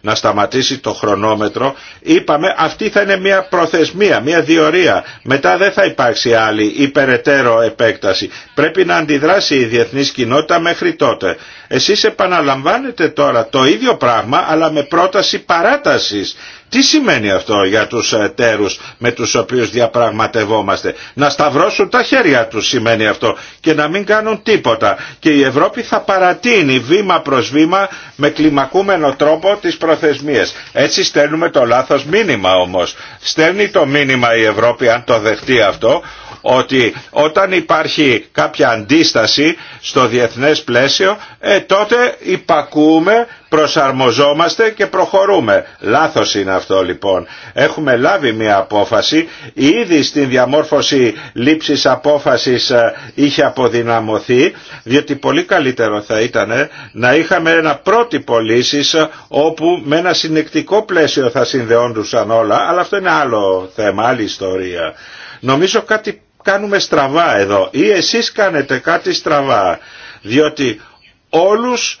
να σταματήσει το χρονόμετρο, είπαμε αυτή θα είναι μια προθεσμία, μια διορία. Μετά δεν θα υπάρξει άλλη υπεραιτέρω επέκταση. Πρέπει να αντιδράσει η διεθνής κοινότητα μέχρι τότε. Εσείς επαναλαμβάνετε τώρα το ίδιο πράγμα αλλά με πρόταση παράτασης τι σημαίνει αυτό για τους εταίρους με τους οποίους διαπραγματευόμαστε. Να σταυρώσουν τα χέρια τους σημαίνει αυτό και να μην κάνουν τίποτα. Και η Ευρώπη θα παρατείνει βήμα προς βήμα με κλιμακούμενο τρόπο τις προθεσμίες. Έτσι στέλνουμε το λάθος μήνυμα όμως. Στέλνει το μήνυμα η Ευρώπη αν το δεχτεί αυτό ότι όταν υπάρχει κάποια αντίσταση στο διεθνές πλαίσιο ε, τότε υπακούμε προσαρμοζόμαστε και προχωρούμε. Λάθος είναι αυτό λοιπόν. Έχουμε λάβει μια απόφαση, ήδη στην διαμόρφωση λήψης απόφασης ε, είχε αποδυναμωθεί, διότι πολύ καλύτερο θα ήταν να είχαμε ένα πρότυπο λύσης ε, όπου με ένα συνεκτικό πλαίσιο θα συνδεόντουσαν όλα, αλλά αυτό είναι άλλο θέμα, άλλη ιστορία. Νομίζω κάτι κάνουμε στραβά εδώ ή εσείς κάνετε κάτι στραβά, διότι όλους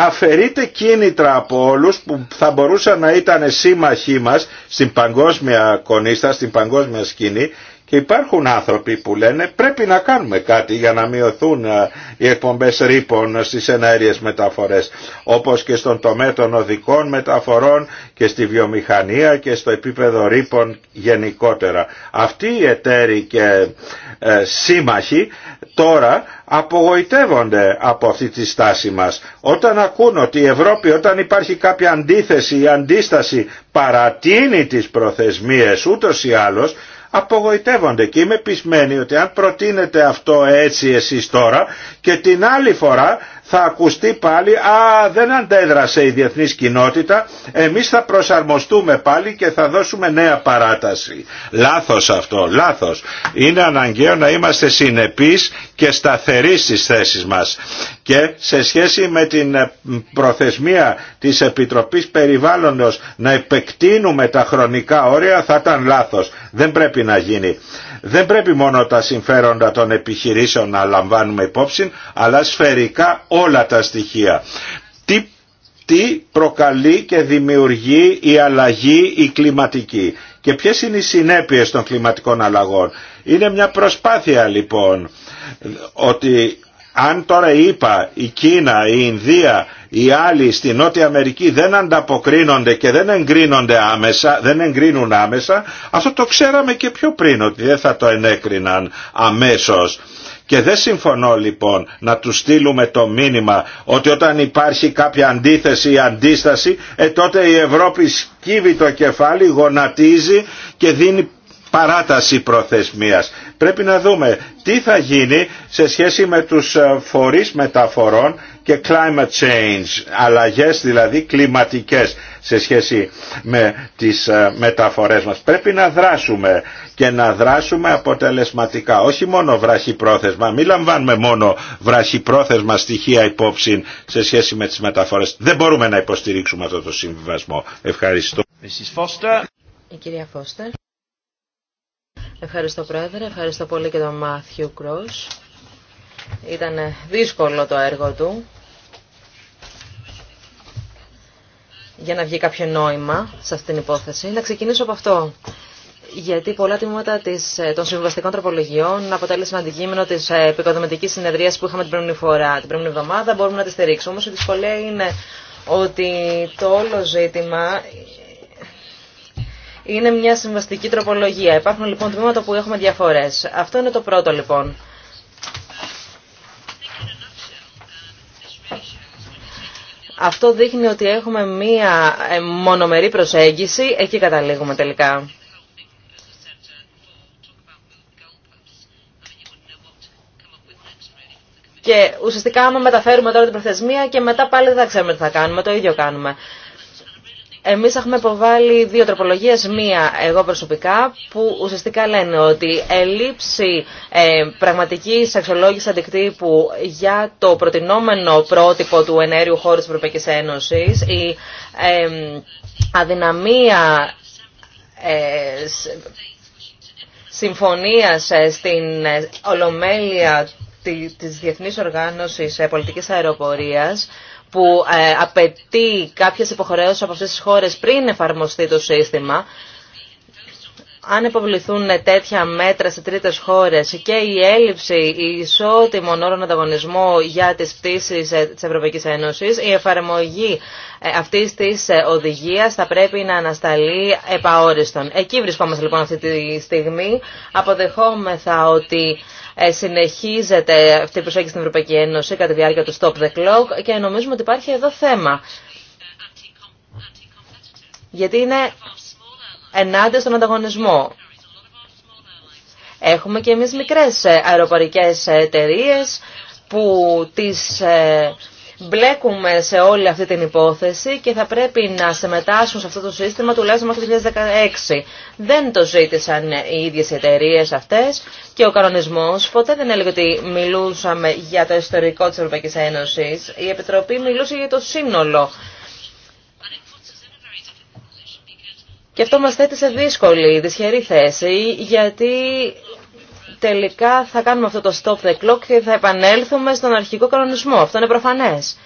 αφαιρείται κίνητρα από όλους που θα μπορούσαν να ήταν σύμμαχοί μας στην παγκόσμια κονίστα, στην παγκόσμια σκηνή και υπάρχουν άνθρωποι που λένε πρέπει να κάνουμε κάτι για να μειωθούν ε, οι εκπομπές ρήπων στις εναέριες μεταφορές. Όπως και στον τομέα των οδικών μεταφορών και στη βιομηχανία και στο επίπεδο ρήπων γενικότερα. Αυτοί οι εταίροι και ε, σύμμαχοι τώρα απογοητεύονται από αυτή τη στάση μας. Όταν ακούν ότι η Ευρώπη όταν υπάρχει κάποια αντίθεση ή αντίσταση παρατείνει τις προθεσμίες ούτως ή άλλως απογοητεύονται και είμαι πεισμένη ότι αν προτείνετε αυτό έτσι εσείς τώρα και την άλλη φορά θα ακουστεί πάλι «Α, δεν αντέδρασε η διεθνής κοινότητα, εμείς θα προσαρμοστούμε πάλι και θα δώσουμε νέα παράταση». Λάθος αυτό, λάθος. Είναι αναγκαίο να είμαστε συνεπείς και σταθεροί στις θέσεις μας. Και σε σχέση με την ε, προθεσμία της Επιτροπής Περιβάλλοντος να επεκτείνουμε τα χρονικά όρια θα ήταν λάθος. Δεν πρέπει να γίνει δεν πρέπει μόνο τα συμφέροντα των επιχειρήσεων να λαμβάνουμε υπόψη, αλλά σφαιρικά όλα τα στοιχεία. Τι τι προκαλεί και δημιουργεί η αλλαγή η κλιματική και ποιες είναι οι συνέπειες των κλιματικών αλλαγών. Είναι μια προσπάθεια λοιπόν ότι αν τώρα είπα η Κίνα, η Ινδία, οι άλλοι στη Νότια Αμερική δεν ανταποκρίνονται και δεν εγκρίνονται άμεσα, δεν εγκρίνουν άμεσα, αυτό το ξέραμε και πιο πριν ότι δεν θα το ενέκριναν αμέσως. Και δεν συμφωνώ λοιπόν να του στείλουμε το μήνυμα ότι όταν υπάρχει κάποια αντίθεση ή αντίσταση, ε, τότε η αντισταση τοτε σκύβει το κεφάλι, γονατίζει και δίνει παράταση προθεσμίας. Πρέπει να δούμε τι θα γίνει σε σχέση με τους ε, φορείς μεταφορών και climate change, αλλαγές δηλαδή κλιματικές σε σχέση με τις ε, μεταφορές μας. Πρέπει να δράσουμε και να δράσουμε αποτελεσματικά, όχι μόνο βραχυπρόθεσμα, μην λαμβάνουμε μόνο βραχυπρόθεσμα στοιχεία υπόψη σε σχέση με τις μεταφορές. Δεν μπορούμε να υποστηρίξουμε αυτό το συμβιβασμό. Ευχαριστώ. Η κυρία Ευχαριστώ Πρόεδρε, ευχαριστώ πολύ και τον Μάθιου Κρός. Ήταν δύσκολο το έργο του για να βγει κάποιο νόημα σε αυτήν την υπόθεση. Να ξεκινήσω από αυτό. Γιατί πολλά τμήματα ε, των συμβαστικών τροπολογιών αποτέλεσαν αντικείμενο τη ε, επικοδομητική συνεδρία που είχαμε την προηγούμενη φορά. Την προηγούμενη εβδομάδα μπορούμε να τη στηρίξουμε. Όμω η δυσκολία είναι ότι το όλο ζήτημα είναι μια συμβαστική τροπολογία. Υπάρχουν λοιπόν τμήματα που έχουμε διαφορές. Αυτό είναι το πρώτο λοιπόν. Αυτό δείχνει ότι έχουμε μία ε, μονομερή προσέγγιση. Εκεί καταλήγουμε τελικά. Και ουσιαστικά άμα μεταφέρουμε τώρα την προθεσμία και μετά πάλι δεν θα ξέρουμε τι θα κάνουμε. Το ίδιο κάνουμε. Εμείς έχουμε προβάλει δύο τροπολογίες, μία εγώ προσωπικά, που ουσιαστικά λένε ότι ελλείψη ε, πραγματικής αντικτύπου για το προτινόμενο πρότυπο του ενέργειου χώρου της Ευρωπαϊκής Ένωσης, η ε, αδυναμία ε, συμφωνίας ε, στην ε, ολομέλεια της Διεθνής Οργάνωσης Πολιτικής Αεροπορίας, που ε, απαιτεί κάποιες υποχρεώσεις από αυτές τις χώρες πριν εφαρμοστεί το σύστημα, αν υποβληθούν τέτοια μέτρα σε τρίτες χώρες και η έλλειψη ισότιμων όρων ανταγωνισμού για τις πτήσεις ε, της Ευρωπαϊκής Ένωσης, η εφαρμογή ε, αυτής της οδηγίας θα πρέπει να ανασταλεί επαόριστον. Εκεί βρισκόμαστε λοιπόν αυτή τη στιγμή. Αποδεχόμεθα ότι ε, συνεχίζεται αυτή η προσέγγιση στην Ευρωπαϊκή Ένωση κατά τη διάρκεια του Stop the Clock και νομίζουμε ότι υπάρχει εδώ θέμα. Γιατί είναι ενάντια στον ανταγωνισμό. Έχουμε και εμείς μικρές ε, αεροπορικές εταιρείες που τις ε, μπλέκουμε σε όλη αυτή την υπόθεση και θα πρέπει να συμμετάσχουν σε αυτό το σύστημα τουλάχιστον μέχρι το 2016. Δεν το ζήτησαν οι ίδιες εταιρείε αυτές και ο κανονισμό ποτέ δεν έλεγε ότι μιλούσαμε για το ιστορικό τη Ευρωπαϊκή Ένωση, Η Επιτροπή μιλούσε για το σύνολο. Και αυτό μας θέτει σε δύσκολη, δυσχερή θέση, γιατί τελικά θα κάνουμε αυτό το stop the clock και θα επανέλθουμε στον αρχικό κανονισμό. Αυτό είναι προφανές.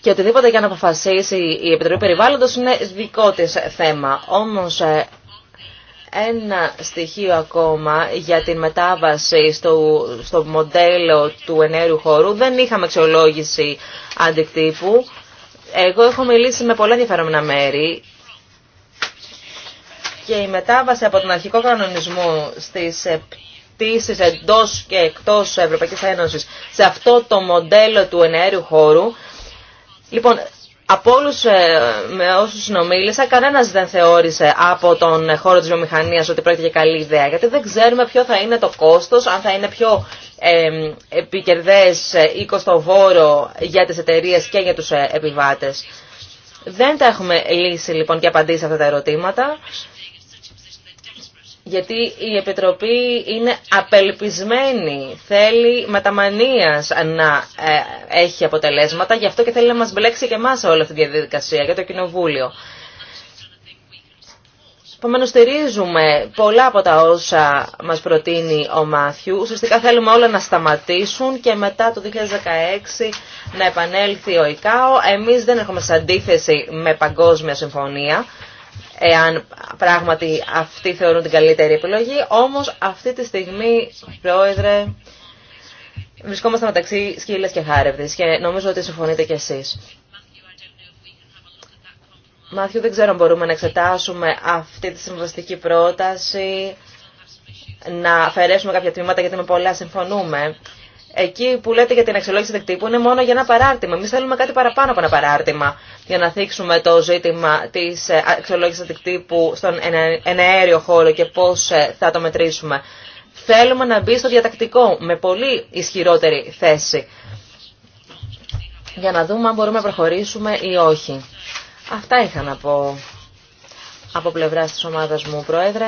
Και οτιδήποτε για να αποφασίσει η Επιτροπή Περιβάλλοντος είναι δικό της θέμα. Όμως ε, ένα στοιχείο ακόμα για την μετάβαση στο, στο μοντέλο του ενέργου χώρου. Δεν είχαμε αξιολόγηση αντικτύπου. Εγώ έχω μιλήσει με πολλά ενδιαφέρομενα μέρη και η μετάβαση από τον αρχικό κανονισμό στις πτήσεις εντός και εκτός Ευρωπαϊκής Ένωσης σε αυτό το μοντέλο του ενέργειου χώρου. Λοιπόν, από όλου ε, με όσου συνομίλησα, κανένα δεν θεώρησε από τον χώρο τη βιομηχανία ότι πρόκειται για καλή ιδέα. Γιατί δεν ξέρουμε ποιο θα είναι το κόστο, αν θα είναι πιο ε, επικερδές ή ε, κοστοβόρο για τι εταιρείε και για του ε, επιβάτε. Δεν τα έχουμε λύσει λοιπόν και απαντήσει αυτά τα ερωτήματα γιατί η Επιτροπή είναι απελπισμένη, θέλει μεταμανίας να ε, έχει αποτελέσματα, γι' αυτό και θέλει να μας μπλέξει και εμάς όλη αυτή τη διαδικασία για το Κοινοβούλιο. Επομένως, στηρίζουμε πολλά από τα όσα μας προτείνει ο Μάθιου. Ουσιαστικά θέλουμε όλα να σταματήσουν και μετά το 2016 να επανέλθει ο ΙΚΑΟ. Εμείς δεν έχουμε με παγκόσμια συμφωνία εάν πράγματι αυτοί θεωρούν την καλύτερη επιλογή. Όμως αυτή τη στιγμή, Πρόεδρε, βρισκόμαστε μεταξύ σκύλες και χάρευδης και νομίζω ότι συμφωνείτε κι εσείς. Μάθιου, δεν ξέρω αν μπορούμε να εξετάσουμε αυτή τη συμβαστική πρόταση, να αφαιρέσουμε κάποια τμήματα γιατί με πολλά συμφωνούμε. Εκεί που λέτε για την αξιολόγηση δεκτύπου είναι μόνο για ένα παράρτημα. Εμεί θέλουμε κάτι παραπάνω από ένα παράρτημα για να θίξουμε το ζήτημα τη αξιολόγηση ε, δεκτύπου στον εναέριο χώρο και πώ ε, θα το μετρήσουμε. Θέλουμε να μπει στο διατακτικό με πολύ ισχυρότερη θέση για να δούμε αν μπορούμε να προχωρήσουμε ή όχι. Αυτά είχα να πω από πλευράς της ομάδας μου, Πρόεδρε.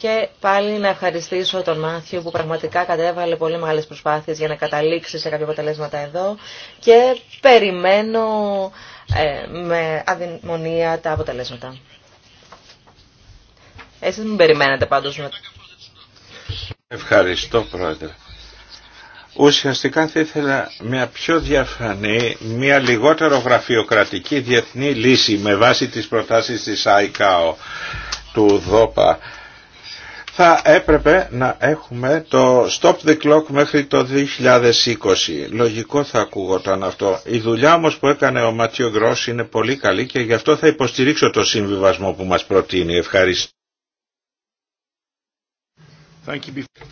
Και πάλι να ευχαριστήσω τον Μάθιο που πραγματικά κατέβαλε πολύ μεγάλες προσπάθειες για να καταλήξει σε κάποια αποτελέσματα εδώ και περιμένω ε, με αδειμονία τα αποτελέσματα. Εσείς μην περιμένετε πάντως Ευχαριστώ πρόεδρε. Ουσιαστικά θα ήθελα μια πιο διαφανή, μια λιγότερο γραφειοκρατική διεθνή λύση με βάση τις προτάσεις της ΑΙΚΑΟ του ΔΟΠΑ θα έπρεπε να έχουμε το stop the clock μέχρι το 2020. Λογικό θα ακούγονταν αυτό. Η δουλειά όμως που έκανε ο Ματιο Γκρός είναι πολύ καλή και γι' αυτό θα υποστηρίξω το συμβιβασμό που μας προτείνει. Ευχαριστώ.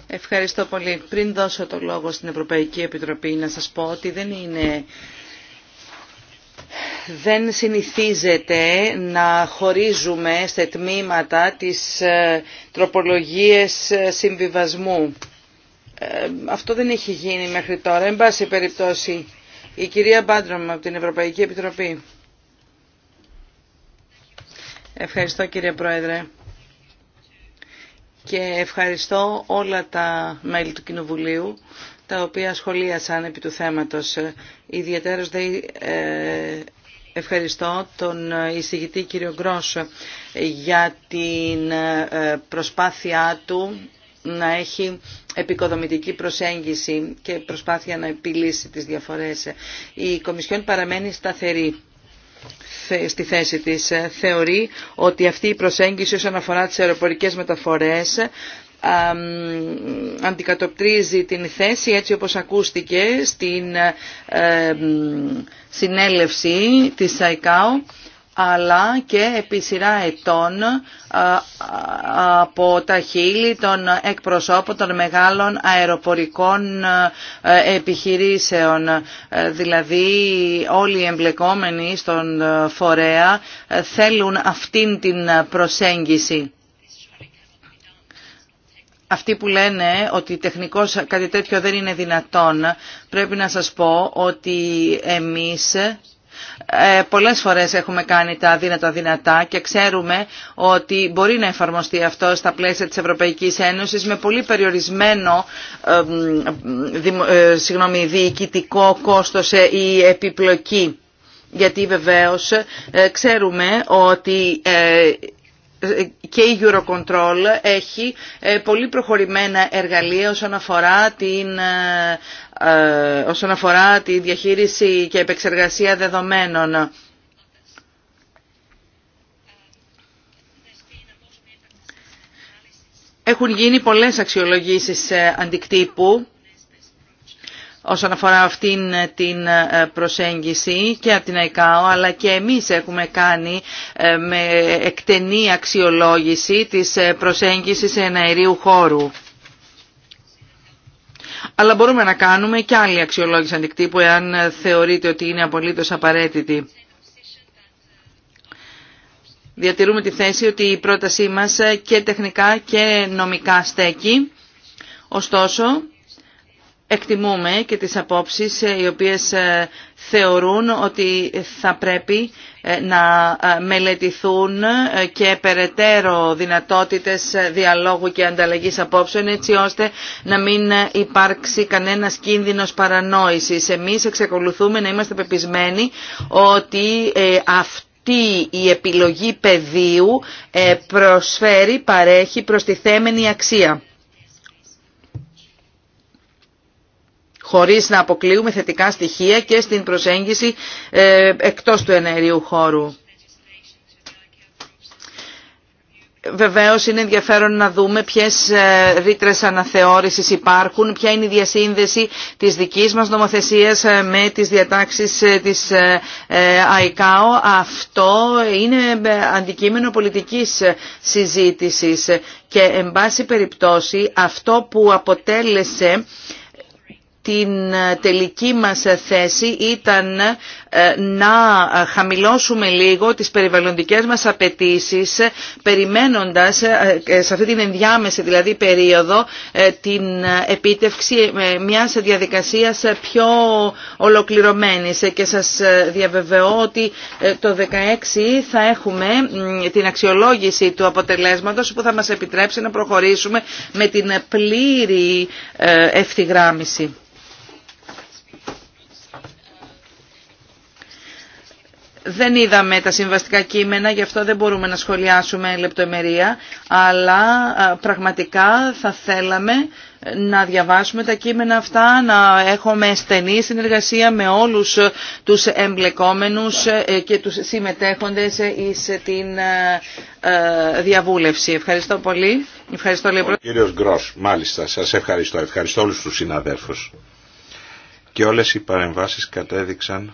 Ευχαριστώ πολύ. Πριν δώσω το λόγο στην Ευρωπαϊκή Επιτροπή να σας πω ότι δεν είναι δεν συνηθίζεται να χωρίζουμε σε τμήματα τις ε, τροπολογίες ε, συμβιβασμού. Ε, αυτό δεν έχει γίνει μέχρι τώρα. Εν πάση περιπτώσει, η κυρία Μπάντρομ από την Ευρωπαϊκή Επιτροπή. Ευχαριστώ κύριε Πρόεδρε και ευχαριστώ όλα τα μέλη του Κοινοβουλίου τα οποία σχολίασαν επί του θέματος. Ιδιαίτερος δε ε, ευχαριστώ τον εισηγητή κύριο Γκρόσο για την ε, προσπάθειά του να έχει επικοδομητική προσέγγιση και προσπάθεια να επιλύσει τις διαφορές. Η Κομισιόν παραμένει σταθερή στη θέση της. Θεωρεί ότι αυτή η προσέγγιση όσον αφορά τις αεροπορικές μεταφορές αντικατοπτρίζει την θέση έτσι όπως ακούστηκε στην ε, συνέλευση της ΣΑΙΚΑΟ αλλά και επί σειρά ετών ε, από τα χείλη των εκπροσώπων των μεγάλων αεροπορικών ε, επιχειρήσεων. Δηλαδή όλοι οι εμπλεκόμενοι στον φορέα θέλουν αυτήν την προσέγγιση αυτοί που λένε ότι τεχνικώς κάτι τέτοιο δεν είναι δυνατόν, πρέπει να σας πω ότι εμείς ε, πολλές φορές έχουμε κάνει τα δύνατα δυνατά και ξέρουμε ότι μπορεί να εφαρμοστεί αυτό στα πλαίσια της Ευρωπαϊκής Ένωσης με πολύ περιορισμένο ε, διοικητικό κόστος ή ε, επιπλοκή. Γιατί βεβαίως ε, ξέρουμε ότι ε, και η Eurocontrol έχει ε, πολύ προχωρημένα εργαλεία όσον αφορά, την, ε, ε, τη διαχείριση και επεξεργασία δεδομένων. Έχουν γίνει πολλές αξιολογήσεις αντικτύπου όσον αφορά αυτήν την ε, προσέγγιση και από την ΑΕΚΑΟ αλλά και εμείς έχουμε κάνει ε, με εκτενή αξιολόγηση της ε, προσέγγισης εναερίου χώρου. Αλλά μπορούμε να κάνουμε και άλλη αξιολόγηση αντικτύπου εάν θεωρείτε ότι είναι απολύτως απαραίτητη. Διατηρούμε τη θέση ότι η πρότασή μας και τεχνικά και νομικά στέκει. Ωστόσο, εκτιμούμε και τις απόψεις ε, οι οποίες ε, θεωρούν ότι θα πρέπει ε, να μελετηθούν και περαιτέρω δυνατότητες διαλόγου και ανταλλαγής απόψεων έτσι ώστε να μην υπάρξει κανένας κίνδυνος παρανόησης. Εμείς εξακολουθούμε να είμαστε πεπισμένοι ότι αυτή η επιλογή πεδίου προσφέρει, παρέχει προστιθέμενη αξία. χωρίς να αποκλείουμε θετικά στοιχεία και στην προσέγγιση ε, εκτός του εναερίου χώρου. Βεβαίως είναι ενδιαφέρον να δούμε ποιες ε, ρήτρε αναθεώρησης υπάρχουν, ποια είναι η διασύνδεση της δικής μας νομοθεσίας ε, με τις διατάξεις της ΑΙΚΑΟ. Αυτό είναι αντικείμενο πολιτικής συζήτησης και εν πάση περιπτώσει αυτό που αποτέλεσε την ε, τελική μας ε, θέση ήταν ε, να χαμηλώσουμε λίγο τις περιβαλλοντικές μας απαιτήσεις περιμένοντας σε αυτή την ενδιάμεση δηλαδή περίοδο την επίτευξη μιας διαδικασίας πιο ολοκληρωμένης και σας διαβεβαιώ ότι το 2016 θα έχουμε την αξιολόγηση του αποτελέσματος που θα μας επιτρέψει να προχωρήσουμε με την πλήρη ευθυγράμμιση. δεν είδαμε τα συμβαστικά κείμενα, γι' αυτό δεν μπορούμε να σχολιάσουμε λεπτομερία, αλλά πραγματικά θα θέλαμε ε, να διαβάσουμε τα κείμενα αυτά, να έχουμε στενή συνεργασία με όλους ε, τους εμπλεκόμενους ε, και τους συμμετέχοντες σε την διαβούλευση. Ευχαριστώ πολύ. Ευχαριστώ, Ο κύριος Γκρός, μάλιστα, σας ευχαριστώ. Ευχαριστώ όλους τους συναδέλφους. Και όλες οι παρεμβάσεις κατέδειξαν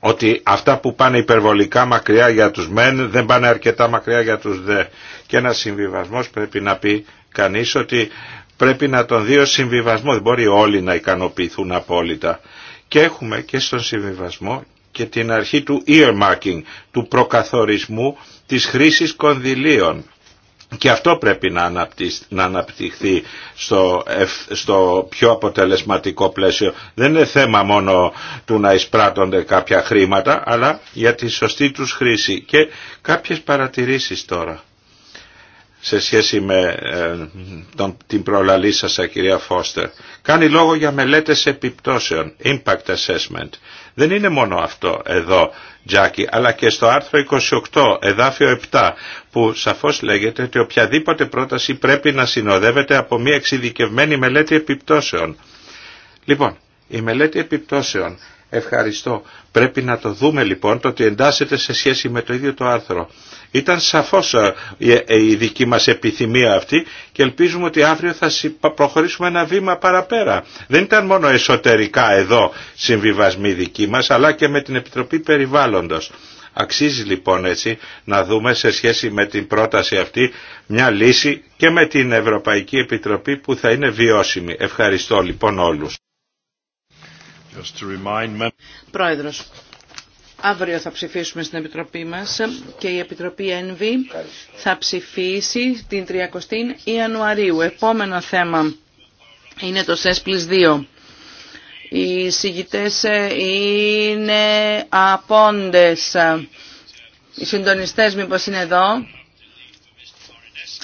ότι αυτά που πάνε υπερβολικά μακριά για τους μεν δεν πάνε αρκετά μακριά για τους δε. Και ένα συμβιβασμός πρέπει να πει κανείς ότι πρέπει να τον δει ως συμβιβασμό. Δεν μπορεί όλοι να ικανοποιηθούν απόλυτα. Και έχουμε και στον συμβιβασμό και την αρχή του earmarking, του προκαθορισμού της χρήσης κονδυλίων και αυτό πρέπει να, αναπτυχθεί στο, στο πιο αποτελεσματικό πλαίσιο. Δεν είναι θέμα μόνο του να εισπράττονται κάποια χρήματα, αλλά για τη σωστή τους χρήση. Και κάποιες παρατηρήσεις τώρα σε σχέση με ε, τον, την προλαλή σας, κυρία Φώστερ. Κάνει λόγο για μελέτες επιπτώσεων, impact assessment. Δεν είναι μόνο αυτό εδώ, Τζάκι, αλλά και στο άρθρο 28, εδάφιο 7, που σαφώς λέγεται ότι οποιαδήποτε πρόταση πρέπει να συνοδεύεται από μια εξειδικευμένη μελέτη επιπτώσεων. Λοιπόν, η μελέτη επιπτώσεων Ευχαριστώ. Πρέπει να το δούμε λοιπόν το ότι εντάσσεται σε σχέση με το ίδιο το άρθρο. Ήταν σαφώς ε, ε, η δική μας επιθυμία αυτή και ελπίζουμε ότι αύριο θα προχωρήσουμε ένα βήμα παραπέρα. Δεν ήταν μόνο εσωτερικά εδώ συμβιβασμοί δική μας αλλά και με την Επιτροπή Περιβάλλοντος. Αξίζει λοιπόν έτσι να δούμε σε σχέση με την πρόταση αυτή μια λύση και με την Ευρωπαϊκή Επιτροπή που θα είναι βιώσιμη. Ευχαριστώ λοιπόν όλους. Πρόεδρος, αύριο θα ψηφίσουμε στην Επιτροπή μας και η Επιτροπή ΕΝΒΗ θα ψηφίσει την 30 Ιανουαρίου. Επόμενο θέμα είναι το ΣΕΣΠΛΙΣ 2. Οι συγητές ε, είναι απόντες. Οι συντονιστές μήπως είναι εδώ.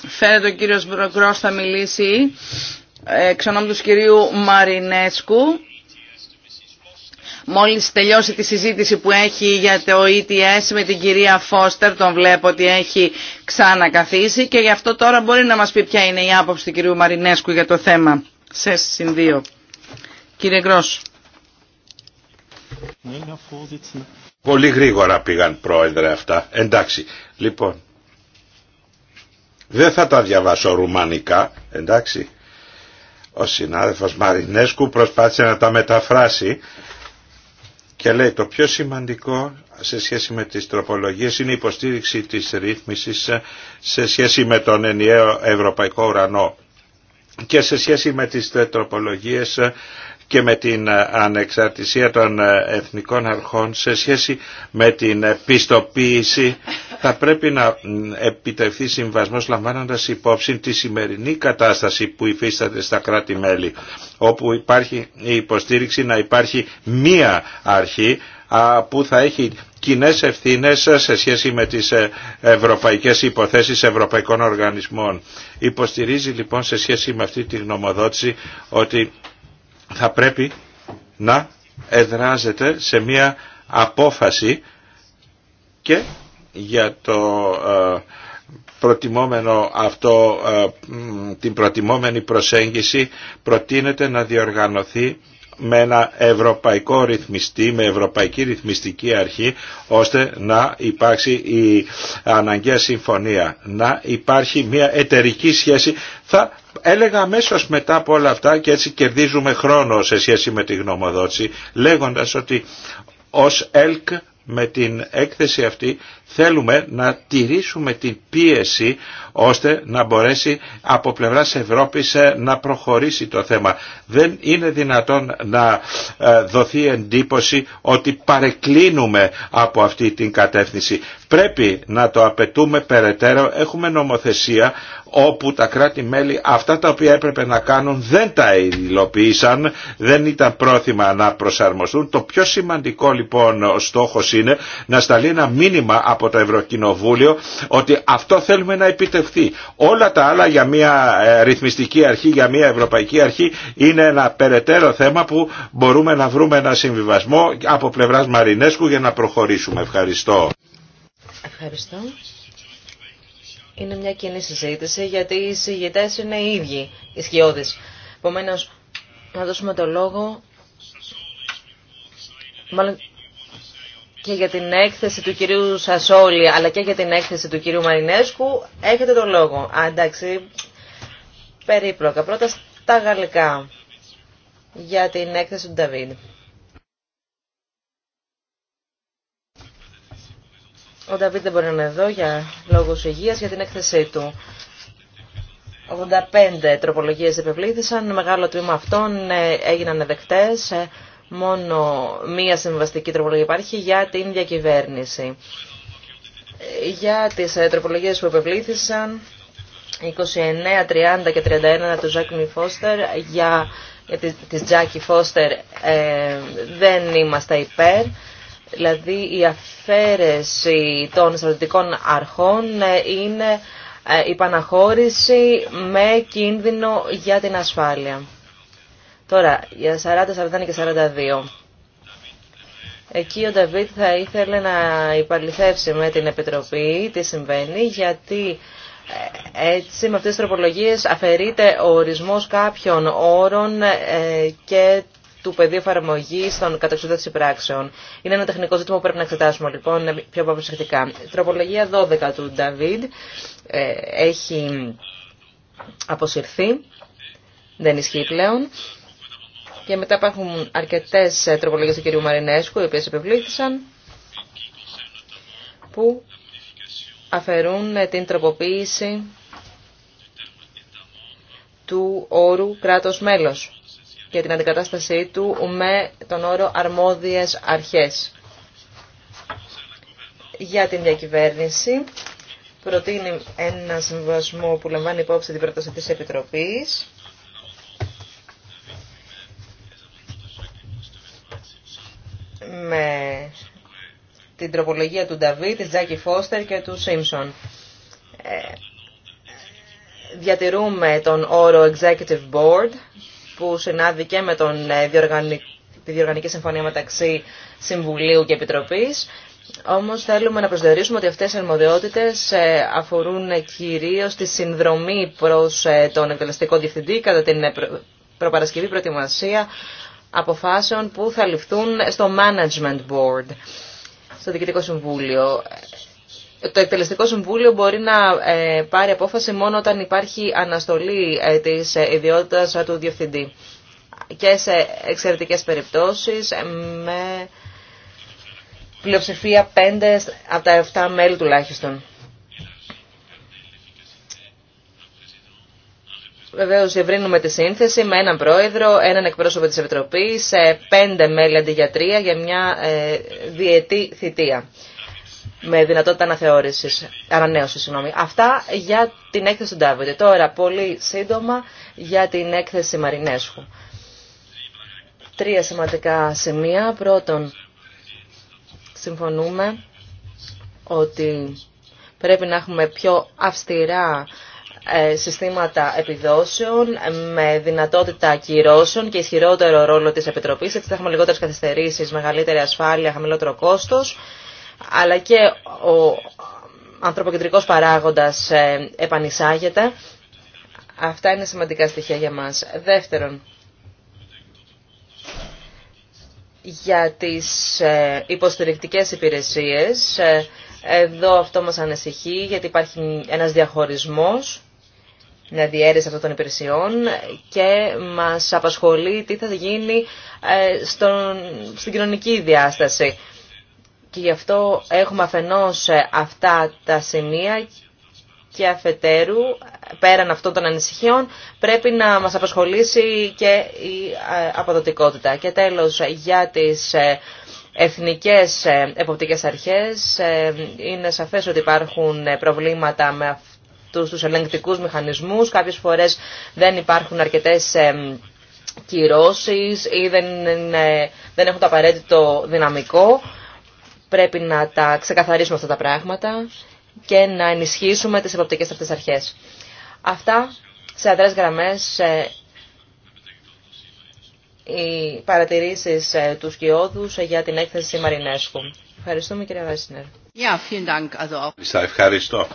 Φαίνεται ο κύριος Μπρογκρός θα μιλήσει ε, εξ του κυρίου Μαρινέσκου μόλις τελειώσει τη συζήτηση που έχει για το ETS με την κυρία Φώστερ, τον βλέπω ότι έχει ξανακαθίσει και γι' αυτό τώρα μπορεί να μας πει ποια είναι η άποψη του κυρίου Μαρινέσκου για το θέμα. Σε συνδύο. Κύριε Γκρός. Πολύ γρήγορα πήγαν πρόεδρε αυτά. Εντάξει, λοιπόν. Δεν θα τα διαβάσω ρουμανικά, εντάξει. Ο συνάδελφος Μαρινέσκου προσπάθησε να τα μεταφράσει και λέει το πιο σημαντικό σε σχέση με τις τροπολογίες είναι η υποστήριξη της ρύθμισης σε σχέση με τον ενιαίο ευρωπαϊκό ουρανό και σε σχέση με τις τροπολογίες και με την ε, ανεξαρτησία των ε, εθνικών αρχών σε σχέση με την ε, πιστοποίηση θα πρέπει να επιτευχθεί συμβασμός λαμβάνοντας υπόψη τη σημερινή κατάσταση που υφίσταται στα κράτη-μέλη όπου υπάρχει η υποστήριξη να υπάρχει μία αρχή που θα έχει κοινέ ευθύνε σε σχέση με τις ευρωπαϊκές υποθέσεις ευρωπαϊκών οργανισμών. Υποστηρίζει λοιπόν σε σχέση με αυτή τη γνωμοδότηση ότι θα πρέπει να εδράζεται σε μια απόφαση και για το ε, προτιμόμενο αυτό, ε, την προτιμόμενη προσέγγιση προτείνεται να διοργανωθεί με ένα ευρωπαϊκό ρυθμιστή, με ευρωπαϊκή ρυθμιστική αρχή, ώστε να υπάρξει η αναγκαία συμφωνία, να υπάρχει μια εταιρική σχέση. Θα έλεγα αμέσω μετά από όλα αυτά και έτσι κερδίζουμε χρόνο σε σχέση με τη γνωμοδότηση λέγοντας ότι ως ΕΛΚ με την έκθεση αυτή θέλουμε να τηρήσουμε την πίεση ώστε να μπορέσει από πλευράς Ευρώπης ε, να προχωρήσει το θέμα. Δεν είναι δυνατόν να ε, δοθεί εντύπωση ότι παρεκκλίνουμε από αυτή την κατεύθυνση. Πρέπει να το απαιτούμε περαιτέρω. Έχουμε νομοθεσία όπου τα κράτη-μέλη αυτά τα οποία έπρεπε να κάνουν δεν τα υλοποίησαν, δεν ήταν πρόθυμα να προσαρμοστούν. Το πιο σημαντικό λοιπόν ο στόχος είναι να σταλεί ένα μήνυμα από το Ευρωκοινοβούλιο ότι αυτό θέλουμε να επιτευχθεί Όλα τα άλλα για μια ε, ρυθμιστική αρχή, για μια ευρωπαϊκή αρχή είναι ένα περαιτέρω θέμα που μπορούμε να βρούμε ένα συμβιβασμό από πλευράς Μαρινέσκου για να προχωρήσουμε. Ευχαριστώ. Ευχαριστώ. Είναι μια κοινή συζήτηση γιατί οι συγγετέ είναι οι ίδιοι, οι σκιώδεις. Επομένω, να δώσουμε το λόγο και για την έκθεση του κυρίου Σασόλη αλλά και για την έκθεση του κυρίου Μαρινέσκου έχετε το λόγο. Α, εντάξει, περίπλοκα. Πρώτα στα γαλλικά για την έκθεση του Νταβίδ. Ο Νταβίδ δεν μπορεί να είναι εδώ για λόγους υγείας για την έκθεσή του. 85 τροπολογίες επιβλήθησαν, μεγάλο τμήμα αυτών ε, έγιναν δεκτές. Ε, μόνο μία συμβαστική τροπολογία υπάρχει για την διακυβέρνηση. Για τις ε, τροπολογίες που επευλήθησαν, 29, 30 και 31 του Ζάκη Φώστερ, για ε, τις Τζάκι Φώστερ ε, δεν είμαστε υπέρ. Δηλαδή η αφαίρεση των στρατιωτικών αρχών είναι η παναχώρηση με κίνδυνο για την ασφάλεια. Τώρα, για 40, 41 και 42. Εκεί ο Νταβίτ θα ήθελε να υπαλληθεύσει με την Επιτροπή τι συμβαίνει, γιατί ε, έτσι με αυτές τις τροπολογίες αφαιρείται ο ορισμός κάποιων όρων ε, και του πεδίου εφαρμογή των κατεξοδότηση πράξεων. Είναι ένα τεχνικό ζήτημα που πρέπει να εξετάσουμε λοιπόν ε, πιο προσεκτικά. Η τροπολογία 12 του Νταβίτ έχει αποσυρθεί, δεν ισχύει πλέον. Και μετά υπάρχουν αρκετέ τροπολογίε του κ. Μαρινέσκου, οι οποίες επιβλήθησαν, που αφαιρούν την τροποποίηση του όρου κράτος μέλος και την αντικατάστασή του με τον όρο αρμόδιες αρχές. Για την διακυβέρνηση προτείνει ένα συμβασμό που λαμβάνει υπόψη την πρόταση της Επιτροπής με την τροπολογία του Νταβί, της Τζάκη Φώστερ και του Σίμψον. Ε, διατηρούμε τον όρο Executive Board που συνάδει και με τον ε, τη Διοργανική Συμφωνία μεταξύ Συμβουλίου και Επιτροπής. Όμως θέλουμε να προσδιορίσουμε ότι αυτές οι αρμοδιότητες ε, αφορούν κυρίως τη συνδρομή προς τον εκτελεστικό διευθυντή κατά την προπαρασκευή προετοιμασία αποφάσεων που θα ληφθούν στο Management Board, στο Διοικητικό Συμβούλιο. Το εκτελεστικό συμβούλιο μπορεί να ε, πάρει απόφαση μόνο όταν υπάρχει αναστολή ε, της ε, ιδιότητας του διευθυντή και σε εξαιρετικές περιπτώσεις με πλειοψηφία 5 από τα 7 μέλη τουλάχιστον. Βεβαίω ευρύνουμε τη σύνθεση με έναν πρόεδρο, έναν εκπρόσωπο της Επιτροπής, ε, πέντε μέλη αντί για τρία για μια ε, διετή θητεία με δυνατότητα αναθεώρησης, ανανέωσης. Αυτά για την έκθεση του Ντάβιντε. Τώρα πολύ σύντομα για την έκθεση Μαρινέσχου. Τρία σημαντικά σημεία. Πρώτον, συμφωνούμε ότι πρέπει να έχουμε πιο αυστηρά ε, συστήματα επιδόσεων με δυνατότητα κυρώσεων και ισχυρότερο ρόλο της Επιτροπής. Έτσι θα έχουμε λιγότερες καθυστερήσεις, μεγαλύτερη ασφάλεια, χαμηλότερο κόστος, αλλά και ο ανθρωποκεντρικός παράγοντας ε, επανισάγεται Αυτά είναι σημαντικά στοιχεία για μας. Δεύτερον, για τις ε, υποστηρικτικές υπηρεσίες, εδώ αυτό μας ανησυχεί γιατί υπάρχει ένας διαχωρισμός μια διαίρεση αυτών των υπηρεσιών και μας απασχολεί τι θα γίνει ε, στον, στην κοινωνική διάσταση. Και γι' αυτό έχουμε αφενός ε, αυτά τα σημεία και αφετέρου, πέραν αυτών των ανησυχιών, πρέπει να μας απασχολήσει και η ε, αποδοτικότητα. Και τέλος, για τις εθνικές εποπτικές αρχές, είναι σαφές ότι υπάρχουν προβλήματα με αυτούς τους ελεγκτικούς μηχανισμούς. Κάποιες φορές δεν υπάρχουν αρκετές κυρώσεις ή δεν, δεν έχουν το απαραίτητο δυναμικό. Πρέπει να τα ξεκαθαρίσουμε αυτά τα πράγματα και να ενισχύσουμε τις εποπτικές αυτές αρχές. Αυτά σε αδρές γραμμές ε, οι παρατηρήσεις ε, του Σκιώδους ε, για την έκθεση Μαρινέσκου. Ευχαριστούμε κυρία Σα Ευχαριστώ.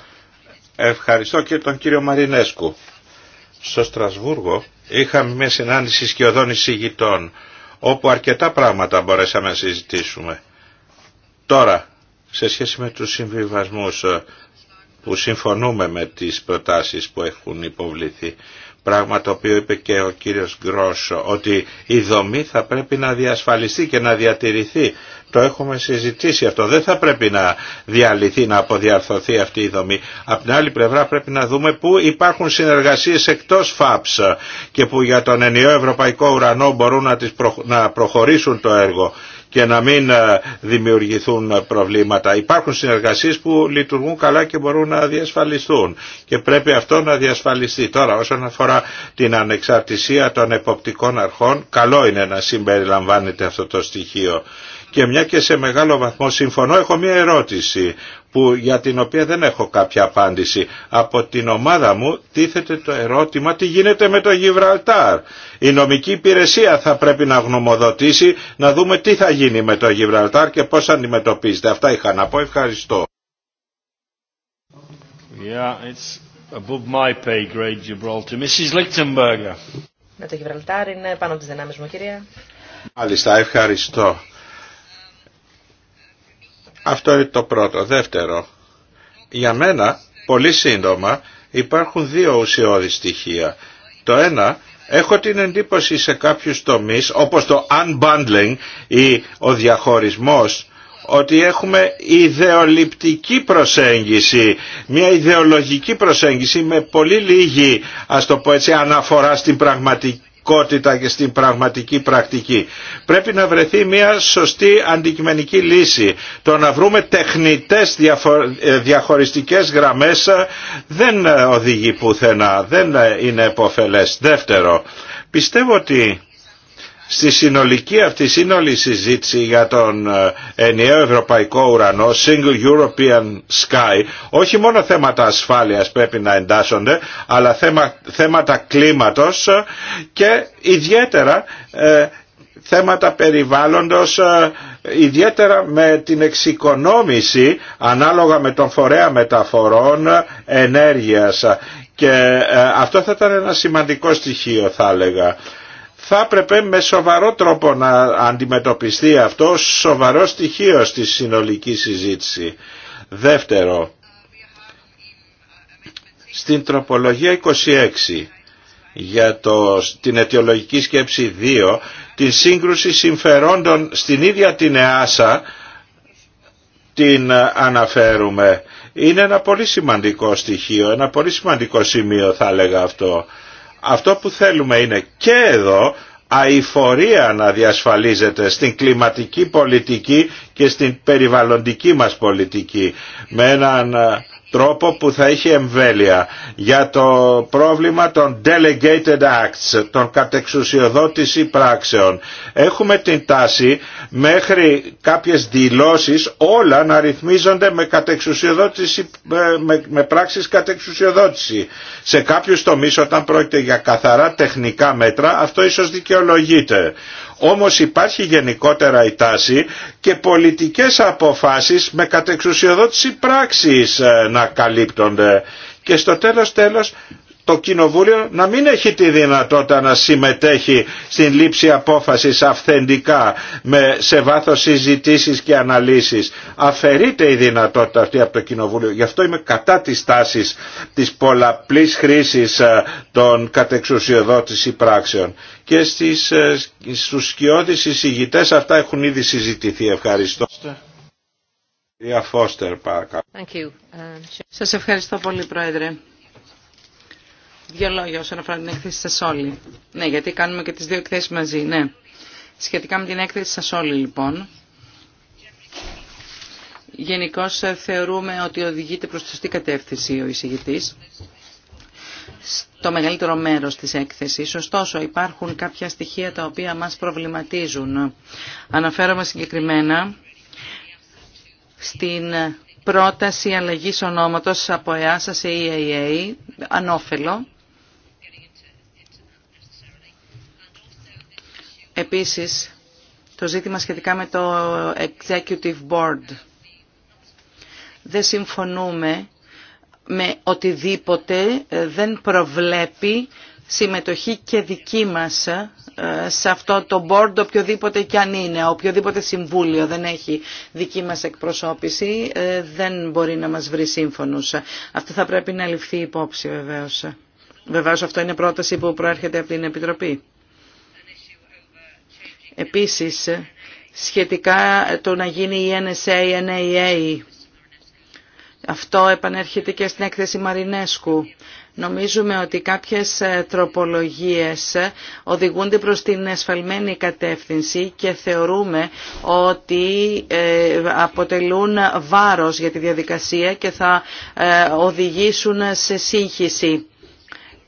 Ευχαριστώ και τον κύριο Μαρινέσκου. Στο Στρασβούργο είχαμε μια συνάντηση σκιωδών εισηγητών όπου αρκετά πράγματα μπορέσαμε να συζητήσουμε. Τώρα, σε σχέση με τους συμβιβασμούς ε, που συμφωνούμε με τις προτάσεις που έχουν υποβληθεί πράγμα το οποίο είπε και ο κύριος Γκρόσο, ότι η δομή θα πρέπει να διασφαλιστεί και να διατηρηθεί. Το έχουμε συζητήσει αυτό. Δεν θα πρέπει να διαλυθεί, να αποδιαρθωθεί αυτή η δομή. Από την άλλη πλευρά πρέπει να δούμε πού υπάρχουν συνεργασίες εκτός ΦΑΠΣ και που για τον ενιαίο ευρωπαϊκό ουρανό μπορούν να, να προχωρήσουν το έργο και να μην ε, δημιουργηθούν προβλήματα. Υπάρχουν συνεργασίες που λειτουργούν καλά και μπορούν να διασφαλιστούν και πρέπει αυτό να διασφαλιστεί. Τώρα όσον αφορά την ανεξαρτησία των εποπτικών αρχών, καλό είναι να συμπεριλαμβάνεται αυτό το στοιχείο και μια και σε μεγάλο βαθμό συμφωνώ έχω μια ερώτηση που, για την οποία δεν έχω κάποια απάντηση. Από την ομάδα μου τίθεται το ερώτημα τι γίνεται με το Γιβραλτάρ. Η νομική υπηρεσία θα πρέπει να γνωμοδοτήσει να δούμε τι θα γίνει με το Γιβραλτάρ και πώς αντιμετωπίζεται. Αυτά είχα να πω. Ευχαριστώ. Yeah, Με το Γιβραλτάρ είναι πάνω από τις δυνάμεις μου, κυρία. Μάλιστα, ευχαριστώ. Αυτό είναι το πρώτο. Δεύτερο, για μένα πολύ σύντομα υπάρχουν δύο ουσιώδη στοιχεία. Το ένα, έχω την εντύπωση σε κάποιους τομείς όπως το unbundling ή ο διαχωρισμός ότι έχουμε ιδεολειπτική προσέγγιση, μια ιδεολογική προσέγγιση με πολύ λίγη, ας το πω έτσι, αναφορά στην πραγματική πραγματικότητα και στην πραγματική πρακτική. Πρέπει να βρεθεί μια σωστή αντικειμενική λύση. Το να βρούμε τεχνητές ε, διαχωριστικές γραμμές ε, δεν ε, οδηγεί πουθενά, δεν είναι επωφελές. Δεύτερο, πιστεύω ότι Στη συνολική αυτή σύνολη συζήτηση για τον ε, ενιαίο ευρωπαϊκό ουρανό, Single European Sky, όχι μόνο θέματα ασφάλειας πρέπει να εντάσσονται, αλλά θέματα κλίματος ε, και ιδιαίτερα ε, θέματα περιβάλλοντος ιδιαίτερα με την εξοικονόμηση ανάλογα με τον φορέα μεταφορών ενέργειας και αυτό θα ήταν ένα σημαντικό στοιχείο θα έλεγα θα έπρεπε με σοβαρό τρόπο να αντιμετωπιστεί αυτό σοβαρό στοιχείο στη συνολική συζήτηση. Δεύτερο, στην τροπολογία 26 για το, την αιτιολογική σκέψη 2, την σύγκρουση συμφερόντων στην ίδια την ΕΑΣΑ, την αναφέρουμε. Είναι ένα πολύ σημαντικό στοιχείο, ένα πολύ σημαντικό σημείο θα έλεγα αυτό. Αυτό που θέλουμε είναι και εδώ αηφορία να διασφαλίζεται στην κλιματική πολιτική και στην περιβαλλοντική μας πολιτική με έναν ε, τρόπο που θα έχει εμβέλεια για το πρόβλημα των delegated acts, των κατεξουσιοδότηση πράξεων. Έχουμε την τάση μέχρι κάποιες δηλώσεις όλα να ρυθμίζονται με, κατεξουσιοδότηση, ε, με, με πράξεις κατεξουσιοδότηση. Σε κάποιους τομείς όταν πρόκειται για καθαρά τεχνικά μέτρα αυτό ίσως δικαιολογείται. Όμως υπάρχει γενικότερα η τάση και πολιτικές αποφάσεις με κατεξουσιοδότηση πράξης ε, να καλύπτονται. Και στο τέλος τέλος το Κοινοβούλιο να μην έχει τη δυνατότητα να συμμετέχει στην λήψη απόφασης αυθεντικά με, σε βάθος συζητήσει και αναλύσεις. Αφαιρείται η δυνατότητα αυτή από το Κοινοβούλιο. Γι' αυτό είμαι κατά της τάσης της πολλαπλής χρήσης ε, των κατεξουσιοδότηση πράξεων. Και στις, ε, στους σκιώδεις εισηγητές αυτά έχουν ήδη συζητηθεί. Ευχαριστώ. Ε, Σας ευχαριστώ πολύ, Πρόεδρε. Δύο λόγια όσον αφορά την έκθεση σας όλοι. Ναι, γιατί κάνουμε και τις δύο εκθέσεις μαζί, ναι. Σχετικά με την έκθεση σας όλοι, λοιπόν. Γενικώ θεωρούμε ότι οδηγείται προς τη σωστή κατεύθυνση ο εισηγητής στο μεγαλύτερο μέρος της έκθεσης. Ωστόσο υπάρχουν κάποια στοιχεία τα οποία μας προβληματίζουν. Αναφέρομαι συγκεκριμένα στην πρόταση αλλαγής ονόματος από ΕΑΣΑ σε EAA, ανώφελο, Επίσης, το ζήτημα σχετικά με το Executive Board. Δεν συμφωνούμε με οτιδήποτε ε, δεν προβλέπει συμμετοχή και δική μας ε, σε αυτό το board οποιοδήποτε κι αν είναι, οποιοδήποτε συμβούλιο δεν έχει δική μας εκπροσώπηση, ε, δεν μπορεί να μας βρει σύμφωνος. Αυτό θα πρέπει να ληφθεί υπόψη βεβαίως. Βεβαίως αυτό είναι πρόταση που προέρχεται από την Επιτροπή. Επίσης, σχετικά το να γίνει η NSA, NAA, αυτό επανέρχεται και στην έκθεση Μαρινέσκου. Νομίζουμε ότι κάποιες ε, τροπολογίες οδηγούνται προς την εσφαλμένη κατεύθυνση και θεωρούμε ότι ε, αποτελούν βάρος για τη διαδικασία και θα ε, οδηγήσουν σε σύγχυση.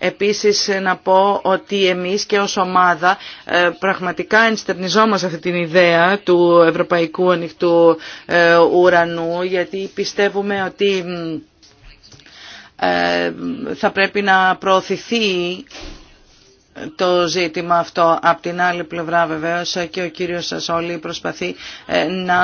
Επίσης να πω ότι εμείς και ως ομάδα ε, πραγματικά ενστερνιζόμαστε αυτή την ιδέα του Ευρωπαϊκού Ανοιχτού ε, Ουρανού γιατί πιστεύουμε ότι ε, θα πρέπει να προωθηθεί το ζήτημα αυτό. Απ' την άλλη πλευρά βεβαίως και ο κύριος Σασόλη προσπαθεί ε, να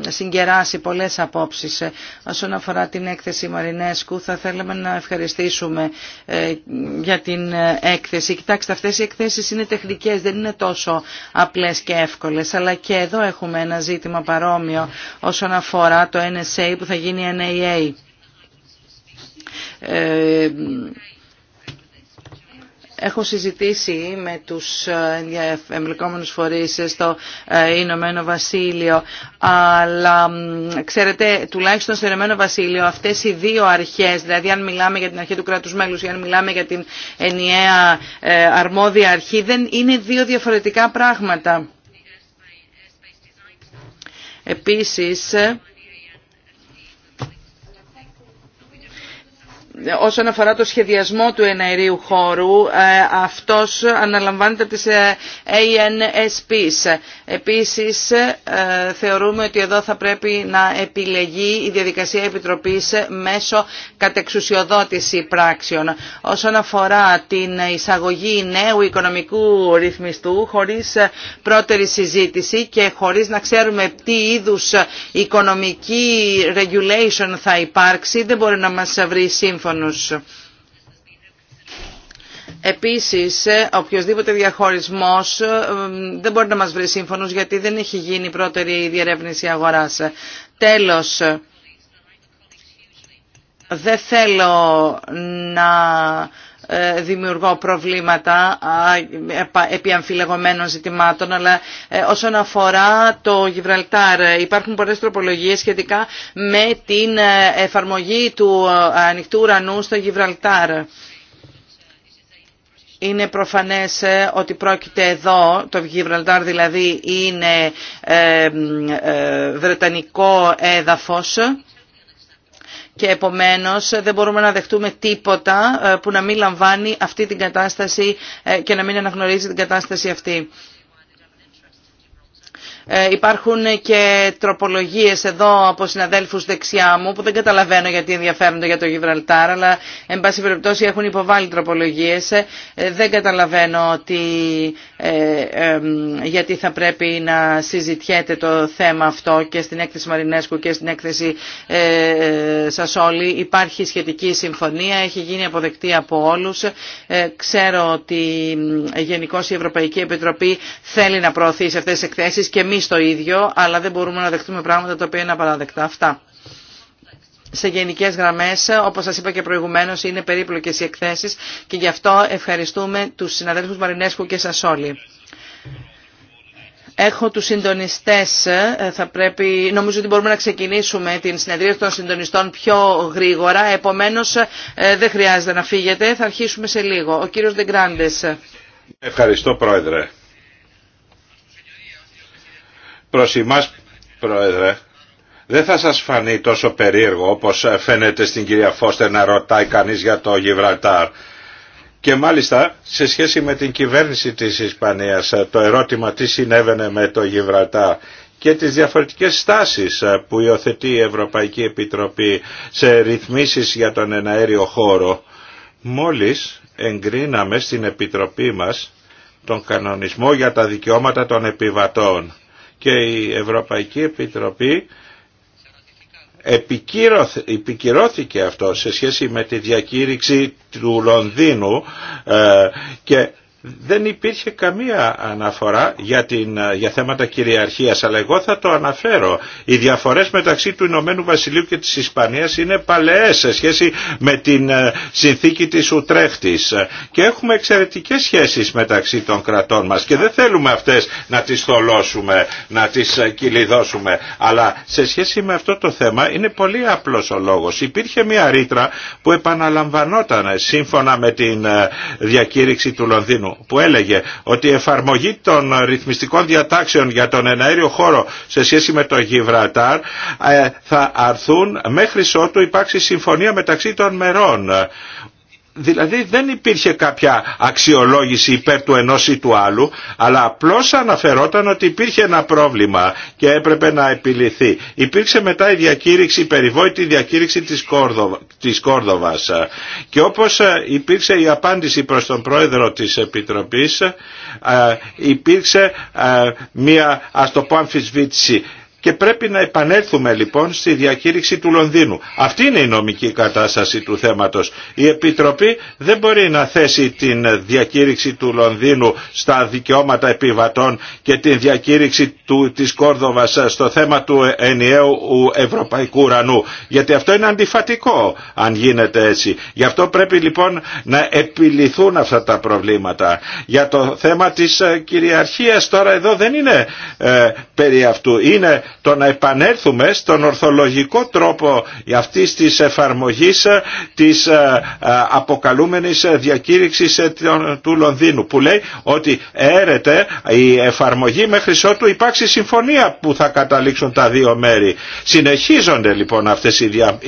ε, συγκεράσει πολλές απόψεις. Όσον αφορά την έκθεση Μαρινέσκου θα θέλαμε να ευχαριστήσουμε ε, για την έκθεση. Κοιτάξτε αυτές οι εκθέσεις είναι τεχνικές, δεν είναι τόσο απλές και εύκολες αλλά και εδώ έχουμε ένα ζήτημα παρόμοιο όσον αφορά το NSA που θα γίνει NAA Έχω συζητήσει με τους εμπλεκόμενους φορείς στο ε, Ηνωμένο Βασίλειο, αλλά ξέρετε, τουλάχιστον στο Ηνωμένο Βασίλειο αυτές οι δύο αρχές, δηλαδή αν μιλάμε για την αρχή του κράτους μέλους ή αν μιλάμε για την ενιαία ε, αρμόδια αρχή, δεν είναι δύο διαφορετικά πράγματα. Επίσης, όσον αφορά το σχεδιασμό του εναερίου χώρου, ε, αυτός αναλαμβάνεται από τις ε, ANSPs. Επίσης, ε, θεωρούμε ότι εδώ θα πρέπει να επιλεγεί η διαδικασία επιτροπής μέσω κατεξουσιοδότηση πράξεων. Όσον αφορά την εισαγωγή νέου οικονομικού ρυθμιστού, χωρίς πρώτερη συζήτηση και χωρίς να ξέρουμε τι είδους οικονομική regulation θα υπάρξει, δεν μπορεί να μας βρει σύμφωνο. Επίση, Επίσης, οποιοδήποτε διαχωρισμός ε, δεν μπορεί να μας βρει σύμφωνος γιατί δεν έχει γίνει πρώτερη διερεύνηση αγοράς. Τέλος, δεν θέλω να ε, δημιουργώ προβλήματα επί αμφιλεγωμένων ζητημάτων, αλλά ε, όσον αφορά το Γιβραλτάρ υπάρχουν πολλές τροπολογίες σχετικά με την ε, εφαρμογή του ανοιχτού ουρανού στο Γιβραλτάρ. Είναι προφανές ότι πρόκειται εδώ, το Γιβραλτάρ δηλαδή είναι βρετανικό έδαφος και επομένως δεν μπορούμε να δεχτούμε τίποτα ε, που να μην λαμβάνει αυτή την κατάσταση ε, και να μην αναγνωρίζει την κατάσταση αυτή. Ε, υπάρχουν και τροπολογίες εδώ από συναδέλφους δεξιά μου που δεν καταλαβαίνω γιατί ενδιαφέρονται για το Γιβραλτάρ αλλά εν πάση περιπτώσει έχουν υποβάλει τροπολογίες. Ε, δεν καταλαβαίνω ότι, ε, γιατί θα πρέπει να συζητιέται το θέμα αυτό και στην έκθεση Μαρινέσκου και στην έκθεση όλοι. Υπάρχει σχετική συμφωνία, έχει γίνει αποδεκτή από όλους. Ξέρω ότι γενικώ η Ευρωπαϊκή Επιτροπή θέλει να σε αυτές τις εκθέσεις και εμείς το ίδιο, αλλά δεν μπορούμε να δεχτούμε πράγματα τα οποία είναι απαραδεκτά. Αυτά σε γενικέ γραμμέ. Όπω σα είπα και προηγουμένω, είναι περίπλοκε οι εκθέσει και γι' αυτό ευχαριστούμε του συναδέλφου Μαρινέσκου και σα όλοι. Έχω τους συντονιστές, ε, θα πρέπει, νομίζω ότι μπορούμε να ξεκινήσουμε την συνεδρία των συντονιστών πιο γρήγορα, επομένως ε, δεν χρειάζεται να φύγετε, θα αρχίσουμε σε λίγο. Ο κύριος Δεγκράντες. Ευχαριστώ Πρόεδρε προς εμάς, Πρόεδρε, δεν θα σας φανεί τόσο περίεργο όπως φαίνεται στην κυρία Φώστερ να ρωτάει κανείς για το Γιβραλτάρ. Και μάλιστα σε σχέση με την κυβέρνηση της Ισπανίας το ερώτημα τι συνέβαινε με το Γιβραλτάρ και τις διαφορετικές στάσεις που υιοθετεί η Ευρωπαϊκή Επιτροπή σε ρυθμίσεις για τον εναέριο χώρο. Μόλις εγκρίναμε στην Επιτροπή μας τον κανονισμό για τα δικαιώματα των επιβατών και η Ευρωπαϊκή Επιτροπή επικυρώθηκε αυτό σε σχέση με τη διακήρυξη του Λονδίνου ε, και δεν υπήρχε καμία αναφορά για, την, για θέματα κυριαρχίας, αλλά εγώ θα το αναφέρω. Οι διαφορές μεταξύ του Ηνωμένου Βασιλείου και της Ισπανίας είναι παλαιές σε σχέση με την ε, συνθήκη της Ουτρέχτης και έχουμε εξαιρετικές σχέσεις μεταξύ των κρατών μας και δεν θέλουμε αυτές να τις θολώσουμε, να τις ε, κυλιδώσουμε, αλλά σε σχέση με αυτό το θέμα είναι πολύ απλός ο λόγος. Υπήρχε μια ρήτρα που επαναλαμβανόταν σύμφωνα με την ε, διακήρυξη του Λονδίνου που έλεγε ότι η εφαρμογή των ρυθμιστικών διατάξεων για τον εναέριο χώρο σε σχέση με το Γιβρατάρ ε, θα αρθούν μέχρι ότου υπάρξει συμφωνία μεταξύ των μερών Δηλαδή δεν υπήρχε κάποια αξιολόγηση υπέρ του ενός ή του άλλου, αλλά απλώς αναφερόταν ότι υπήρχε ένα πρόβλημα και έπρεπε να επιληθεί. Υπήρξε μετά η διακήρυξη, η περιβόητη διακήρυξη της, Κόρδοβα, της Κόρδοβας και όπως ε, υπήρξε η διακηρυξη η περιβοητη διακηρυξη της κορδοβας και οπως υπηρξε η απαντηση προς τον πρόεδρο της Επιτροπής, ε, υπήρξε ε, μια ας το πω και πρέπει να επανέλθουμε λοιπόν στη διακήρυξη του Λονδίνου. Αυτή είναι η νομική κατάσταση του θέματος. Η Επιτροπή δεν μπορεί να θέσει την διακήρυξη του Λονδίνου στα δικαιώματα επιβατών και την διακήρυξη του, της Κόρδοβας στο θέμα του ενιαίου ευρωπαϊκού ουρανού. Γιατί αυτό είναι αντιφατικό αν γίνεται έτσι. Γι' αυτό πρέπει λοιπόν να επιληθούν αυτά τα προβλήματα. Για το θέμα της ε, κυριαρχίας τώρα εδώ δεν είναι ε, περί αυτού. Είναι το να επανέλθουμε στον ορθολογικό τρόπο αυτής της εφαρμογής ε, της ε, ε, αποκαλούμενης διακήρυξης του Λονδίνου που λέει ότι έρεται η εφαρμογή μέχρι ότου υπάρξει συμφωνία που θα καταλήξουν τα δύο μέρη. Συνεχίζονται λοιπόν αυτές οι, δια,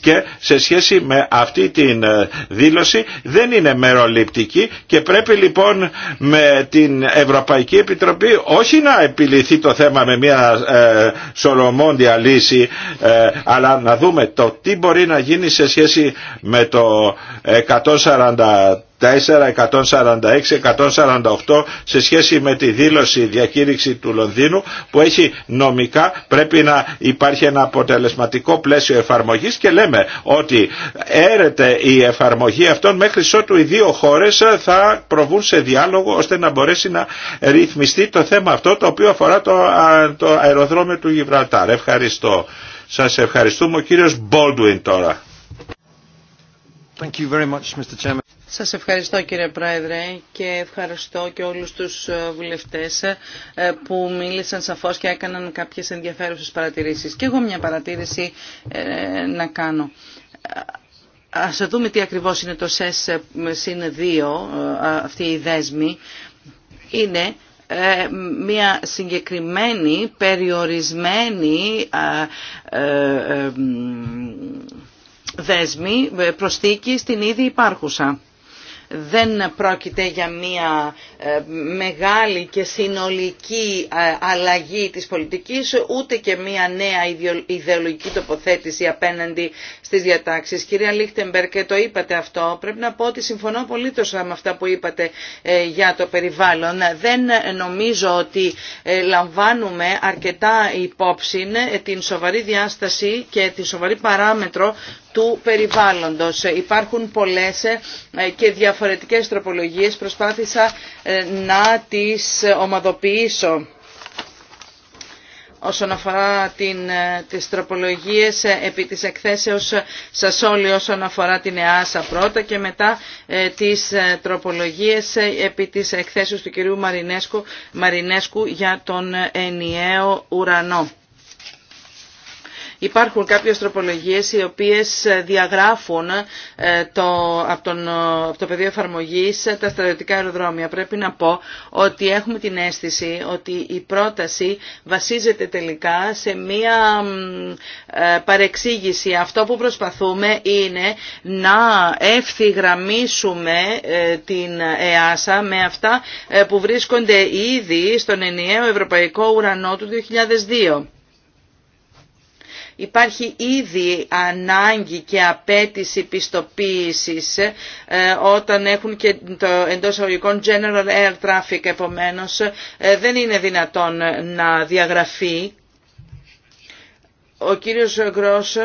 και σε σχέση με αυτή την δήλωση δεν είναι μεροληπτική και πρέπει λοιπόν με την Ευρωπαϊκή Επιτροπή όχι να επιληθεί το θέμα με μια ε, σολομόντια λύση ε, αλλά να δούμε το τι μπορεί να γίνει σε σχέση με το 140. 146 148 σε σχέση με τη δήλωση διακήρυξη του Λονδίνου που έχει νομικά πρέπει να υπάρχει ένα αποτελεσματικό πλαίσιο εφαρμογής και λέμε ότι έρεται η εφαρμογή αυτών μέχρι ότου οι δύο χώρες θα προβούν σε διάλογο ώστε να μπορέσει να ρυθμιστεί το θέμα αυτό το οποίο αφορά το, το αεροδρόμιο του Γιβραλτάρ. Ευχαριστώ. Σας ευχαριστούμε ο κύριος Baldwin τώρα. Thank you very much, Mr. Σας ευχαριστώ κύριε Πρόεδρε και ευχαριστώ και όλους τους ε, βουλευτές ε, που μίλησαν σαφώς και έκαναν κάποιες ενδιαφέρουσες παρατηρήσεις. Και εγώ μια παρατήρηση ε, να κάνω. Ας δούμε τι ακριβώς είναι το ΣΕΣ συν 2, αυτή η δέσμη. Είναι μια συγκεκριμένη, περιορισμένη δέσμη προστίκη στην ήδη υπάρχουσα δεν πρόκειται για μια ε, μεγάλη και συνολική ε, αλλαγή της πολιτικής, ούτε και μια νέα ιδεολογική τοποθέτηση απέναντι στις διατάξεις. Κυρία Λίχτεμπερ, και το είπατε αυτό, πρέπει να πω ότι συμφωνώ τόσο με αυτά που είπατε ε, για το περιβάλλον. Δεν νομίζω ότι λαμβάνουμε αρκετά υπόψη την σοβαρή διάσταση και τη σοβαρή παράμετρο του περιβάλλοντος. Υπάρχουν πολλές ε, και διαφορετικές τροπολογίες. Προσπάθησα ε, να τις ομαδοποιήσω όσον αφορά την, ε, τις τροπολογίες επί της εκθέσεως σας όλοι όσον αφορά την ΕΑΣΑ πρώτα και μετά ε, τις τροπολογίες επί της εκθέσεως του κυρίου Μαρινέσκου, Μαρινέσκου για τον ενιαίο ουρανό. Υπάρχουν κάποιες τροπολογίες οι οποίες διαγράφουν ε, το, από, τον, από το πεδίο εφαρμογής ε, τα στρατιωτικά αεροδρόμια. Πρέπει να πω ότι έχουμε την αίσθηση ότι η πρόταση βασίζεται τελικά σε μία ε, παρεξήγηση. Αυτό που προσπαθούμε είναι να ευθυγραμμίσουμε την ΕΑΣΑ με αυτά που βρίσκονται ήδη στον ενιαίο ευρωπαϊκό ουρανό του 2002. Υπάρχει ήδη ανάγκη και απέτηση πιστοποίησης ε, όταν έχουν και το εντός αγωγικών General Air Traffic επομένως ε, δεν είναι δυνατόν να διαγραφεί. Ο κύριος Γκρός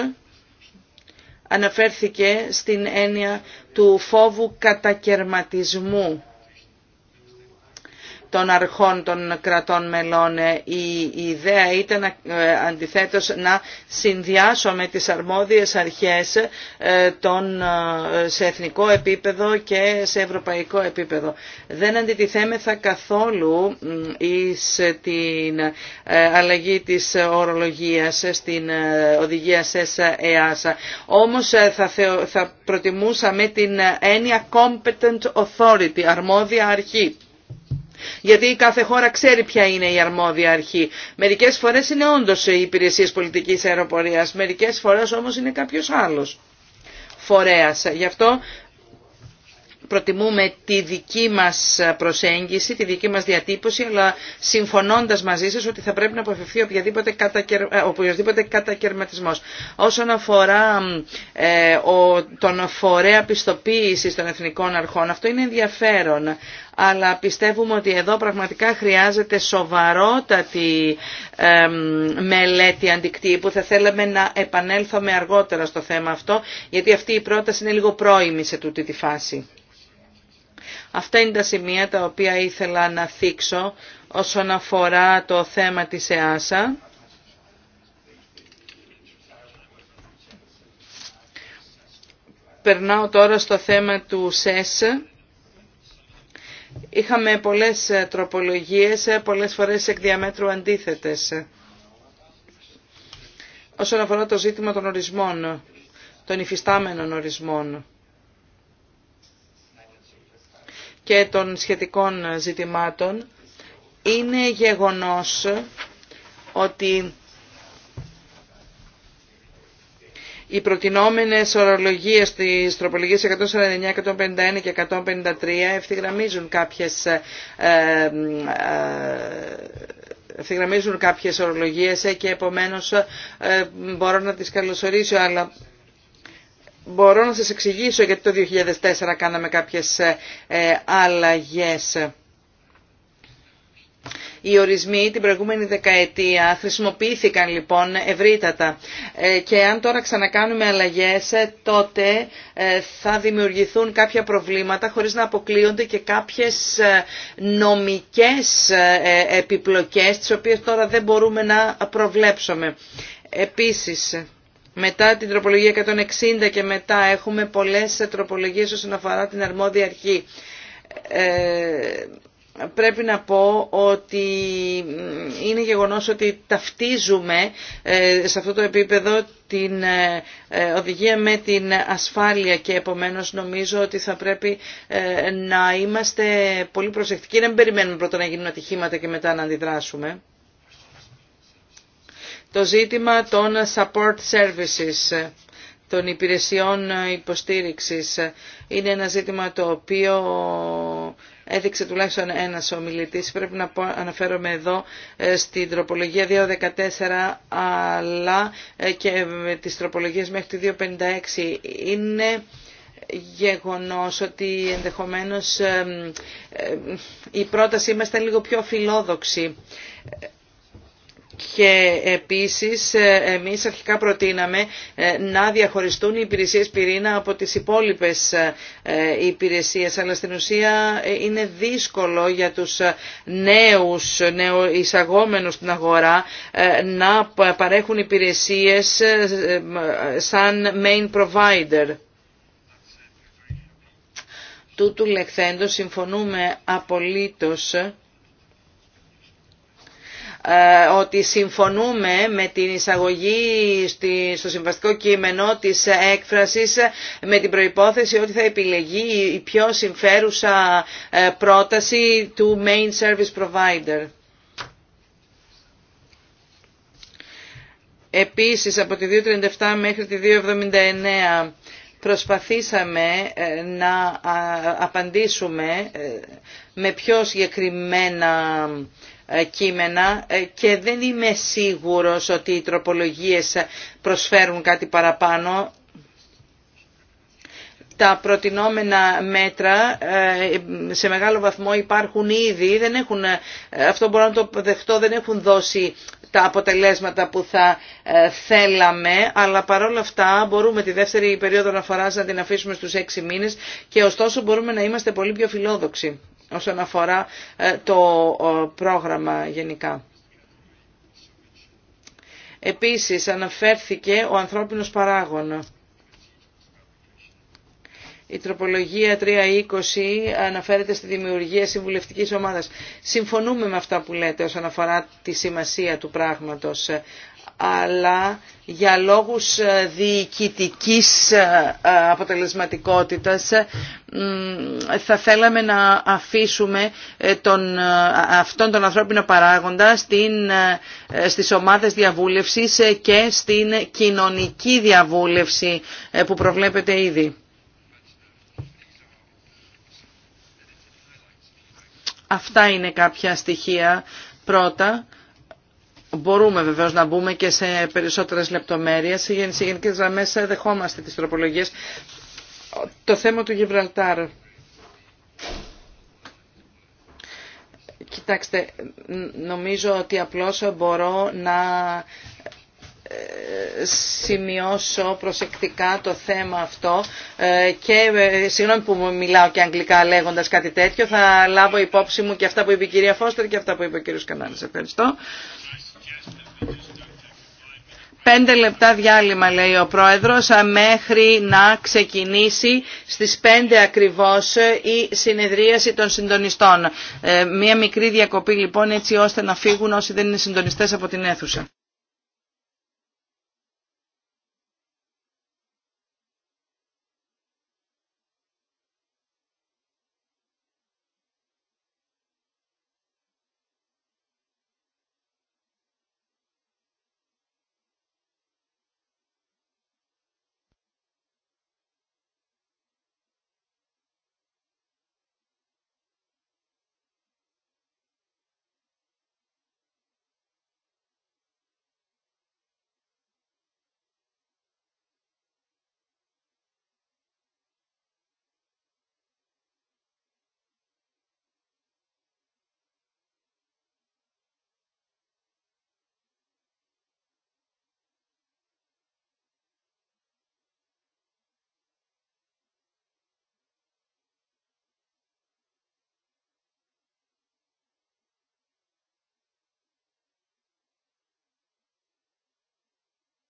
αναφέρθηκε στην έννοια του φόβου κατακερματισμού των αρχών των κρατών μελών. Ε, η ιδέα ήταν ε, αντιθέτως να συνδυάσουμε τις αρμόδιες αρχές ε, των, σε εθνικό επίπεδο και σε ευρωπαϊκό επίπεδο. Δεν αντιτιθέμεθα καθόλου η την αλλαγή της ορολογίας στην οδηγία σε ΕΑΣΑ. E Όμως θα, θεω, θα προτιμούσαμε την έννοια competent authority, αρμόδια αρχή. Γιατί κάθε χώρα ξέρει ποια είναι η αρμόδια αρχή. Μερικές φορές είναι όντως οι υπηρεσίες πολιτικής αεροπορίας, μερικές φορές όμως είναι κάποιος άλλος φορέας. Γι' αυτό προτιμούμε τη δική μας προσέγγιση, τη δική μας διατύπωση, αλλά συμφωνώντας μαζί σας ότι θα πρέπει να αποφευθεί οποιοδήποτε, κατακερ... Ε, οποιοδήποτε κατακαιρματισμός. Όσον αφορά ε, ο, τον φορέα πιστοποίησης των εθνικών αρχών, αυτό είναι ενδιαφέρον, αλλά πιστεύουμε ότι εδώ πραγματικά χρειάζεται σοβαρότατη ε, μελέτη αντικτύπου. Θα θέλαμε να επανέλθουμε αργότερα στο θέμα αυτό, γιατί αυτή η πρόταση είναι λίγο πρόημη σε τούτη τη φάση. Αυτά είναι τα σημεία τα οποία ήθελα να θίξω όσον αφορά το θέμα της ΕΑΣΑ. Περνάω τώρα στο θέμα του ΣΕΣ. Είχαμε πολλές τροπολογίες, πολλές φορές εκ διαμέτρου αντίθετες. Όσον αφορά το ζήτημα των ορισμών, των υφιστάμενων ορισμών. και των σχετικών ζητημάτων, είναι γεγονός ότι οι προτινόμενες ορολογίες της τροπολογίας 149, 151 και 153 ευθυγραμμίζουν κάποιες, ε, ε, ε, ευθυγραμμίζουν κάποιες ορολογίες και επομένως μπορώ να τις καλωσορίσω, αλλά μπορώ να σας εξηγήσω γιατί το 2004 κάναμε κάποιες ε, ε, αλλαγές. Οι ορισμοί την προηγούμενη δεκαετία χρησιμοποιήθηκαν λοιπόν ευρύτατα ε, και αν τώρα ξανακάνουμε αλλαγές τότε θα δημιουργηθούν κάποια προβλήματα χωρίς να αποκλείονται και κάποιες νομικές επιπλοκές τις οποίες τώρα δεν μπορούμε να προβλέψουμε. Επίσης, μετά την τροπολογία 160 και μετά έχουμε πολλές τροπολογίες όσον αφορά την αρμόδια αρχή. Ε, πρέπει να πω ότι είναι γεγονός ότι ταυτίζουμε ε, σε αυτό το επίπεδο την ε, οδηγία με την ασφάλεια και επομένως νομίζω ότι θα πρέπει να είμαστε πολύ προσεκτικοί, να μην περιμένουμε πρώτα να γίνουν ατυχήματα και μετά να αντιδράσουμε το ζήτημα των support services, των υπηρεσιών υποστήριξης. Είναι ένα ζήτημα το οποίο έδειξε τουλάχιστον ένας ομιλητής. Πρέπει να αναφέρομαι εδώ ε, στην τροπολογία 2.14 αλλά ε, και με τις τροπολογίες μέχρι τη 2.56. Είναι γεγονός ότι ενδεχομένως ε, η πρότασή μας λίγο πιο φιλόδοξη και επίσης ε, εμείς αρχικά προτείναμε ε, να διαχωριστούν οι υπηρεσίες πυρήνα από τις υπόλοιπες ε, υπηρεσίες αλλά στην ουσία είναι δύσκολο για τους νέους εισαγόμενους στην αγορά να παρέχουν υπηρεσίες σαν main provider τούτου λεχθέντος συμφωνούμε απολύτως ε, ότι συμφωνούμε με την εισαγωγή στο συμβαστικό κείμενο της έκφρασης με την προϋπόθεση ότι θα επιλεγεί η πιο συμφέρουσα ε, πρόταση του main service provider. Επίσης από τη 2.37 μέχρι τη 2.79 προσπαθήσαμε ε, να απαντήσουμε με πιο συγκεκριμένα ε, κείμενα ε, και δεν είμαι σίγουρος ότι οι τροπολογίες προσφέρουν κάτι παραπάνω. Τα προτινόμενα μέτρα ε, σε μεγάλο βαθμό υπάρχουν ήδη, δεν έχουν, αυτό μπορώ να το δεχτώ, δεν έχουν δώσει τα αποτελέσματα που θα θέλαμε, αλλά παρόλα αυτά μπορούμε τη δεύτερη περίοδο αναφοράς να την αφήσουμε στους έξι μήνες και ωστόσο μπορούμε να είμαστε πολύ πιο φιλόδοξοι όσον αφορά ε, το πρόγραμμα γενικά. Επίσης αναφέρθηκε ο ανθρώπινος παράγων. Η τροπολογία 320 αναφέρεται στη δημιουργία συμβουλευτικής ομάδας. Συμφωνούμε με αυτά που λέτε όσον αφορά τη σημασία του πράγματος αλλά για λόγους ε, διοικητικής ε, ε, αποτελεσματικότητας θα θέλαμε να αφήσουμε τον, αυτόν τον ανθρώπινο παράγοντα στην, στις ομάδες διαβούλευσης και στην κοινωνική διαβούλευση που προβλέπεται ήδη. Αυτά είναι κάποια στοιχεία πρώτα Μπορούμε βεβαίως να μπούμε και σε περισσότερες λεπτομέρειες. Σε γενικές γραμμές ε, δεχόμαστε τις τροπολογίες. Το θέμα του Γιβραλτάρ. Κοιτάξτε, νομίζω ότι απλώς μπορώ να ε, σημειώσω προσεκτικά το θέμα αυτό ε, και συγγνώμη που μιλάω και αγγλικά λέγοντας κάτι τέτοιο θα λάβω υπόψη μου και αυτά που είπε η κυρία Φώστερ και αυτά που είπε ο κύριος Κανάλης. Ευχαριστώ. Πέντε λεπτά διάλειμμα λέει ο Πρόεδρος μέχρι να ξεκινήσει στις πέντε ακριβώς η συνεδρίαση των συντονιστών. Ε, μία μικρή διακοπή λοιπόν έτσι ώστε να φύγουν όσοι δεν είναι συντονιστές από την αίθουσα.